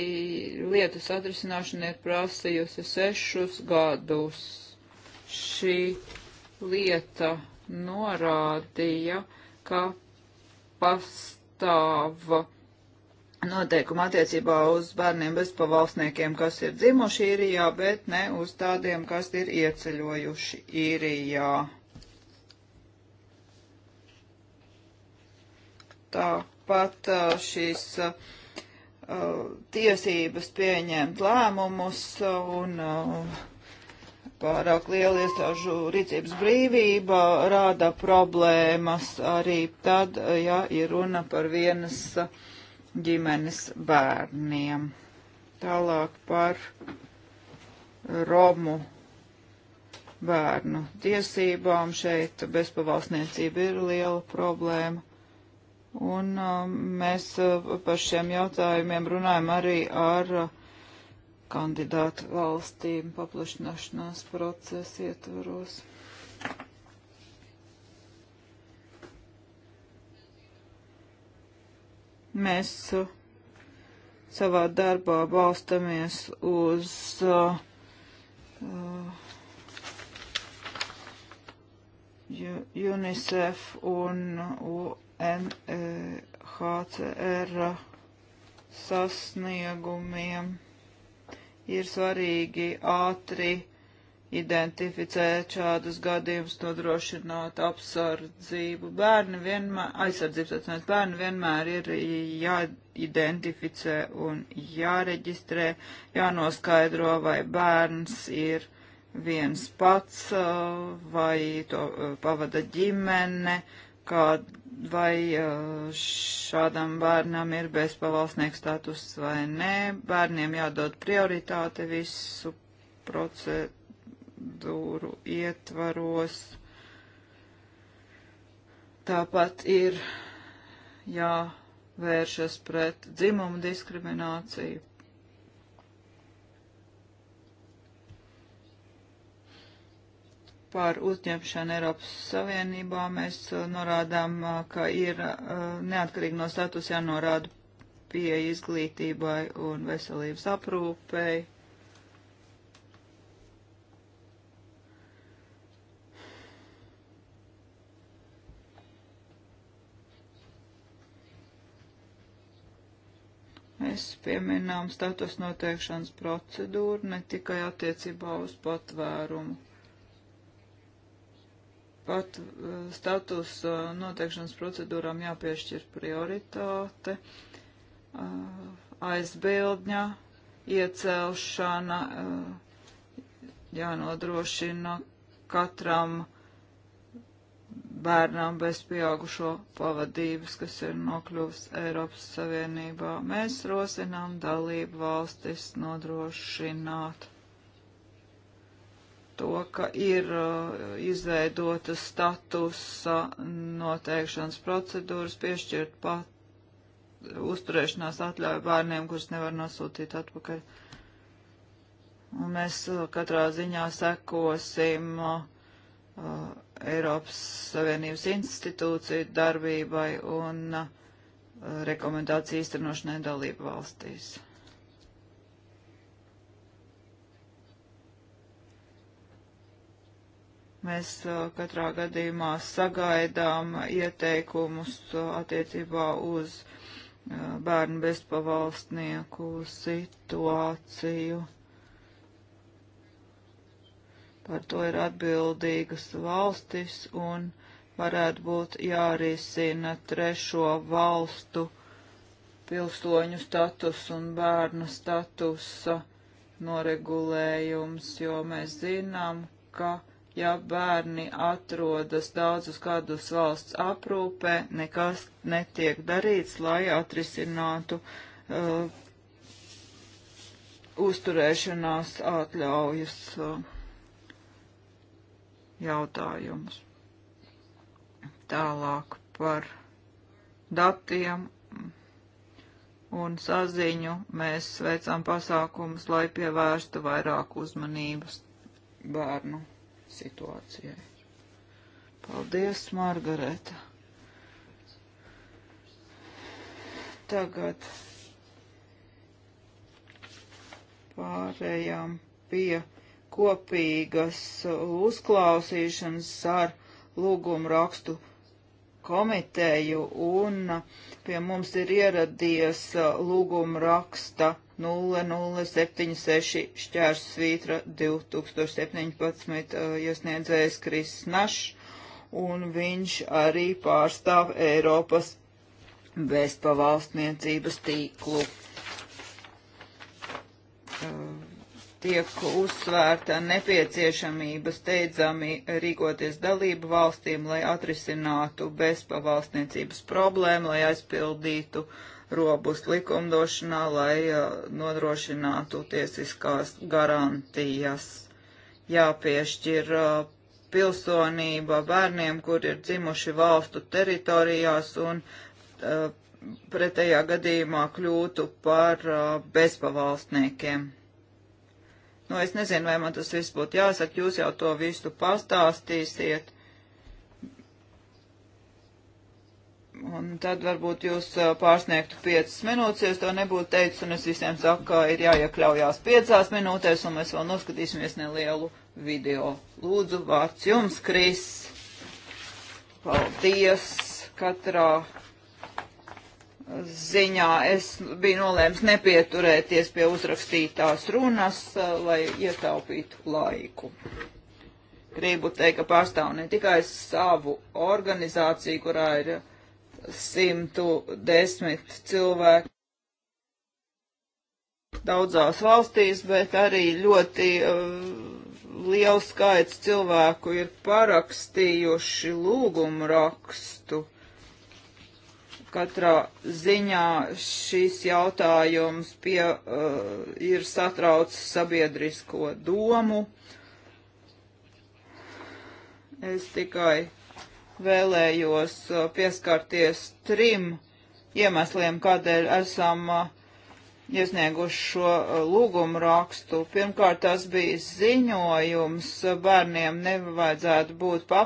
S2: lietas atrisināšana ir prasījusi sešus gadus. Šī lieta norādīja, ka pastāva noteikuma attiecībā uz bērniem bezpavalsniekiem, kas ir dzimuši īrijā, bet ne uz tādiem, kas ir ieceļojuši īrijā. Tā Tāpat uh, šīs uh, uh, tiesības pieņemt lēmumus un pārāk liela iestāžu rīcības brīvība rāda problēmas arī tad, ja ir runa par vienas ģimenes bērniem. Tālāk par Romu bērnu tiesībām šeit bezpavalsniecība ir liela problēma Un uh, mēs uh, par šiem jautājumiem runājam arī ar uh, kandidātu valstīm paplašināšanās procesa ietvaros. Mēs savā darbā balstamies uz uh, UNICEF un uh, NHCR sasniegumiem ir svarīgi ātri identificēt šādus gadījumus, nodrošināt apsardzību. Bērni vienmēr, aizsardzības atcināt, bērni vienmēr ir jāidentificē un jāreģistrē, jānoskaidro, vai bērns ir viens pats, vai to eh, pavada ģimene, kāda vai eh, šādam bērnam ir bezpavalsnieku status vai nē. Bērniem jādod prioritāte visu procedūru ietvaros. Tāpat ir jāvēršas pret dzimumu diskrimināciju par uzņemšanu Eiropas Savienībā mēs uh, norādām, uh, ka ir uh, neatkarīgi no status jānorāda pieeja izglītībai un veselības aprūpei. Mēs pieminām status noteikšanas procedūru ne tikai attiecībā uz patvērumu. Tāpat eh, status eh, noteikšanas procedūrām jāpiešķir prioritāte, eh, aizbildņa, iecelšana, jānodrošina katram bērnam bez pieaugušo pavadības, kas ir nokļuvis Eiropas Savienībā. Mēs rosinām dalību valstis nodrošināt to, ka ir uh, izveidota statusa noteikšanas procedūras, piešķirt pat uzturēšanās atļauju bērniem, kurus nevar nosūtīt atpakaļ. Un mēs uh, katrā ziņā sekosim uh, uh, Eiropas Savienības institūciju darbībai un uh, rekomendāciju īstenošanai dalību valstīs. Mēs katrā gadījumā sagaidām ieteikumus attiecībā uz bērnu bezpavalstnieku situāciju. Par to ir atbildīgas valstis un varētu būt jārisina trešo valstu pilsoņu status un bērnu statusa noregulējums, jo mēs zinām, ka ja bērni atrodas daudzus gadus valsts aprūpē, nekas netiek darīts, lai atrisinātu uh, uzturēšanās atļaujas uh, jautājumus. Tālāk par datiem un saziņu mēs veicam pasākumus, lai pievērstu vairāk uzmanības bērnu situācijai. Paldies, Margareta. Tagad pārējām pie kopīgas uzklausīšanas ar lūgumu rakstu komiteju un pie mums ir ieradies lūguma raksta 0076 šķērs svītra 2017 iesniedzējs Krisnašs un viņš arī pārstāv Eiropas bezpavalstniecības tīklu. tiek uzsvērta nepieciešamība steidzami rīkoties dalību valstīm, lai atrisinātu bezpavalstniecības problēmu, lai aizpildītu robus likumdošanā, lai uh, nodrošinātu tiesiskās garantijas. Jāpiešķir uh, pilsonība bērniem, kur ir dzimuši valstu teritorijās un uh, pretējā gadījumā kļūtu par uh, bezpavalstniekiem. Nu, es nezinu, vai man tas viss būtu jāsaka, jūs jau to visu pastāstīsiet. Un tad varbūt jūs pārsniegtu 5 minūtes, ja es to nebūtu teicis, un es visiem saku, ka ir jāiekļaujās 5 minūtēs, un mēs vēl noskatīsimies nelielu video. Lūdzu, vārds jums, Kris. Paldies katrā ziņā es biju nolēms nepieturēties pie uzrakstītās runas, eh, lai ietaupītu laiku. Gribu teikt, ka pārstāv ne tikai savu organizāciju, kurā ir 110 cilvēki daudzās valstīs, bet arī ļoti uh, liels skaits cilvēku ir parakstījuši lūgumu rakstu Katrā ziņā šis jautājums pie, uh, ir satraucis sabiedrisko domu. Es tikai vēlējos uh, pieskarties trim iemesliem, kādēļ esam uh, iesnieguši šo uh, lūgumu rakstu. Pirmkārt, tas bija ziņojums, bērniem nevajadzētu būt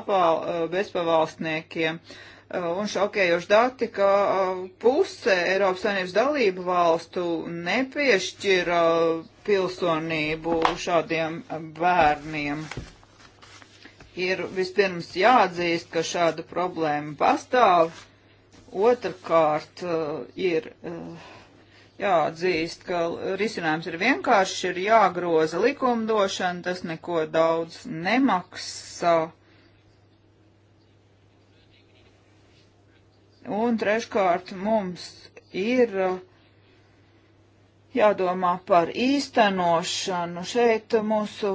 S2: bezpavalstniekiem. Uh, Eh, un šokējoši dati, ka eh, puse Eiropas Savienības dalību valstu nepiešķira eh, pilsonību šādiem bērniem. Ir vispirms jāatzīst, ka šāda problēma pastāv, otrkārt ir jāatzīst, ka risinājums ir vienkāršs, ir jāgroza likumdošana, tas neko daudz nemaksā Un treškārt mums ir uh, jādomā par īstenošanu. Šeit mūsu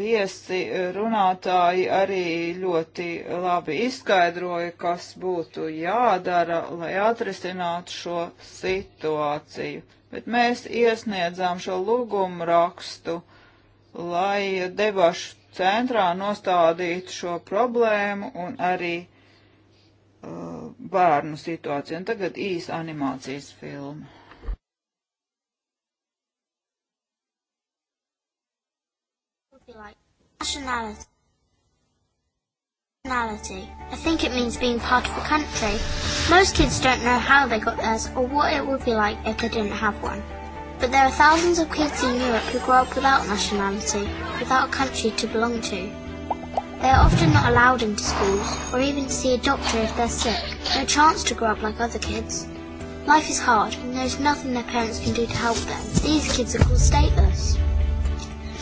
S2: viesi uh, runātāji arī ļoti labi izskaidroja, kas būtu jādara, lai atrisinātu šo situāciju. Bet mēs iesniedzām šo lūgumu rakstu, lai debašu centrā nostādīt šo problēmu un arī uh, bērnu situāciju. Un tagad īsa animācijas filma.
S3: Like nationality. Nationality. I think it means being part of a country. Most kids don't know how they got theirs or what it would be like if they didn't have one. But there are thousands of kids in Europe who grow up without nationality, without a country to belong to. They are often not allowed into schools, or even to see a doctor if they're sick, no chance to grow up like other kids. Life is hard, and there's nothing their parents can do to help them. These kids are called stateless.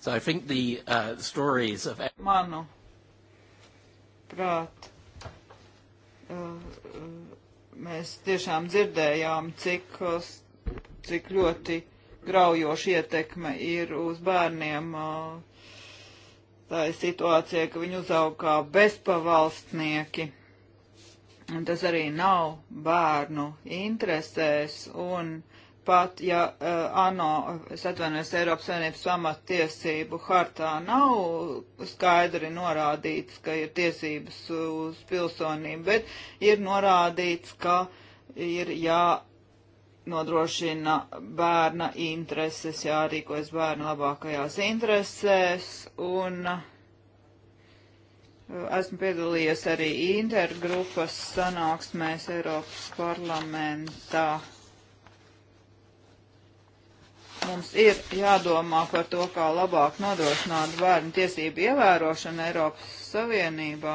S1: So I think the uh, stories of
S3: manu prāt
S2: uh, uh, mēs tiešām dzirdējām, cik, cik ļoti graujoši ietekme ir uz bērniem uh, tā ir situācija, ka viņi uzaug kā bezpavalstnieki. Un tas arī nav bērnu interesēs un uh, pat ja uh, ANO, es atvainojos, Eiropas Savienības pamattiesību hartā nav skaidri norādīts, ka ir tiesības uz pilsonību, bet ir norādīts, ka ir jā nodrošina bērna intereses, jārīkojas bērna labākajās interesēs, un eh, esmu piedalījies arī intergrupas sanāksmēs Eiropas parlamentā. Mums ir jādomā par to, kā labāk nodrošināt bērnu tiesību ievērošanu Eiropas Savienībā,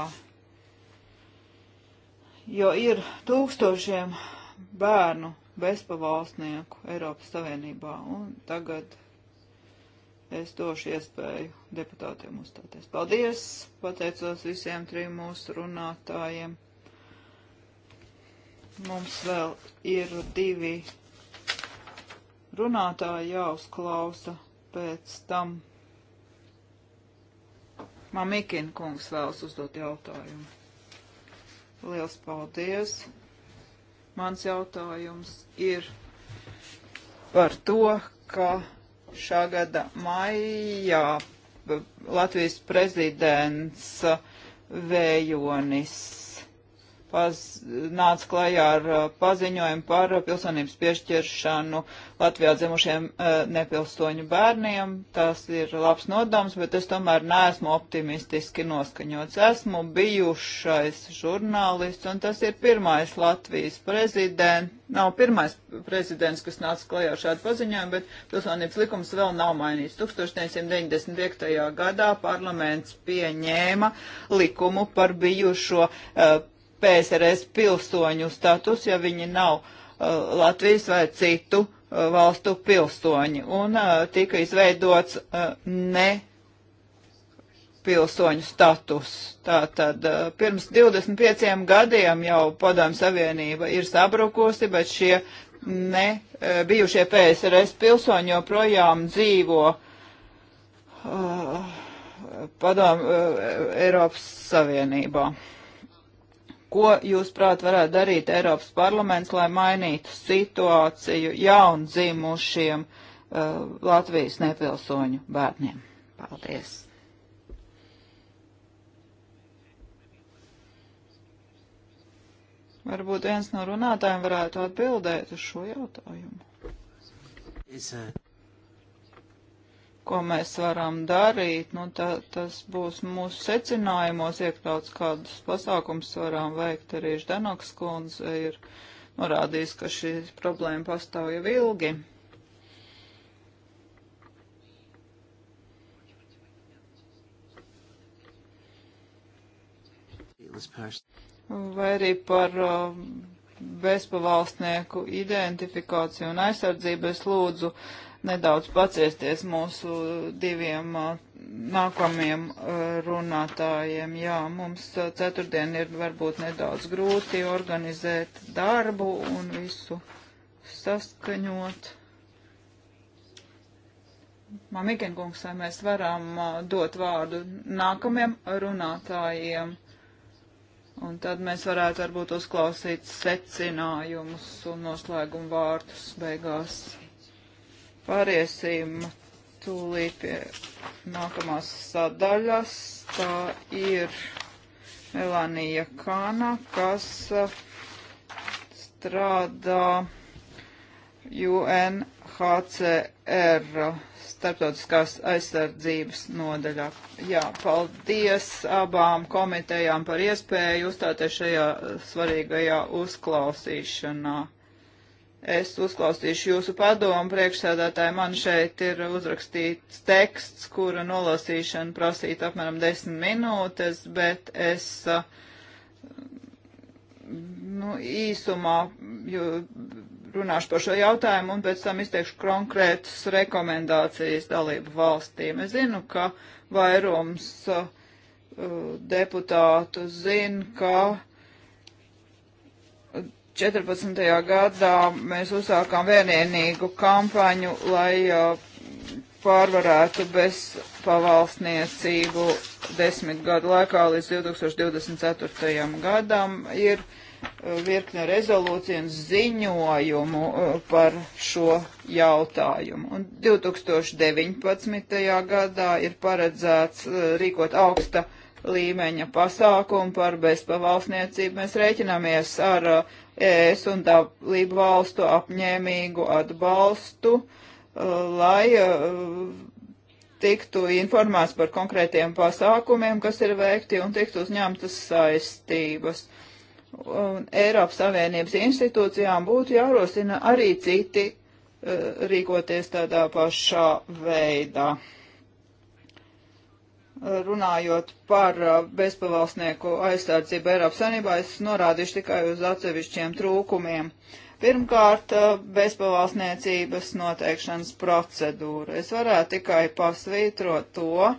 S2: jo ir tūkstošiem bērnu bezpavalstnieku Eiropas Savienībā, un tagad es došu iespēju deputātiem uzstāties. Paldies! Pateicos visiem trim mūsu runātājiem. Mums vēl ir divi runātāji jāuzklausa pēc tam. Mamikina kungs vēlas uzdot jautājumu. Liels paldies! Mans jautājums ir par to, ka šā gada maijā Latvijas prezidents Vējonis paz, nāca klajā ar uh, paziņojumu par uh, pilsonības piešķiršanu Latvijā dzimušiem uh, nepilsoņu bērniem. Tas ir labs nodoms, bet es tomēr neesmu optimistiski noskaņots. Esmu bijušais žurnālists, un tas ir pirmais Latvijas prezidents. Nav pirmais prezidents, kas nāca klajā ar šādu paziņojumu, bet pilsonības likums vēl nav mainīts. 1995. gadā parlaments pieņēma likumu par bijušo uh, PSRS pilsoņu status, ja viņi nav uh, Latvijas vai citu uh, valstu pilsoņi. Un uh, tika izveidots uh, ne pilsoņu status. Tātad uh, pirms 25 gadiem jau Padomju Savienība ir sabrukusi, bet šie ne uh, bijušie PSRS pilsoņi joprojām dzīvo uh, Padomju uh, Eiropas Savienībā. Ko jūs prāt varētu darīt Eiropas parlaments, lai mainītu situāciju jaundzimušiem uh, Latvijas nepilsoņu bērniem? Paldies! Varbūt viens no runātājiem varētu atbildēt uz šo jautājumu ko mēs varam darīt, nu, tā, tas būs mūsu secinājumos iekļauts, kādus pasākums varam veikt. Arī Ždanoks kundze ir norādījis, ka šī problēma pastāv jau ilgi. Vai arī par uh, bezpavalstnieku identifikāciju un aizsardzību es lūdzu uh, nedaudz paciesties mūsu diviem nākamajiem runātājiem. Jā, mums ceturtdien ir varbūt nedaudz grūti organizēt darbu un visu saskaņot. Man Mikenkungs, vai mēs varam dot vārdu nākamajiem runātājiem? Un tad mēs varētu varbūt uzklausīt secinājumus un noslēgumu vārdus beigās. Pāriesim tūlīt pie nākamās sadaļas. Tā ir Melanija Kāna, kas uh, strādā UNHCR starptautiskās aizsardzības nodaļā. Jā, paldies abām komitejām par iespēju uzstāties šajā svarīgajā uzklausīšanā. Es uzklausīšu jūsu padomu priekšsēdētāji. Man šeit ir uzrakstīts teksts, kura nolasīšana prasītu apmēram desmit minūtes, bet es nu, īsumā runāšu par šo jautājumu un pēc tam izteikšu konkrētas rekomendācijas dalību valstīm. Es zinu, ka vairums deputātu zina, ka 14. gadā mēs uzsākām vienīgu kampaņu, lai uh, pārvarētu bezpavalsniecību desmit gadu laikā līdz 2024. gadam. Ir uh, virkne rezolūciju un ziņojumu uh, par šo jautājumu. Un 2019. gadā ir paredzēts uh, rīkot augsta līmeņa pasākumu par bezpavalsniecību. Mēs rēķinamies ar uh, ES un dalību valstu apņēmīgu atbalstu, uh, lai uh, tiktu informēts par konkrētiem pasākumiem, kas ir veikti un tiktu uzņemtas saistības. Un Eiropas Savienības institūcijām būtu jārosina arī citi uh, rīkoties tādā pašā veidā runājot par uh, bezpavalsnieku aizsardzību Eiropas Savienībā, es norādīšu tikai uz atsevišķiem trūkumiem. Pirmkārt, uh, bezpavalsniecības noteikšanas procedūra. Es varētu tikai pasvītrot to,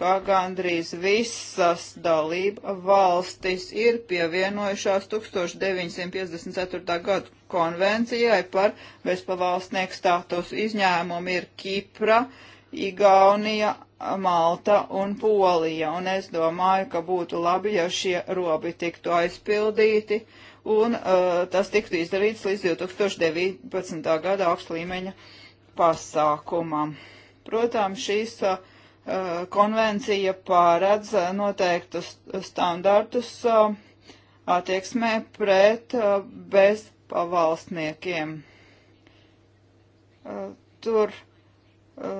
S2: ka gandrīz visas dalība valstis ir pievienojušās 1954. gadu konvencijai par bezpavalsnieku statusu. Izņēmumi ir Kipra, uh, Igaunija, Malta un Polija, un es domāju, ka būtu labi, ja šie robi tiktu aizpildīti, un uh, tas tiktu izdarīts līdz 2019. gada augstu līmeņa pasākumam. Protams, šīs uh, konvencija pāredz noteiktus standartus uh, attieksmē pret uh, bezpavalstniekiem. Uh, tur uh,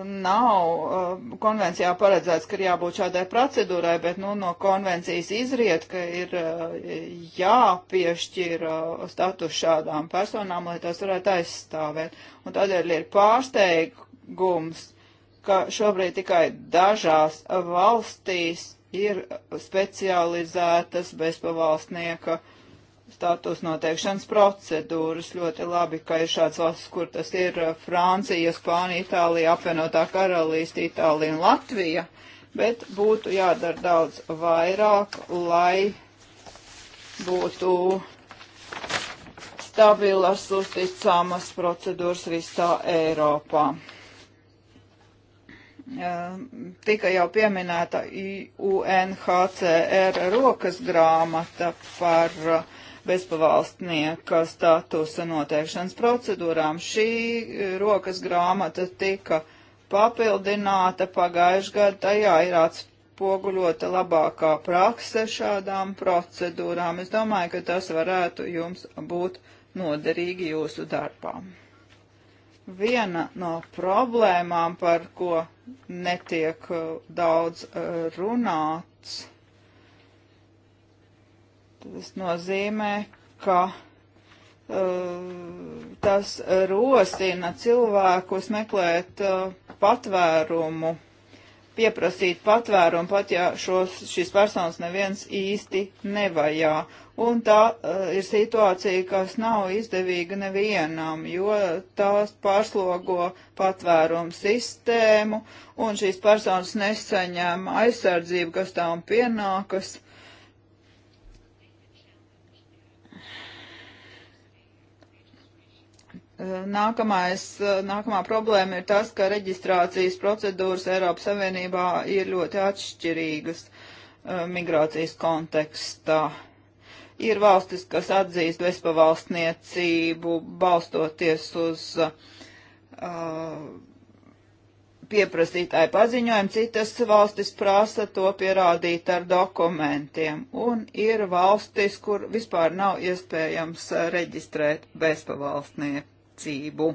S2: nav eh, konvencijā paredzēts, ka ir jābūt šādai procedūrai, bet nu, no konvencijas izriet, ka ir eh, jāpiešķir eh, status šādām personām, lai tās varētu aizstāvēt. Un tādēļ ir pārsteigums, ka šobrīd tikai dažās valstīs ir specializētas bezpavalstnieka uh, status noteikšanas procedūras. Ļoti labi, ka ir šāds valsts, kur tas ir Francija, Spānija, Itālija, apvienotā karalīste, Itālija un Latvija, bet būtu jādara daudz vairāk, lai būtu stabilas, uzticamas procedūras visā Eiropā. Tika jau pieminēta UNHCR rokas grāmata par uh, bezpavalstnieka statusa noteikšanas procedūrām. Šī e, rokas grāmata tika papildināta pagājušajā gadā. Tajā ir atspoguļota labākā prakse šādām procedūrām. Es domāju, ka tas varētu jums būt noderīgi jūsu darbām. Viena no problēmām, par ko netiek e, daudz e, runāts, Tas nozīmē, ka uh, tas rosina cilvēkus meklēt uh, patvērumu, pieprasīt patvērumu, pat ja šos, šīs personas neviens īsti nevajā. Un tā uh, ir situācija, kas nav izdevīga nevienam, jo tās pārslogo patvērumu sistēmu, un šīs personas nesaņem aizsardzību, kas tām pienākas. Nākamais, eh, nākamā problēma ir tas, ka reģistrācijas procedūras Eiropas Savienībā ir ļoti atšķirīgas eh, migrācijas kontekstā. Ir valstis, kas atzīst bezpavalstniecību, balstoties uz uh, pieprasītāju paziņojumu, citas valstis prasa to pierādīt ar dokumentiem, un ir valstis, kur vispār nav iespējams reģistrēt bezpavalstnieku rīcību.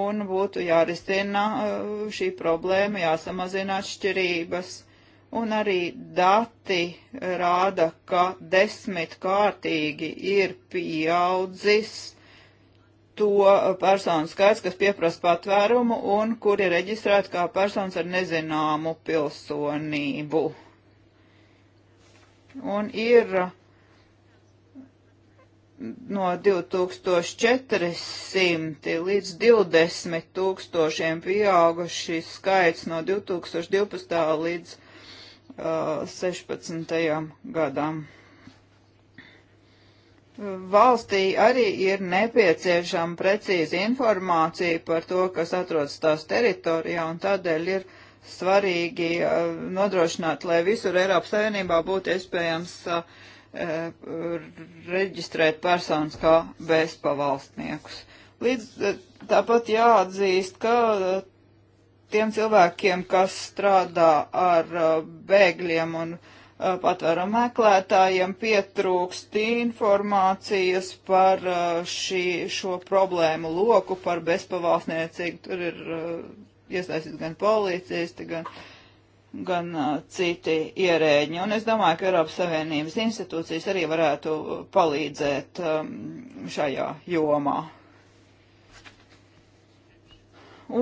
S2: Un būtu jārisina uh, šī problēma, jāsamazina atšķirības. Un arī dati rāda, ka desmitkārtīgi ir pieaudzis to personu skaits, kas pieprasa patvērumu un kuri ir reģistrēti kā personas ar nezināmu pilsonību. Un ir uh, no 2400 līdz 20 tūkstošiem pieauga šis skaits no 2012. līdz uh, 16. gadam. Valstī arī ir nepieciešama precīza informācija par to, kas atrodas tās teritorijā, un tādēļ ir svarīgi uh, nodrošināt, lai visur Eiropas Savienībā būtu iespējams uh, E, reģistrēt personas kā bezpavalstniekus. Līdz e, tāpat jāatzīst, ka e, tiem cilvēkiem, kas strādā ar bēgļiem un patvēru meklētājiem, pietrūkst informācijas par šī, šo problēmu loku, par bezpavalstniecību. Tur ir iesaistīts gan policijas, gan uh, gan citi ierēģi. Un es domāju, ka Eiropas Savienības institūcijas arī varētu palīdzēt šajā jomā.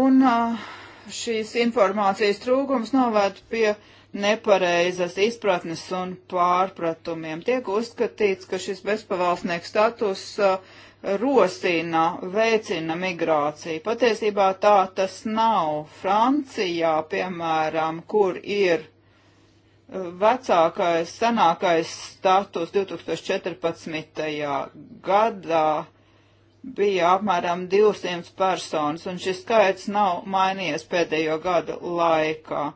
S2: Un šīs informācijas trūkums novērt pie nepareizas izpratnes un pārpratumiem. Tiek uzskatīts, ka šis bezpavalsnieku status uh, rosina, veicina migrāciju. Patiesībā tā tas nav. Francijā, piemēram, kur ir uh, vecākais, senākais status 2014. gadā bija apmēram 200 personas, un šis skaits nav mainījies pēdējo gadu laikā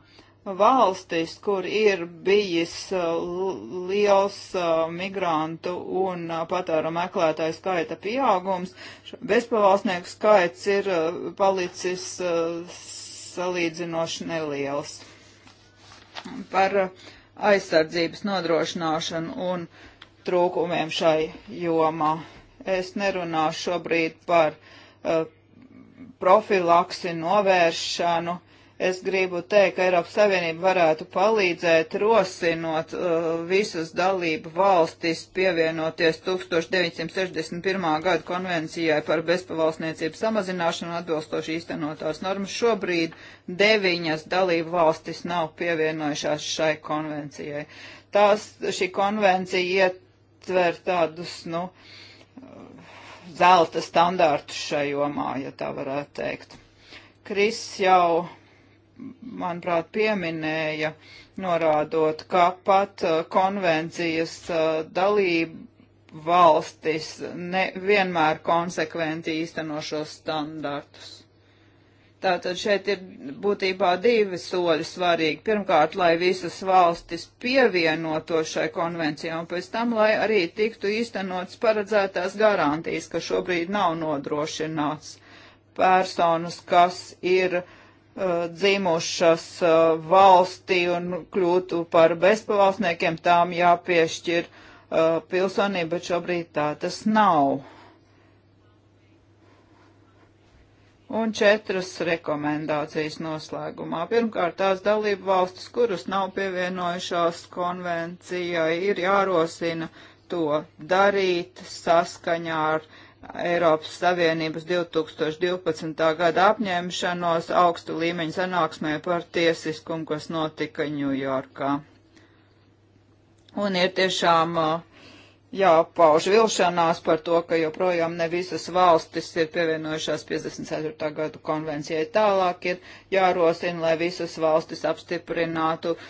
S2: valstis, kur ir bijis uh, liels uh, migrantu un uh, patēru meklētāju skaita pieaugums, bezpavalstnieku skaits ir palicis salīdzinoši neliels. Par aizsardzības nodrošināšanu un trūkumiem šai jomā. Es nerunāšu šobrīd par profilaksi novēršanu, Es gribu teikt, ka Eiropas Savienība varētu palīdzēt rosinot uh, visas dalību valstis pievienoties 1961. gada konvencijai par bezpavalsniecību samazināšanu atbilstoši īstenotās normas. Šobrīd deviņas dalību valstis nav pievienojušās šai konvencijai. Tās, šī konvencija ietver tādus, nu, zelta standārtus šai jomā, ja tā varētu teikt. Kris jau manuprāt, pieminēja, norādot, ka pat uh, konvencijas uh, dalība valstis nevienmēr konsekventi īsteno šos standartus. Tātad šeit ir būtībā divi soļi svarīgi. Pirmkārt, lai visas valstis pievienoto šai konvencijai, un pēc tam, lai arī tiktu īstenots paredzētās garantijas, ka šobrīd nav nodrošināts personas, kas ir uh, Uh, dzimušas uh, valstī un kļūtu par bezpavalstniekiem, tām jāpiešķir uh, pilsonība, bet šobrīd tā tas nav. Un četras rekomendācijas noslēgumā. Pirmkārt, tās dalību valstis, kuras nav pievienojušās konvencijai, ir jārosina to darīt saskaņā ar uh, Eiropas Savienības 2012. gada apņemšanos augstu līmeņu sanāksmē par tiesiskumu, kas notika Ņujorkā. Un ir tiešām jāpauž vilšanās par to, ka joprojām ne visas valstis ir pievienojušās 54. gadu konvencijai. Tālāk ir jārosina, lai visas valstis apstiprinātu uh,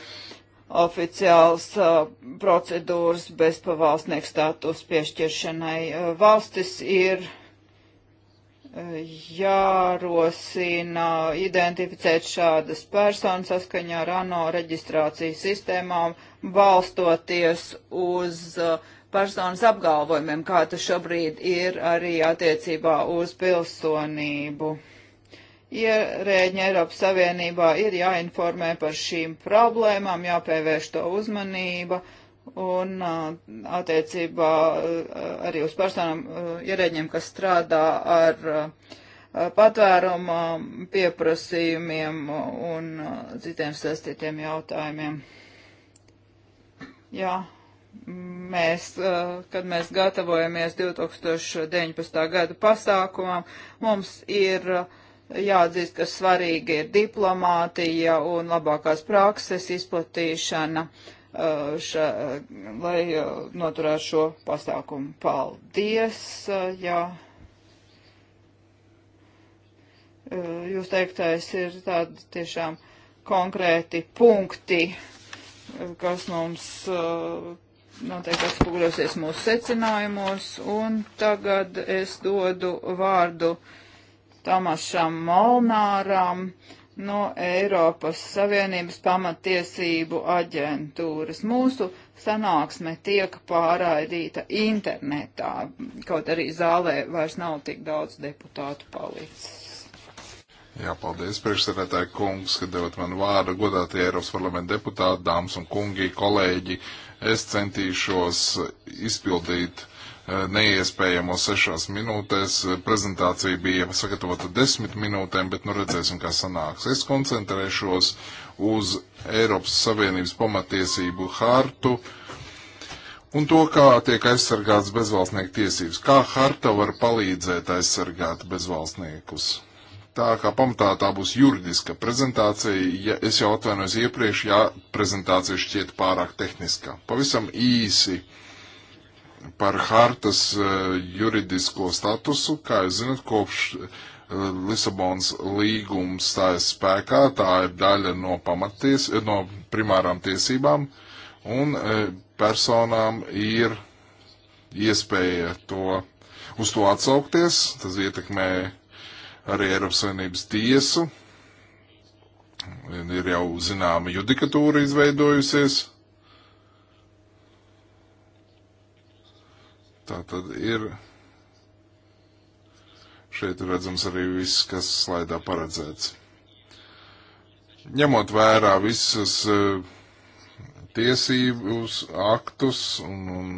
S2: oficiāls uh, procedūras bezpavalstnieku status piešķiršanai. Uh, valstis ir uh, jārosina identificēt šādas personas saskaņā ar ANO reģistrācijas sistēmām, balstoties uz uh, personas apgalvojumiem, kā tas šobrīd ir arī attiecībā uz pilsonību. Ierēģi Eiropas Savienībā ir jāinformē par šīm problēmām, jāpievērš to uzmanība un attiecībā arī uz personām ierēģiem, kas strādā ar patvēruma pieprasījumiem un citiem sastītiem jautājumiem. Jā, mēs, kad mēs gatavojamies 2019. gada pasākumam, mums ir Jāatzīst, ka svarīgi ir diplomātija un labākās prakses izplatīšana, uh, ša, uh, lai uh, noturētu šo pasākumu. Paldies! Jā jūs teiktais ir tādi tiešām konkrēti punkti, kas mums noteikti atspūgļosies mūsu secinājumos. Un tagad es dodu vārdu Tomašam Molnāram no Eiropas Savienības pamatiesību aģentūras. Mūsu sanāksme tiek pārraidīta internetā, kaut arī zālē vairs nav tik daudz deputātu palicis.
S1: Jā, paldies, priekšsēdētāji kungs, ka devat man vārdu, godātie Eiropas parlamenta deputāti, dāmas un kungi, kolēģi. Es centīšos izpildīt Eh, neiespējamo sešās minūtēs. Eh, prezentācija bija sagatavota desmit minūtēm, bet nu redzēsim, kā sanāks. Es koncentrēšos uz Eiropas Savienības pamatiesību hartu un to, kā tiek aizsargāts bezvalstnieku tiesības. Kā harta var palīdzēt aizsargāt bezvalstniekus? Tā kā pamatā tā būs juridiska prezentācija, ja es jau atvainojos iepriekš, ja prezentācija šķiet pārāk tehniska. Pavisam īsi. Uh, par hartas e, juridisko statusu. Kā jūs zinat, kopš e, Lisabonas līgums stājas spēkā, tā ir daļa no, pamaties, e, no primārām tiesībām, un personām ir iespēja to, uz to atsaukties. Tas ietekmē arī Eiropas Savienības tiesu. Ir jau zināma judikatūra izveidojusies Tā tad ir. Šeit redzams arī viss, kas slaidā paredzēts. Ņemot vērā visas eh, tiesības, aktus, un, un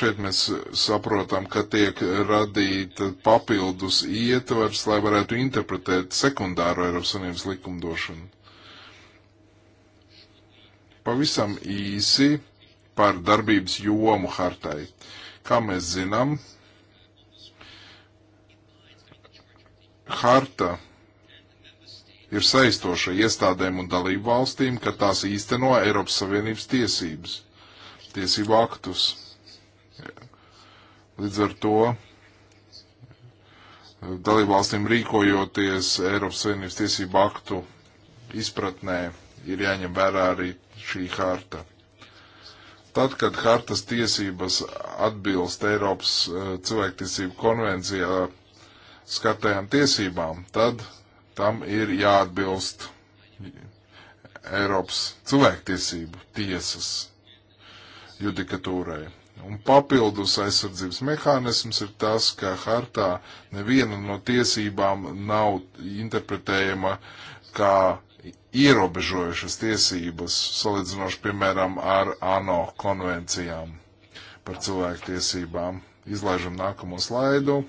S1: šeit mēs saprotam, ka tiek radīta papildus ietvers, lai varētu interpretēt sekundāro Eiropas Savienības likumdošanu. Pavisam īsi par darbības jomu hartai. Uh, Kā mēs zinām, harta ir saistoša iestādēm un dalību valstīm, ka tās īsteno Eiropas Savienības tiesības, tiesību aktus. Līdz ar to dalību valstīm rīkojoties Eiropas Savienības tiesību aktu izpratnē ir jāņem vērā arī šī harta. Tad, kad hartas tiesības atbilst Eiropas eh, cilvēktiesību konvencijā skatējām tiesībām, tad tam ir jāatbilst Eiropas cilvēktiesību tiesas judikatūrai. Un papildus aizsardzības mehānisms ir tas, ka hartā neviena no tiesībām nav interpretējama kā ierobežojušas tiesības, salīdzinoši, piemēram, ar ANO konvencijām par cilvēku tiesībām. Izlaižam nākamo slaidu.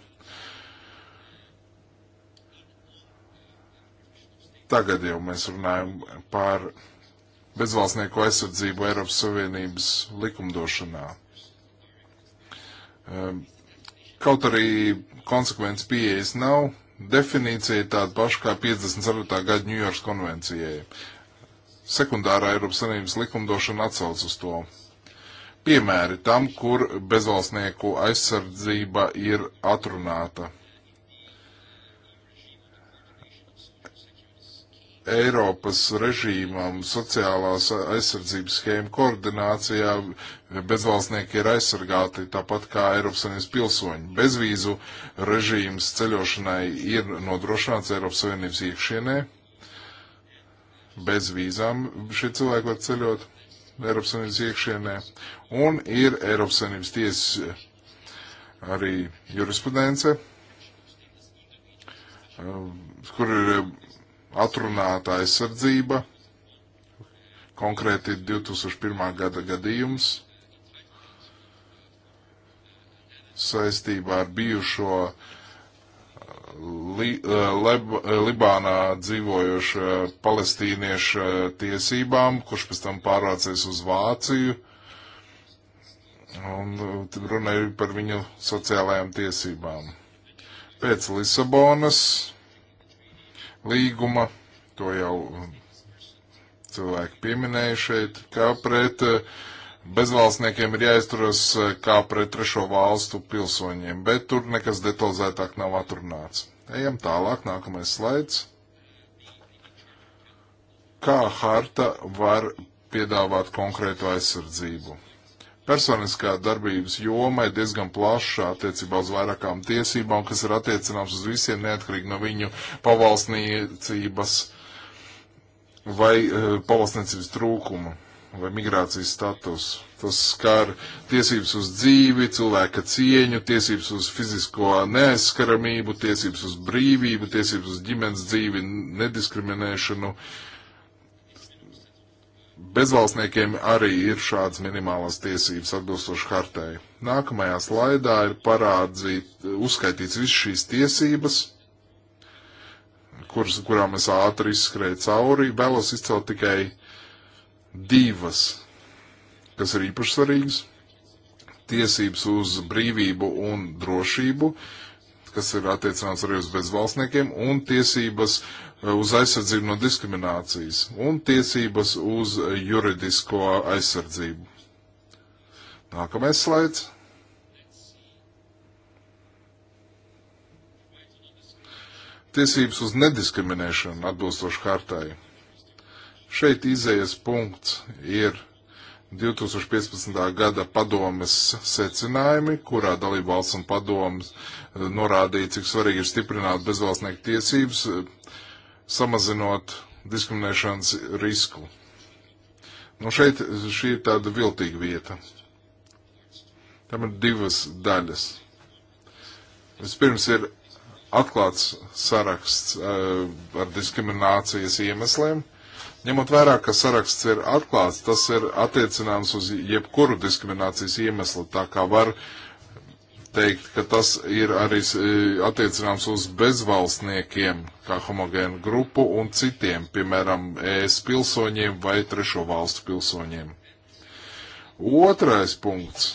S1: Tagad jau mēs runājam par bezvalstnieku aizsardzību Eiropas Savienības likumdošanā. Ehm, kaut arī konsekvences pieejas nav, Definīcija ir tāda paša kā 54. gada Ņujorkas konvencijai. Sekundārā Eiropas Savienības likumdošana atsauc uz to. Piemēri tam, kur bezvalstnieku aizsardzība ir atrunāta Eiropas režīmam sociālās aizsardzības schēma koordinācijā bezvalstnieki ir aizsargāti tāpat kā Eiropas Savienības pilsoņi. Bezvīzu režīms ceļošanai ir nodrošināts Eiropas Savienības iekšienē. Bez vīzām šie cilvēki var ceļot Eiropas Savienības iekšienē. Un ir Eiropas Savienības tiesas arī jurisprudence um, kur ir atrunāta aizsardzība, konkrēti 2001. gada gadījums saistībā ar bijušo uh, li, uh, leb, uh, Libānā dzīvojoša palestīnieša tiesībām, kurš pēc tam pārvācies uz Vāciju. Un runa ir par viņu sociālajām tiesībām. Pēc Lisabonas līguma, to jau cilvēki pieminēja šeit, kā pret eh, bezvalstniekiem ir jāizturas eh, kā pret trešo valstu pilsoņiem, bet tur nekas detalizētāk nav atrunāts. Ejam tālāk, nākamais slaids. Kā harta var piedāvāt konkrētu aizsardzību? personiskā darbības joma ir diezgan plaša attiecībā uz vairākām tiesībām, kas ir attiecināms uz visiem neatkarīgi no viņu pavalsniecības vai uh, eh, pavalsniecības trūkuma vai migrācijas status. Tas skar tiesības uz dzīvi, cilvēka cieņu, tiesības uz fizisko neaizskaramību, tiesības uz brīvību, tiesības uz ģimenes dzīvi, nediskriminēšanu, uh, bezvalstniekiem arī ir šāds minimālās tiesības atbilstoši hartai. Nākamajā slaidā ir parādzīt, uzskaitīts viss šīs tiesības, kuras, kurām es ātri izskrēju cauri. Vēlos izcelt tikai divas, kas ir īpaši svarīgas. Tiesības uz brīvību un drošību, kas ir attiecināts arī uz bezvalstniekiem, un tiesības Eh, uz aizsardzību no diskriminācijas un tiesības uz juridisko aizsardzību. Nākamais slaids. Tiesības uz nediskriminēšanu atbilstoši hartai. Šeit izējas punkts ir 2015. gada padomes secinājumi, kurā dalībvalsts un padomes norādīja, cik svarīgi ir stiprināt bezvalstnieku tiesības, samazinot diskriminēšanas risku. Nu šeit šī ir tāda viltīga vieta. Tam ir divas daļas. Vispirms ir atklāts saraksts uh, ar diskriminācijas iemesliem. Ņemot vērā, ka saraksts ir atklāts, tas ir attiecināms uz jebkuru diskriminācijas iemeslu, tā kā var uh, teikt, ka tas ir arī e, attiecināms uz bezvalstniekiem, kā homogēnu grupu un citiem, piemēram, ES pilsoņiem vai trešo valstu pilsoņiem. Otrais punkts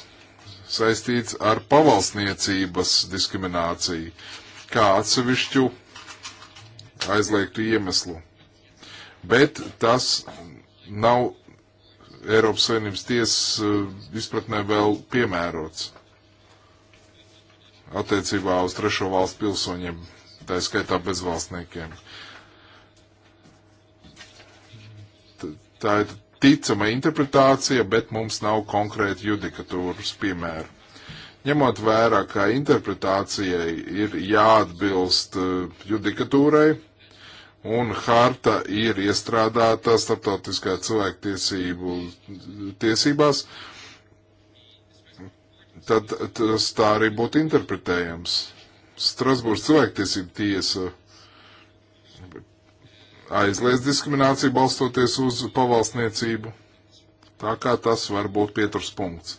S1: saistīts ar pavalstniecības diskrimināciju, kā atsevišķu aizliegtu iemeslu. Bet tas nav Eiropas Savienības tiesas e, izpratnē vēl piemērots attiecībā uz trešo valstu pilsoņiem, tā skaitā bezvalstniekiem. Tā ir ticama interpretācija, bet mums nav konkrēti judikatūras piemēru. Ņemot vērā, ka interpretācijai ir jāatbilst eh, judikatūrai, un harta ir iestrādāta starptautiskā cilvēktiesību eh, tiesībās, uh, tad tas tā arī būtu interpretējams. Strasbūras cilvēktiesība tiesa aizliedz diskrimināciju balstoties uz pavalsniecību. Tā kā tas var būt pieturs punkts.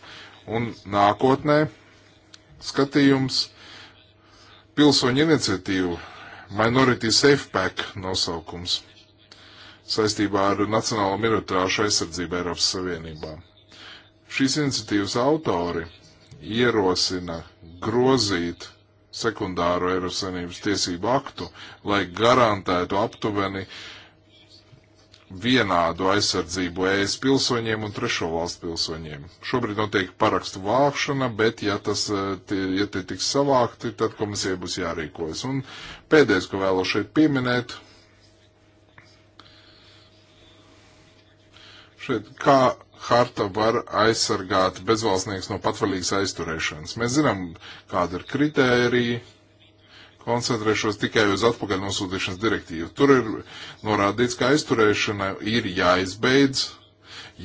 S1: Un nākotnē skatījums pilsoņu iniciatīvu Minority Safe Pack nosaukums saistībā ar Nacionālo minoritāšu aizsardzību Eiropas Savienībā. Šīs iniciatīvas autori ierosina grozīt sekundāro Eiropas Savienības tiesību aktu, lai garantētu aptuveni vienādu aizsardzību ES pilsoņiem un trešo valstu pilsoņiem. Šobrīd notiek parakstu vākšana, bet ja tas eh, tie, ja tie tiks savākti, tad komisija būs jārīkojas. Un pēdējais, ko vēlos šeit pieminēt, šeit kā harta var aizsargāt bezvalstnieks no patvaļīgas aizturēšanas. Mēs zinām, kāda ir kritērija, koncentrēšos tikai uz atpakaļ nosūtīšanas direktīvu. Tur ir norādīts, ka aizturēšana ir jāizbeidz,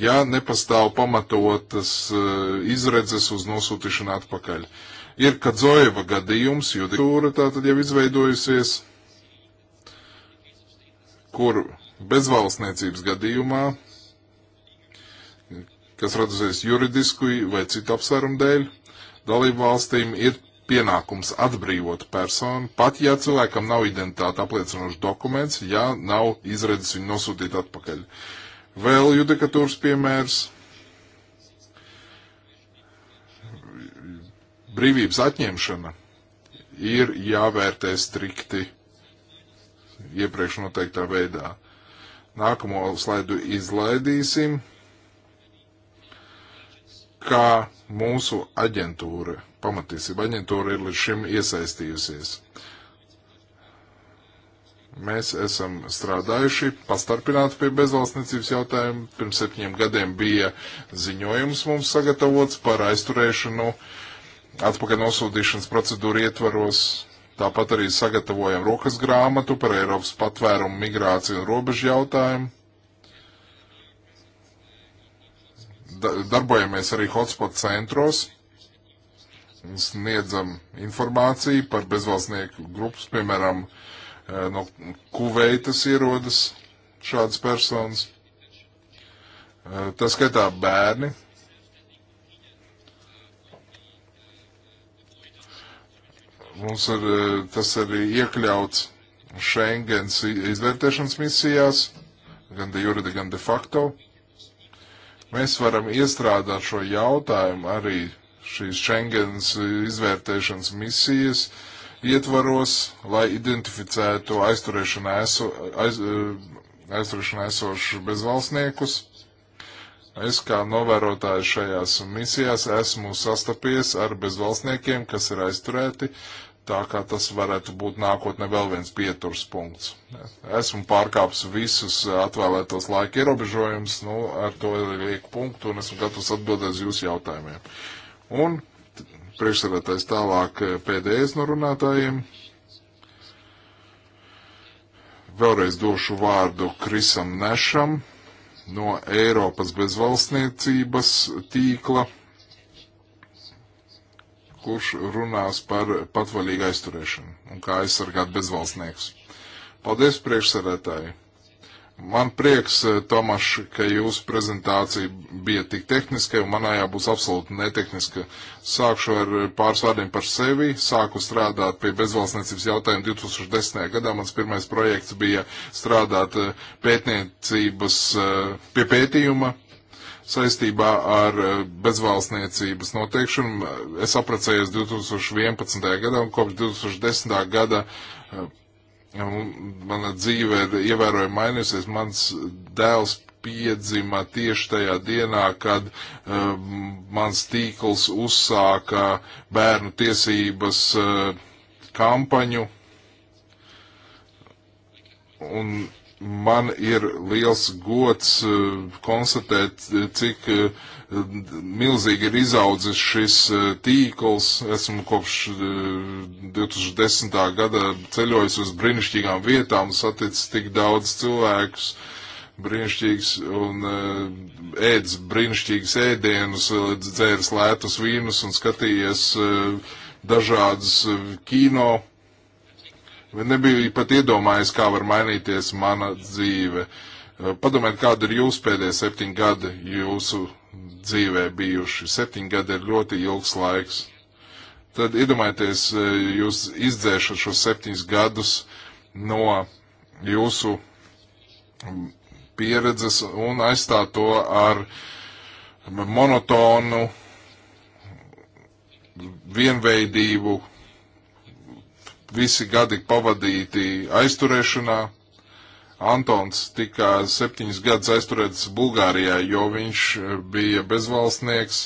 S1: ja nepastāv pamatotas eh, izredzes uz nosūtīšanu atpakaļ. Ir Kadzojeva gadījums, judikūra tātad jau izveidojusies, kur bezvalstniecības gadījumā kas radusies juridisku vai citu apsvērumu dēļ, dalību valstīm ir pienākums atbrīvot personu, pat ja cilvēkam nav identitāte apliecinošs dokuments, ja nav izredzes viņu nosūtīt atpakaļ. Vēl judikatūras piemērs. Brīvības atņemšana ir jāvērtē strikti iepriekš noteiktā veidā. Nākamo slaidu izlaidīsim kā mūsu aģentūra, pamatiesība aģentūra ir līdz šim iesaistījusies. Mēs esam strādājuši pastarpināti pie bezvalstniecības jautājumu. Pirms septiņiem gadiem bija ziņojums mums sagatavots par aizturēšanu atpakaļ nosūtīšanas procedūru ietvaros. Tāpat arī sagatavojam rokas grāmatu par Eiropas patvērumu, migrāciju un robežu jautājumu darbojamies arī hotspot centros, sniedzam informāciju par bezvalstnieku grupas, piemēram, eh, no Kuveitas ierodas šādas personas. Eh, tas skaitā bērni. Mums ir, eh, tas arī iekļauts Schengens izvērtēšanas misijās, gan de jure, gan de facto. Uh, Mēs varam iestrādāt šo jautājumu arī šīs Schengens izvērtēšanas misijas ietvaros, lai identificētu aizturēšanā, eso, aiz, eh, aizturēšanā esošu bezvalstniekus. Es kā novērotājs šajās misijās esmu sastapies ar bezvalstniekiem, kas ir aizturēti tā kā tas varētu būt nākotnē vēl viens pieturs punkts. Esmu pārkāpis visus atvēlētos laika ierobežojumus, nu, ar to lieku punktu un esmu gatavs atbildēt uz jūsu jautājumiem. Un priekšsēdētājs tālāk eh, pēdējais no runātājiem. Vēlreiz došu vārdu Krisam Nešam no Eiropas bezvalstniecības tīkla kurš runās par patvaļīgu aizturēšanu un kā aizsargāt bezvalstniekus. Paldies, priekšsarētāji! Man prieks, eh, Tomaš, ka jūsu prezentācija bija tik tehniska, un manājā būs absolūti netehniska. Sākšu ar pāris vārdiem par sevi. Sāku strādāt pie bezvalstniecības jautājuma 2010. gadā. Mans pirmais projekts bija strādāt eh, pētniecības eh, pie pētījuma saistībā ar eh, bezvalstniecības noteikšanu. Es apprecējos 2011. gadā un kopš 2010. gada eh, mana dzīve ir ievērojami mainījusies. Mans dēls piedzima tieši tajā dienā, kad uh, mans tīkls uzsāka bērnu tiesības uh, kampaņu. Un man ir liels gods eh, konstatēt, eh, cik eh, milzīgi ir izaudzis šis tīkls. Esmu kopš 2010. gada ceļojis uz brīnišķīgām vietām, saticis tik daudz cilvēkus, brīnišķīgs un ēdis brīnišķīgas ēdienus, dzēris lētus vīnus un skatījies dažādas kino Bet nebija pat iedomājies, kā var mainīties mana dzīve. Padomājiet, kāda ir jūsu pēdējā septiņa gada jūsu dzīvē bijuši. Septiņi gadi ir ļoti ilgs laiks. Tad iedomājieties, e, jūs izdzēšat šos septiņus gadus no jūsu pieredzes un aizstāt to ar monotonu, vienveidību, visi gadi pavadīti aizturēšanā. Antons tika septiņus gadus aizturēts Bulgārijā, jo viņš eh, bija bezvalstnieks,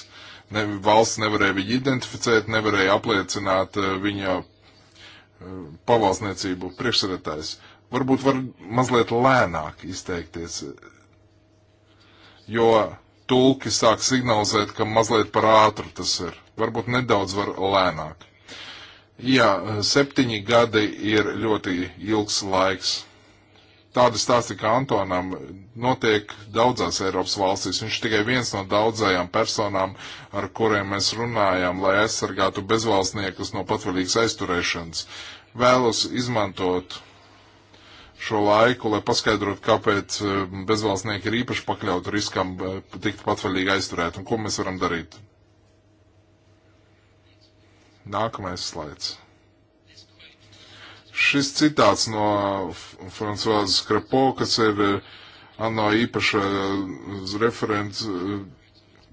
S1: ne, valsts nevarēja viņu identificēt, nevarēja apliecināt eh, viņa eh, pavalstniecību priekšsēdētājs. Varbūt var mazliet lēnāk izteikties, jo tulki sāk signalizēt, ka mazliet par ātru tas ir. Varbūt nedaudz var lēnāk. Jā, septiņi gadi ir ļoti ilgs laiks. Tāda stāsti kā Antonam notiek daudzās Eiropas valstīs. Viņš tikai viens no daudzajām personām, ar kuriem mēs runājam, lai aizsargātu bezvalstniekus no patvaļīgas aizturēšanas. Vēlos izmantot šo laiku, lai paskaidrotu, kāpēc eh, bezvalstnieki ir īpaši pakļauti riskam eh, tikt patvaļīgi aizturēt un ko mēs varam darīt. Nākamais slaids. Šis citāts no Francoisas Krepo, kas ir eh, ANO īpaša eh, referents eh,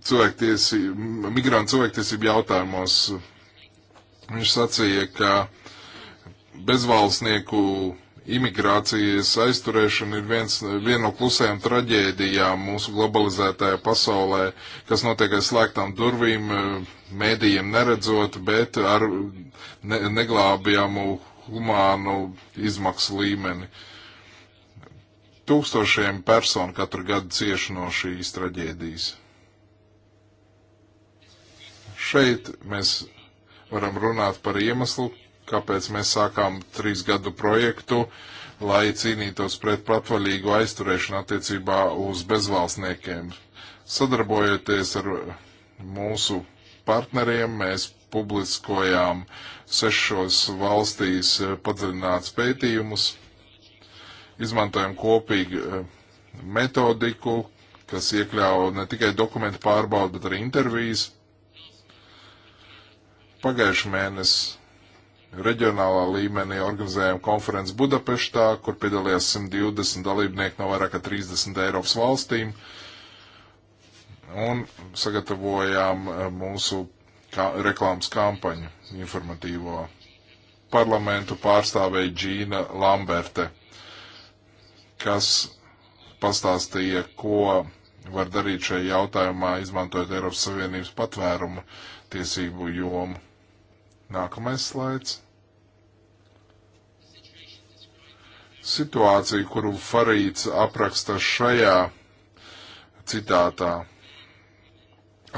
S1: cilvēktiesību, migrantu cilvēktiesību jautājumos. Viņš sacīja, ka bezvalstnieku imigrācijas aizturēšana ir viens, viena no klusējām traģēdijām mūsu globalizētajā pasaulē, kas notiek aiz slēgtām durvīm, eh, mēdījiem neredzot, bet ar ne, neglābjamu humānu izmaksu līmeni. Tūkstošiem personu katru gadu cieši no šīs traģēdijas. Šeit mēs varam runāt par iemeslu, kāpēc mēs sākām trīs gadu projektu, lai cīnītos pret patvaļīgu aizturēšanu attiecībā uz bezvalstniekiem. Sadarbojoties ar mūsu partneriem, mēs publiskojām sešos valstīs padziļināts pētījumus, izmantojam kopīgu eh, metodiku, kas iekļauj ne tikai dokumentu pārbaudu, bet arī intervijas. Pagājuši mēnesi Reģionālā līmenī organizējām konferenci Budapeštā, kur piedalījās 120 dalībnieki no vairāk kā 30 Eiropas valstīm. Un sagatavojām eh, mūsu kā, reklāmas kampaņu informatīvo. Parlamentu pārstāvēja Džīna Lamberte, kas pastāstīja, ko var darīt šajā jautājumā, izmantojot Eiropas Savienības patvērumu tiesību jomu. Nākamais slaids. situāciju, kuru Farīts apraksta šajā citātā,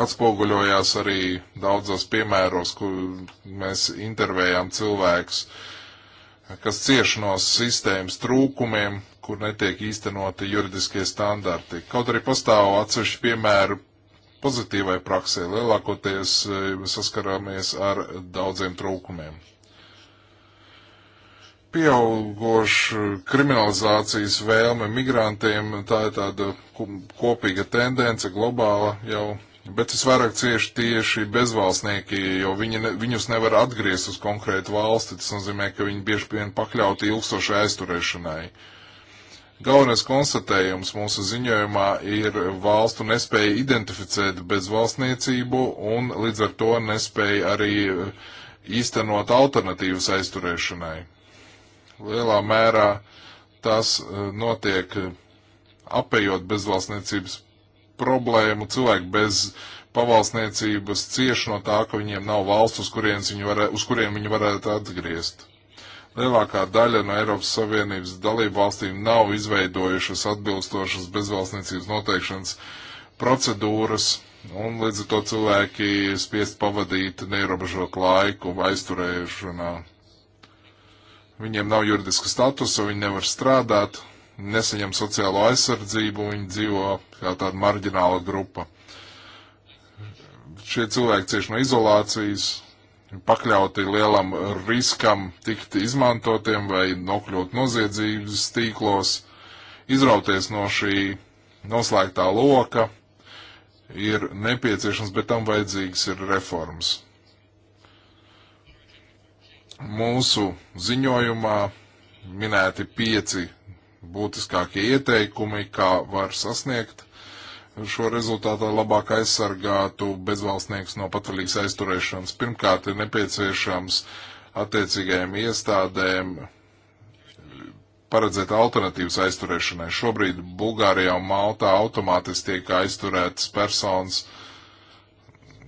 S1: atspoguļojās arī daudzos piemēros, kur mēs intervējām cilvēkus, kas cieš no sistēmas trūkumiem, kur netiek īstenoti juridiskie standarti. Kaut arī pastāv atsevišķi piemēri pozitīvai praksē, lielākoties eh, saskarāmies ar daudziem trūkumiem pieaugoša eh, kriminalizācijas vēlme migrantiem, tā ir tāda kopīga tendence globāla jau, bet es vairāk cieši tieši bezvalstnieki, jo viņi ne, viņus nevar atgriezt uz konkrētu valsti, tas nozīmē, ka viņi bieži vien pakļauti ilgstošai aizturēšanai. Galvenais konstatējums mūsu ziņojumā ir valstu nespēja identificēt bezvalstniecību un līdz ar to nespēja arī eh, īstenot alternatīvas aizturēšanai lielā mērā tas e, notiek e, apējot bezvalstniecības problēmu. Cilvēki bez pavalstniecības cieš no tā, ka viņiem nav valsts, uz, viņi varē, uz kuriem viņi varētu atgriezt. Lielākā daļa no Eiropas Savienības dalību valstīm nav izveidojušas atbilstošas bezvalstniecības noteikšanas procedūras, un līdz ar to cilvēki spiest pavadīt neierobežot laiku aizturēšanā Viņiem nav juridiska statusa, viņi nevar strādāt, nesaņem sociālo aizsardzību, viņi dzīvo kā tāda marģināla grupa. Šie cilvēki cieši no izolācijas, pakļauti lielam riskam tikt izmantotiem vai nokļūt noziedzības tīklos, izrauties no šī noslēgtā loka ir nepieciešams, bet tam vajadzīgs ir reformas. Mūsu ziņojumā minēti pieci būtiskākie ieteikumi, kā var sasniegt šo rezultātā labāk aizsargātu bezvalstniekus no patvaļīgas aizturēšanas. Pirmkārt, ir nepieciešams attiecīgajiem iestādēm paredzēt alternatīvas aizturēšanai. Šobrīd Bulgārijā un Maltā automātiski tiek aizturētas personas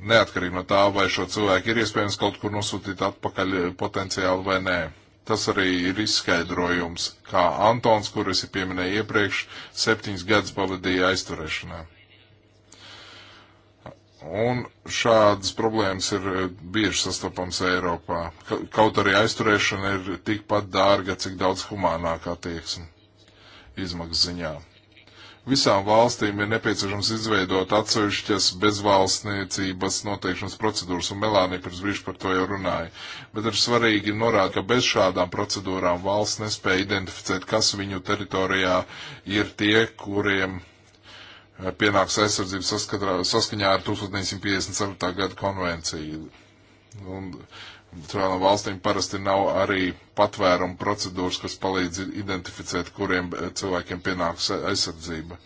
S1: neatkarīgi no tā, vai šo cilvēku ir iespējams kaut kur nosūtīt atpakaļ eh, potenciāli vai nē. Tas arī ir izskaidrojums, kā Antons, kurus ir pieminēja iepriekš, septiņas gadus pavadīja aizturēšanā. Un šādas problēmas ir eh, bieži sastopams Eiropā. Kaut arī aizturēšana ir tikpat dārga, cik daudz humānāka attieksme izmaksu ziņām. Visām valstīm ir nepieciešams izveidot atsevišķas bezvalstniecības noteikšanas procedūras, un Melānija pirms brīža par to jau runāja. Bet ir svarīgi norādīt, ka bez šādām procedūrām valsts nespēja identificēt, kas viņu teritorijā ir tie, kuriem eh, pienāks aizsardzības saskaņā ar 1954. gada konvenciju. Un Centrālām valstīm parasti nav arī patvērumu procedūras, kas palīdz identificēt, kuriem eh, cilvēkiem pienāks aizsardzība.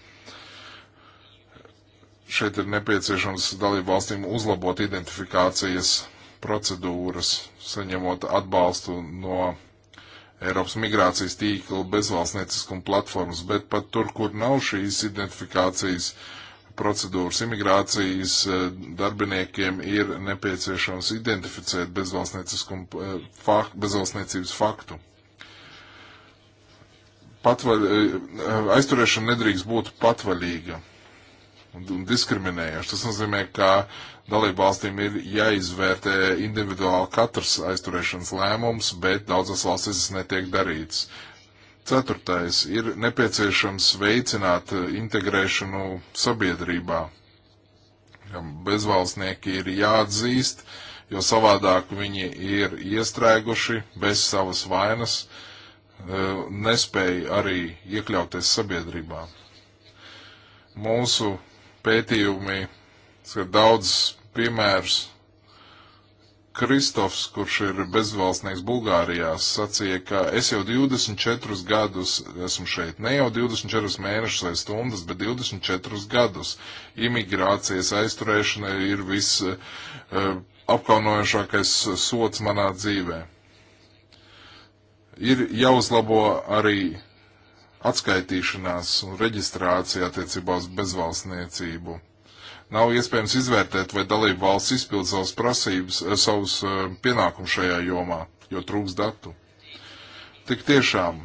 S1: Šeit ir nepieciešams dalību valstīm uzlabot identifikācijas procedūras, saņemot atbalstu no Eiropas migrācijas tīkla bezvalstnieciskuma platformas, bet pat tur, kur nav šīs identifikācijas, uh, procedūras imigrācijas eh, darbiniekiem ir nepieciešams identificēt eh, bezvalstniecības faktu. Patvaļ, eh, aizturēšana nedrīkst būt patvaļīga un diskriminējoša. Tas nozīmē, ka dalībvalstīm ir jāizvērtē individuāli katrs aizturēšanas lēmums, bet daudzas valstis tas netiek darīts. Ceturtais ir nepieciešams veicināt eh, integrēšanu sabiedrībā. Bezvalstnieki ir jāatzīst, jo savādāk viņi ir iestrēguši bez savas vainas, eh, nespēja arī iekļauties sabiedrībā. Mūsu pētījumi, daudz piemērs Kristofs, kurš ir bezvalstnieks Bulgārijā, sacīja, ka es jau 24 gadus esmu šeit, ne jau 24 mēnešus vai stundas, bet 24 gadus. Imigrācijas aizturēšana ir viss uh, eh, apkaunojošākais sots manā dzīvē. Ir jāuzlabo arī atskaitīšanās un reģistrācija attiecībā uz bezvalstniecību nav iespējams izvērtēt, vai dalība valsts izpild savas prasības, eh, savus eh, pienākumus šajā jomā, jo trūks datu. Tik tiešām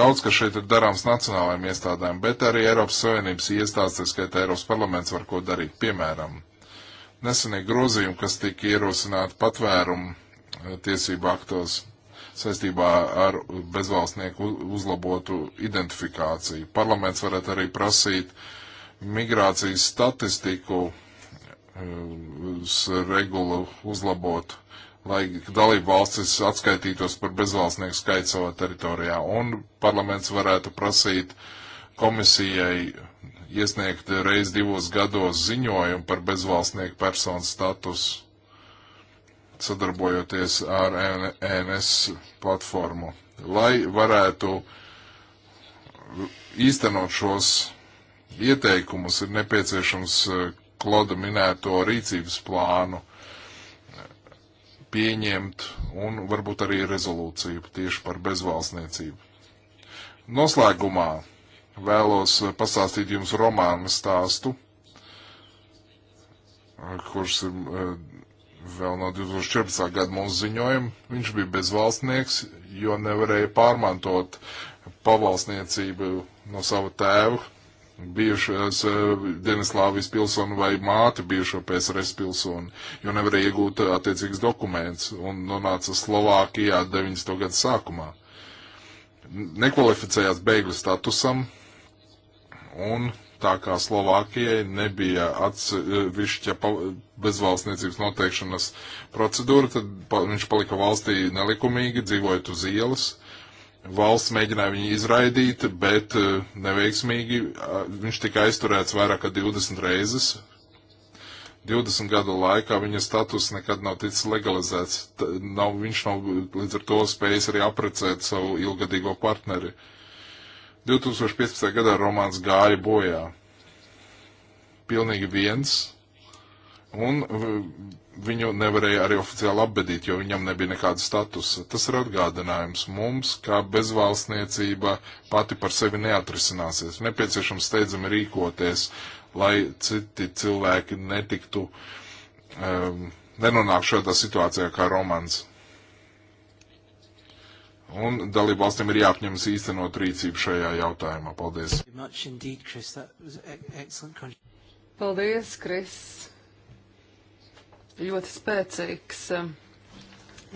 S1: daudz, kas šeit ir darāms nacionālajiem iestādēm, bet arī Eiropas Savienības iestādes, skaitā Eiropas parlaments, var ko darīt. Piemēram, nesenie grozījumi, kas tika ierosināti patvērumu eh, tiesību aktos saistībā ar bezvalstnieku uzlabotu identifikāciju. Parlaments varētu arī prasīt uh, migrācijas statistiku eh, uz regulu uzlabot, lai dalību valstis atskaitītos par bezvalstnieku skaitu savā teritorijā. Un parlaments varētu prasīt komisijai iesniegt reiz divos gados ziņojumu par bezvalstnieku personu statusu, sadarbojoties ar NS platformu, lai varētu īstenot šos ieteikumus, ir nepieciešams eh, Kloda minēto rīcības plānu eh, pieņemt un varbūt arī rezolūciju tieši par bezvalstniecību. Noslēgumā vēlos eh, pastāstīt jums romānu stāstu, kurš ir vēl no 2014. gada mūsu ziņojuma. Viņš bija bezvalstnieks, jo nevarēja pārmantot pavalstniecību no sava tēva, bijušās eh, Denislāvijas pilsonu vai māti bijušo PSRS pilsonu, jo nevarēja iegūt eh, attiecīgs dokuments un nonāca Slovākijā 90. gadu sākumā. Nekvalificējās bēgļu statusam un tā kā Slovākijai nebija atsevišķa bezvalstniecības noteikšanas procedūra, tad pa, viņš palika valstī nelikumīgi, dzīvojot uz ielas. Uh, Valsts mēģināja viņu izraidīt, bet eh, neveiksmīgi viņš tika aizturēts vairāk kā 20 reizes. 20 gadu laikā viņa status nekad nav ticis legalizēts. T nav, viņš nav līdz ar to spējis arī aprecēt savu ilgadīgo partneri. 2015. gadā romāns gāja bojā. Pilnīgi viens, Un viņu nevarēja arī oficiāli apbedīt, jo viņam nebija nekāda statusa. Tas ir atgādinājums mums, ka bezvalstniecība pati par sevi neatrisināsies. Nepieciešams steidzami rīkoties, lai citi cilvēki netiktu, um, nenonāk šādā situācijā kā romans. Un dalību valstīm ir jāapņemas īstenot rīcību šajā jautājumā. Paldies!
S3: E-,
S4: Paldies, Kris! ļoti spēcīgs. Eh,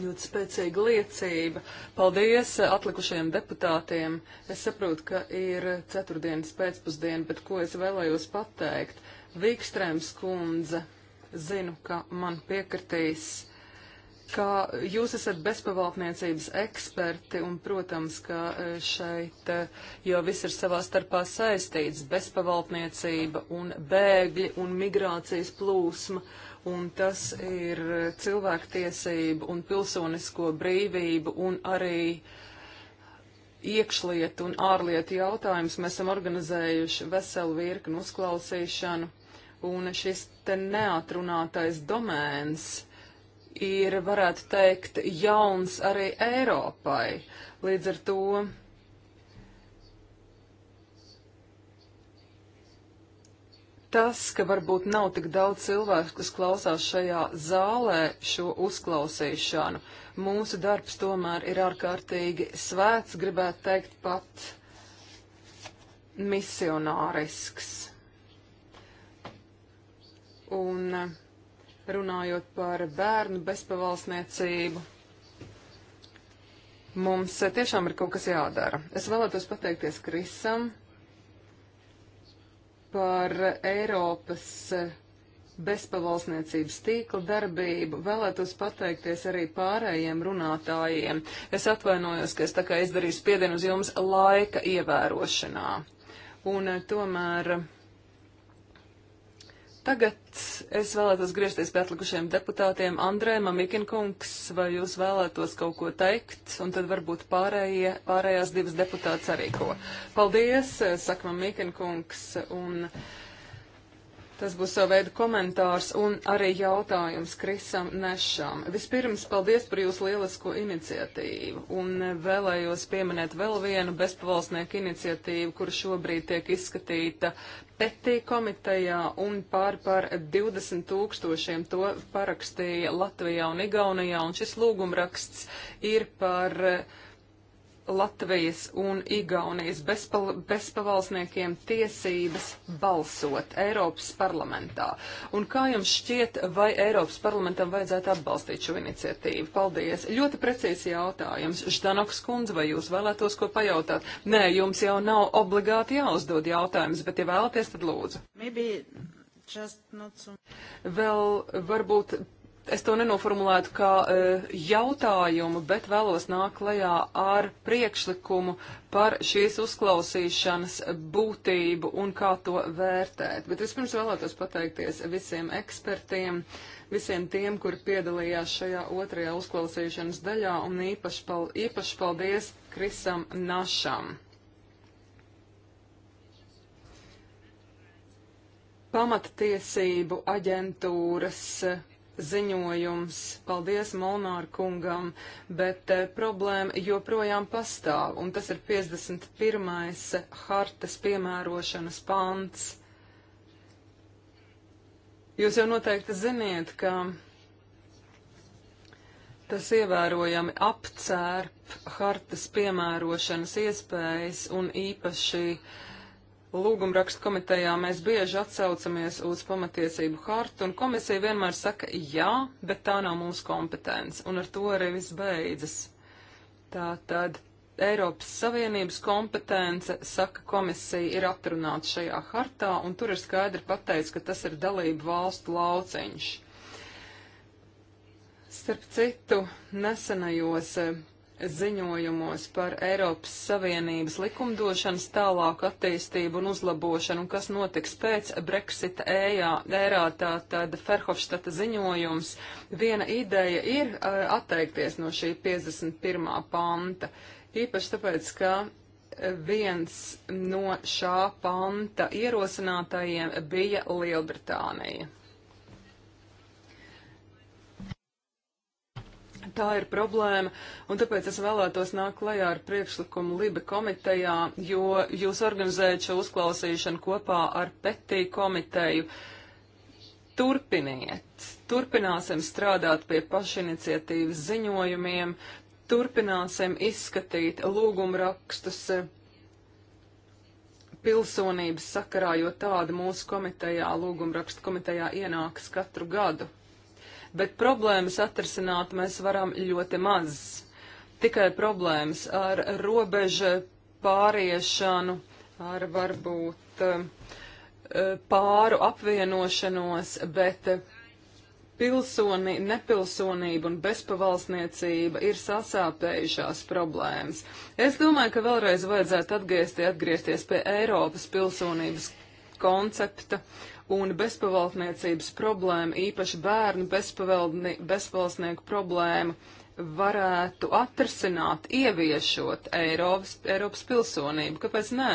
S4: ļoti spēcīga liecība. Paldies eh, atlikušajiem deputātiem. Es saprotu, ka ir ceturtdienas pēcpusdiena, bet ko es vēlējos pateikt? Vīkstrēms kundze, zinu, ka man piekritīs, ka jūs esat bezpavaldniecības eksperti un, protams, ka eh, šeit jau viss ir savā starpā saistīts - bezpavaldniecība un bēgļi un migrācijas plūsma. Uh, un tas ir cilvēktiesību un pilsonisko brīvību un arī iekšlietu un ārlietu jautājums. Mēs esam organizējuši veselu virkni uzklausīšanu, un šis te neatrunātais domēns ir, varētu teikt, jauns arī Eiropai. Līdz ar to tas, ka varbūt nav tik daudz cilvēku, kas klausās šajā zālē šo uzklausīšanu. Mūsu darbs tomēr ir ārkārtīgi svēts, gribētu teikt pat misionārisks. Un runājot par bērnu bezpavalsniecību, mums tiešām ir kaut kas jādara. Es vēlētos pateikties Krisam par Eiropas eh, bezpavalsniecības tīkla darbību. Vēlētos pateikties arī pārējiem runātājiem. Es atvainojos, ka es tā kā izdarīju spiedienu uz jums laika ievērošanā. Un eh, tomēr Tagad es vēlētos griezties pie atlikušiem deputātiem. Andrē, Mamikinkungs, vai jūs vēlētos kaut ko teikt? Un tad varbūt pārējie, pārējās divas deputātas arī ko. Paldies, saka Mamikinkungs. Un tas būs savu veidu komentārs un arī jautājums Krisam Nešam. Vispirms, paldies par jūsu lielisko iniciatīvu. Un vēlējos pieminēt vēl vienu bezpavalsnieku iniciatīvu, kur šobrīd tiek izskatīta petī komitejā un pār par 20 tūkstošiem to parakstīja Latvijā un Igaunijā, un šis lūgumraksts ir par uh, Latvijas un Igaunijas bezpal bezpavalsniekiem tiesības balsot Eiropas parlamentā. Un kā jums šķiet, vai Eiropas parlamentam vajadzētu atbalstīt šo iniciatīvu? Paldies! Ļoti precīzi jautājums. Ždanoks kundze, vai jūs vēlētos ko pajautāt? Nē, jums jau nav obligāti jāuzdod jautājums, bet ja vēlaties, tad lūdzu.
S2: Maybe... So...
S4: Vēl varbūt es to nenoformulētu kā e, jautājumu, bet vēlos nākt klajā ar priekšlikumu par šīs uzklausīšanas būtību un kā to vērtēt. Bet vispirms vēlētos pateikties visiem ekspertiem, visiem tiem, kuri piedalījās šajā otrajā uzklausīšanas daļā, un īpaši, pal īpaši paldies Krisam Našam. Pamattiesību aģentūras ziņojums. Paldies Molnāra kungam, bet e, problēma joprojām pastāv, un tas ir 51. hartas piemērošanas pants. Jūs jau noteikti ziniet, ka tas ievērojami apcērp hartas piemērošanas iespējas un īpaši uh, Lūgumrakstu komitejā mēs bieži atsaucamies uz pamatiesību hartu, un komisija vienmēr saka jā, bet tā nav mūsu kompetence, un ar to arī viss beidzas. Tā tad Eiropas Savienības kompetence, saka komisija, ir atrunāta šajā hartā, un tur ir skaidri pateikts, ka tas ir dalību valstu lauciņš. Starp citu, nesenajos eh, ziņojumos par Eiropas Savienības likumdošanas tālāku attīstību un uzlabošanu, un kas notiks pēc Brexita ējā, ērā, tā tad Ferhofštata ziņojums. Viena ideja ir eh, atteikties no šī 51. panta, īpaši tāpēc, ka viens no šā panta ierosinātājiem bija Lielbritānija. Tā ir problēma, un tāpēc es vēlētos nākt klajā ar priekšlikumu Libe komitejā, jo jūs organizējat šo uzklausīšanu kopā ar Petī komiteju. Turpiniet, turpināsim strādāt pie pašiniciatīvas ziņojumiem, turpināsim izskatīt lūgumrakstus pilsonības sakarā, jo tāda mūsu komitejā, lūgumrakstu komitejā ienākas katru gadu bet problēmas atrisināt mēs varam ļoti maz. Tikai problēmas ar robežu pāriešanu, ar varbūt eh, eh, pāru apvienošanos, bet pilsoni, nepilsonība un bezpavalsniecība ir sasāpējušās problēmas. Es domāju, ka vēlreiz vajadzētu atgriezties, atgriezties pie Eiropas pilsonības koncepta un bezpavaltniecības problēma, īpaši bērnu bezpavalsnieku problēma, varētu atrisināt, ieviešot Eiropas, Eiropas pilsonību. Kāpēc nē?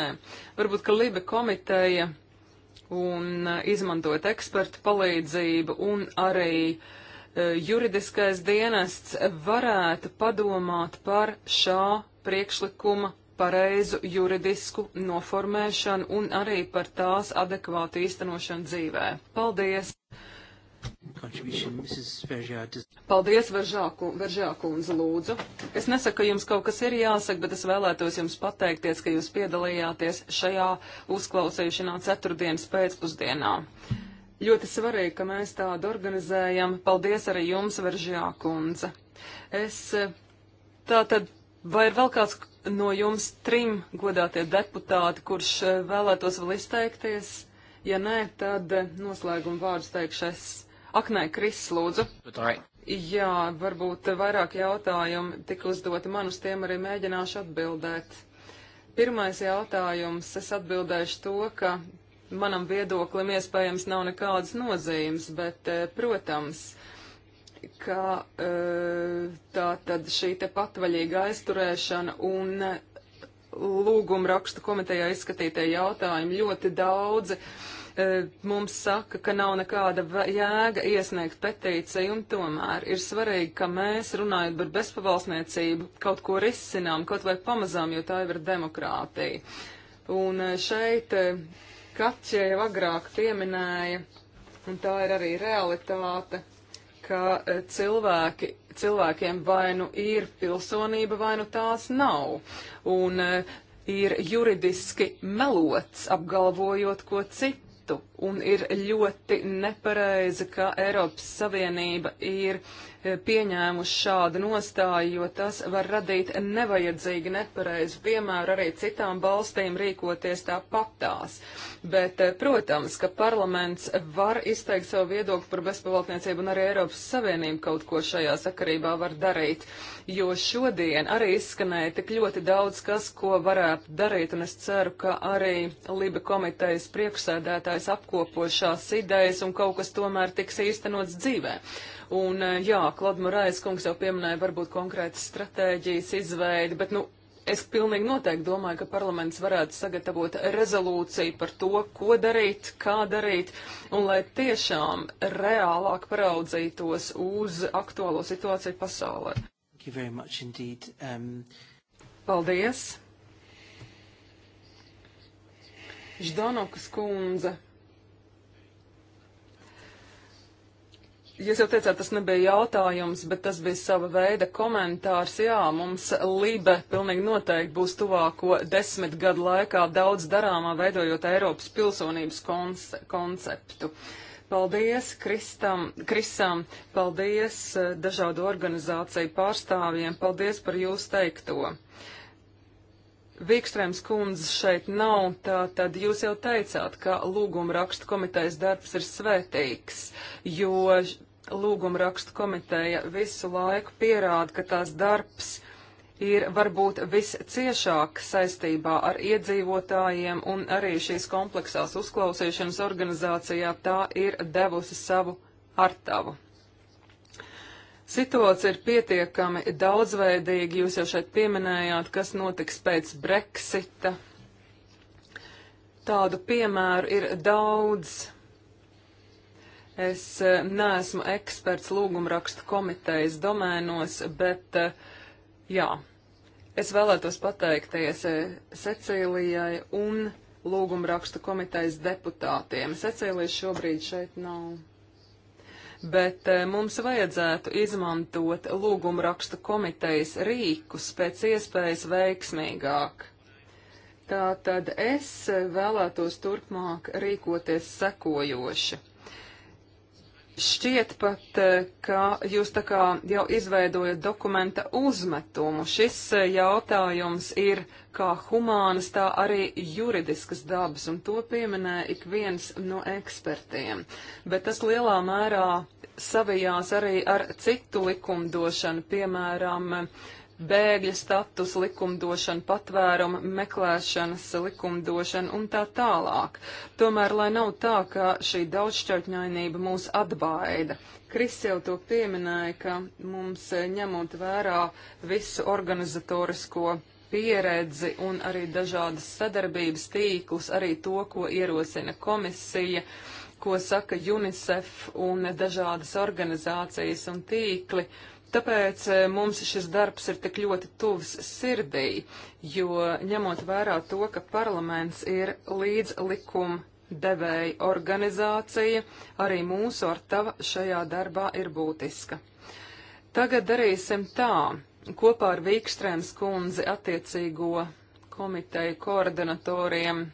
S4: Varbūt, ka Libe komiteja un e, izmantot ekspertu palīdzību un arī uh, juridiskais dienests varētu padomāt par šā priekšlikuma pareizu juridisku noformēšanu un arī par tās adekvātu īstenošanu dzīvē. Paldies! Paldies, Veržā kundze, lūdzu. Es nesaku, ka jums kaut kas ir jāsaka, bet es vēlētos jums pateikties, ka jūs piedalījāties šajā uzklausīšanā ceturtdienas pēcpusdienā. Ļoti svarīgi, ka mēs tādu organizējam. Paldies arī jums, Veržā kundze. Es eh, tātad Vai ir vēl kāds no jums trim godātie deputāti, kurš eh, vēlētos vēl izteikties? Ja nē, tad eh, noslēguma vārdus teikšu es. Ak, nē, Kris, lūdzu. Jā, varbūt vairāk jautājumu tika uzdoti man, uz tiem arī mēģināšu atbildēt. Pirmais jautājums, es atbildēšu to, ka manam viedoklim iespējams nav nekādas nozīmes, bet, eh, protams, ka eh, tā tad šī te patvaļīga aizturēšana un lūguma rakstu komitejā izskatītie jautājumi ļoti daudzi eh, mums saka, ka nav nekāda jēga iesniegt petīciju, un tomēr ir svarīgi, ka mēs, runājot par bezpavalsniecību, kaut ko risinām, kaut vai pamazām, jo tā jau ir demokrātija. Un eh, šeit Kaķie jau agrāk pieminēja, un tā ir arī realitāte, ka e, cilvēki, cilvēkiem vai nu ir pilsonība, vai nu tās nav. Un e, ir juridiski melots, apgalvojot ko citu. Un ir ļoti nepareizi, ka Eiropas Savienība ir uh, E, pieņēmuši šādu nostāju, jo tas var radīt nevajadzīgi nepareizu piemēru arī citām valstīm rīkoties tāpatās. Bet, e, protams, ka parlaments var izteikt savu viedokli par bezpavaldniecību un arī Eiropas Savienību kaut ko šajā sakarībā var darīt, jo šodien arī izskanēja tik ļoti daudz kas, ko varētu darīt, un es ceru, ka arī Liba komitejas priekšsēdētājs apkopo šās idejas un kaut kas tomēr tiks īstenots dzīvē. Un eh, jā, Klod Morais kungs jau pieminēja varbūt konkrētas stratēģijas izveidi, bet nu, es pilnīgi noteikti domāju, ka parlaments varētu sagatavot rezolūciju par to, ko darīt, kā darīt, un lai tiešām reālāk paraudzītos uz aktuālo situāciju pasaulē.
S3: Um... Paldies!
S4: Ždanokas kundze. Jūs jau teicāt, tas nebija jautājums, bet tas bija sava veida komentārs. Jā, mums Libe pilnīgi noteikti būs tuvāko desmit gadu laikā daudz darāmā veidojot Eiropas pilsonības konce konceptu. Paldies Kristam, Krisam, paldies eh, dažādu organizāciju pārstāvjiem, paldies par jūsu teikto. Vīkstrēms kundze šeit nav, tā tad jūs jau teicāt, ka lūguma rakstu komitejas darbs ir svētīgs, jo lūgumrakstu komiteja visu laiku pierāda, ka tās darbs ir varbūt visciešāk saistībā ar iedzīvotājiem, un arī šīs kompleksās uzklausīšanas organizācijā tā ir devusi savu artavu. Situācija ir pietiekami daudzveidīga, jūs jau šeit pieminējāt, kas notiks pēc Brexita. Tādu piemēru ir daudz Es eh, neesmu eksperts lūgumrakstu komitejas domēnos, bet eh, jā, es vēlētos pateikties eh, Cecīlijai un lūgumrakstu komitejas deputātiem. Cecīlijas šobrīd šeit nav. Bet mums vajadzētu izmantot lūgumrakstu komitejas rīkus pēc iespējas veiksmīgāk. Tātad es vēlētos turpmāk rīkoties sekojoši. Šķiet pat, eh, ka jūs tā kā jau izveidojat dokumenta uzmetumu. Šis eh, jautājums ir kā humānas, tā arī juridiskas dabas, un to pieminēja ik viens no ekspertiem. Bet tas lielā mērā savijās arī ar citu likumdošanu, piemēram, bēgļa status likumdošana, patvēruma meklēšanas likumdošana un tā tālāk. Tomēr, lai nav tā, ka šī daudzšķautņainība mūs atbaida. Kris jau to pieminēja, ka mums eh, ņemot vērā visu organizatorisko pieredzi un arī dažādas sadarbības tīklus, arī to, ko ierosina komisija, ko saka UNICEF un dažādas organizācijas un tīkli. Uh, Tāpēc e, mums šis darbs ir tik ļoti tuvs sirdī, jo ņemot vērā to, ka parlaments ir līdz likuma devēja organizācija, arī mūsu ar tava šajā darbā ir būtiska. Tagad darīsim tā, kopā ar Vīkstrēms kundzi attiecīgo komiteju koordinatoriem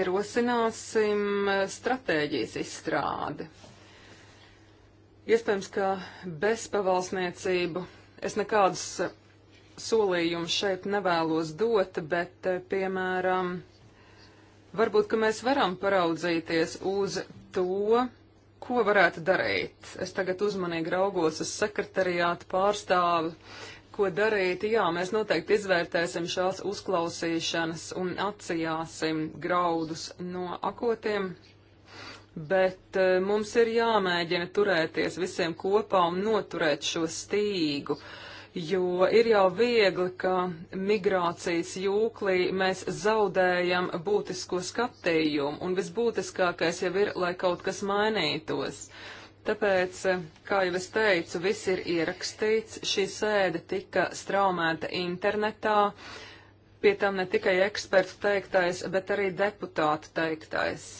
S4: ierosināsim e, stratēģijas izstrādi. Iespējams, ka bez pavalsniecību es nekādus solījumus šeit nevēlos dot, bet, eh, piemēram, varbūt, ka mēs varam paraudzīties uz to, ko varētu darīt? Es tagad uzmanīgi raugos uz sekretariātu pārstāvu. Ko darīt? Jā, mēs noteikti izvērtēsim šās uzklausīšanas un atcijāsim graudus no akotiem bet eh, mums ir jāmēģina turēties visiem kopā un noturēt šo stīgu. Jo ir jau viegli, ka migrācijas jūklī mēs zaudējam būtisko skatījumu, un visbūtiskākais jau ir, lai kaut kas mainītos. Tāpēc, eh, kā jau es teicu, viss ir ierakstīts, šī sēde tika straumēta internetā, pie tam ne tikai ekspertu teiktais, bet arī deputātu teiktais.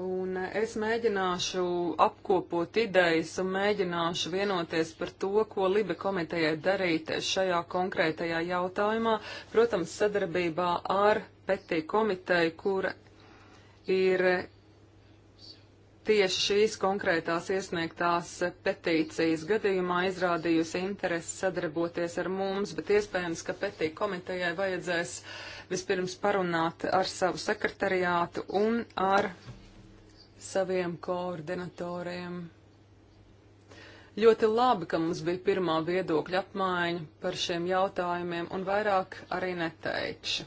S4: Un es mēģināšu apkopot idejas un mēģināšu vienoties par to, ko Libe komitejai darīt šajā konkrētajā jautājumā, protams, sadarbībā ar Petī komiteju, kur ir tieši šīs konkrētās iesniegtās petīcijas gadījumā izrādījusi interesi sadarboties ar mums, bet iespējams, ka Petī komitejai vajadzēs vispirms parunāt ar savu sekretariātu un ar saviem koordinatoriem. Ļoti labi, ka mums bija pirmā viedokļa apmaiņa par šiem jautājumiem, un vairāk arī neteikšu.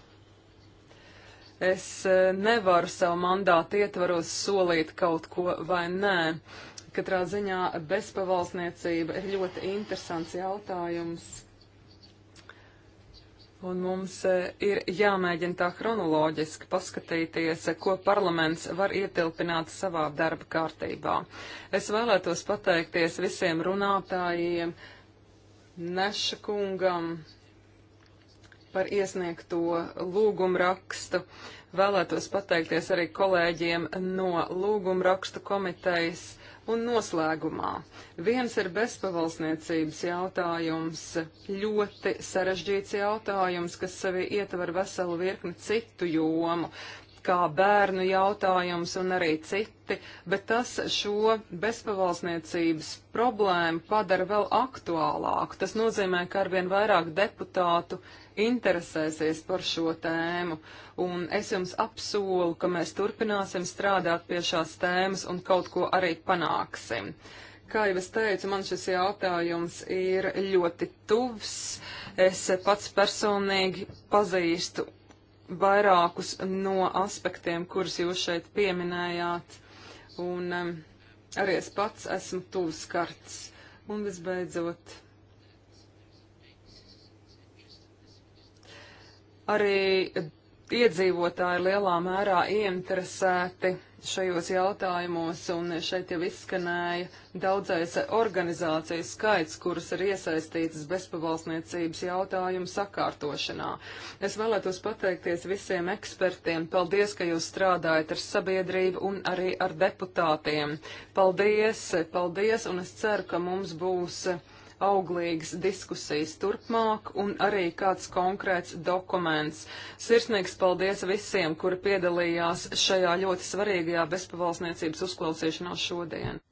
S4: Es e, nevaru savu mandātu ietvaros solīt kaut ko vai nē. Katrā ziņā bezpavalsniecība ir ļoti interesants jautājums, Un mums e, ir jāmēģina tā chronoloģiski paskatīties, e, ko parlaments var ietilpināt savā darba kārtībā. Es vēlētos pateikties visiem runātājiem, Neša kungam par iesniegto lūgumu rakstu. Vēlētos pateikties arī kolēģiem no lūgumu rakstu komitejas Un noslēgumā viens ir bezpavalsniecības jautājums, ļoti sarežģīts jautājums, kas sevi ietver veselu virkni citu jomu, kā bērnu jautājums un arī citi, bet tas šo bezpavalsniecības problēmu padara vēl aktuālāku. Tas nozīmē, ka arvien vairāk deputātu interesēsies par šo tēmu. Un es jums apsolu, ka mēs turpināsim strādāt pie šās tēmas un kaut ko arī panāksim. Kā jau es teicu, man šis jautājums ir ļoti tuvs. Es pats personīgi pazīstu vairākus no aspektiem, kurus jūs šeit pieminējāt. Un um, arī es pats esmu tuvs karts. Un visbeidzot arī iedzīvotāji lielā mērā ieinteresēti šajos jautājumos, un šeit jau izskanēja daudzais organizācijas skaits, kuras ir iesaistītas bezpavalsniecības jautājumu sakārtošanā. Es vēlētos pateikties visiem ekspertiem. Paldies, ka jūs strādājat ar sabiedrību un arī ar deputātiem. Paldies, paldies, un es ceru, ka mums būs. Uh, auglīgas diskusijas turpmāk un arī kāds konkrēts dokuments. Sirsnīgs paldies visiem, kuri piedalījās šajā ļoti svarīgajā bezpavalsniecības uzklausīšanā šodien.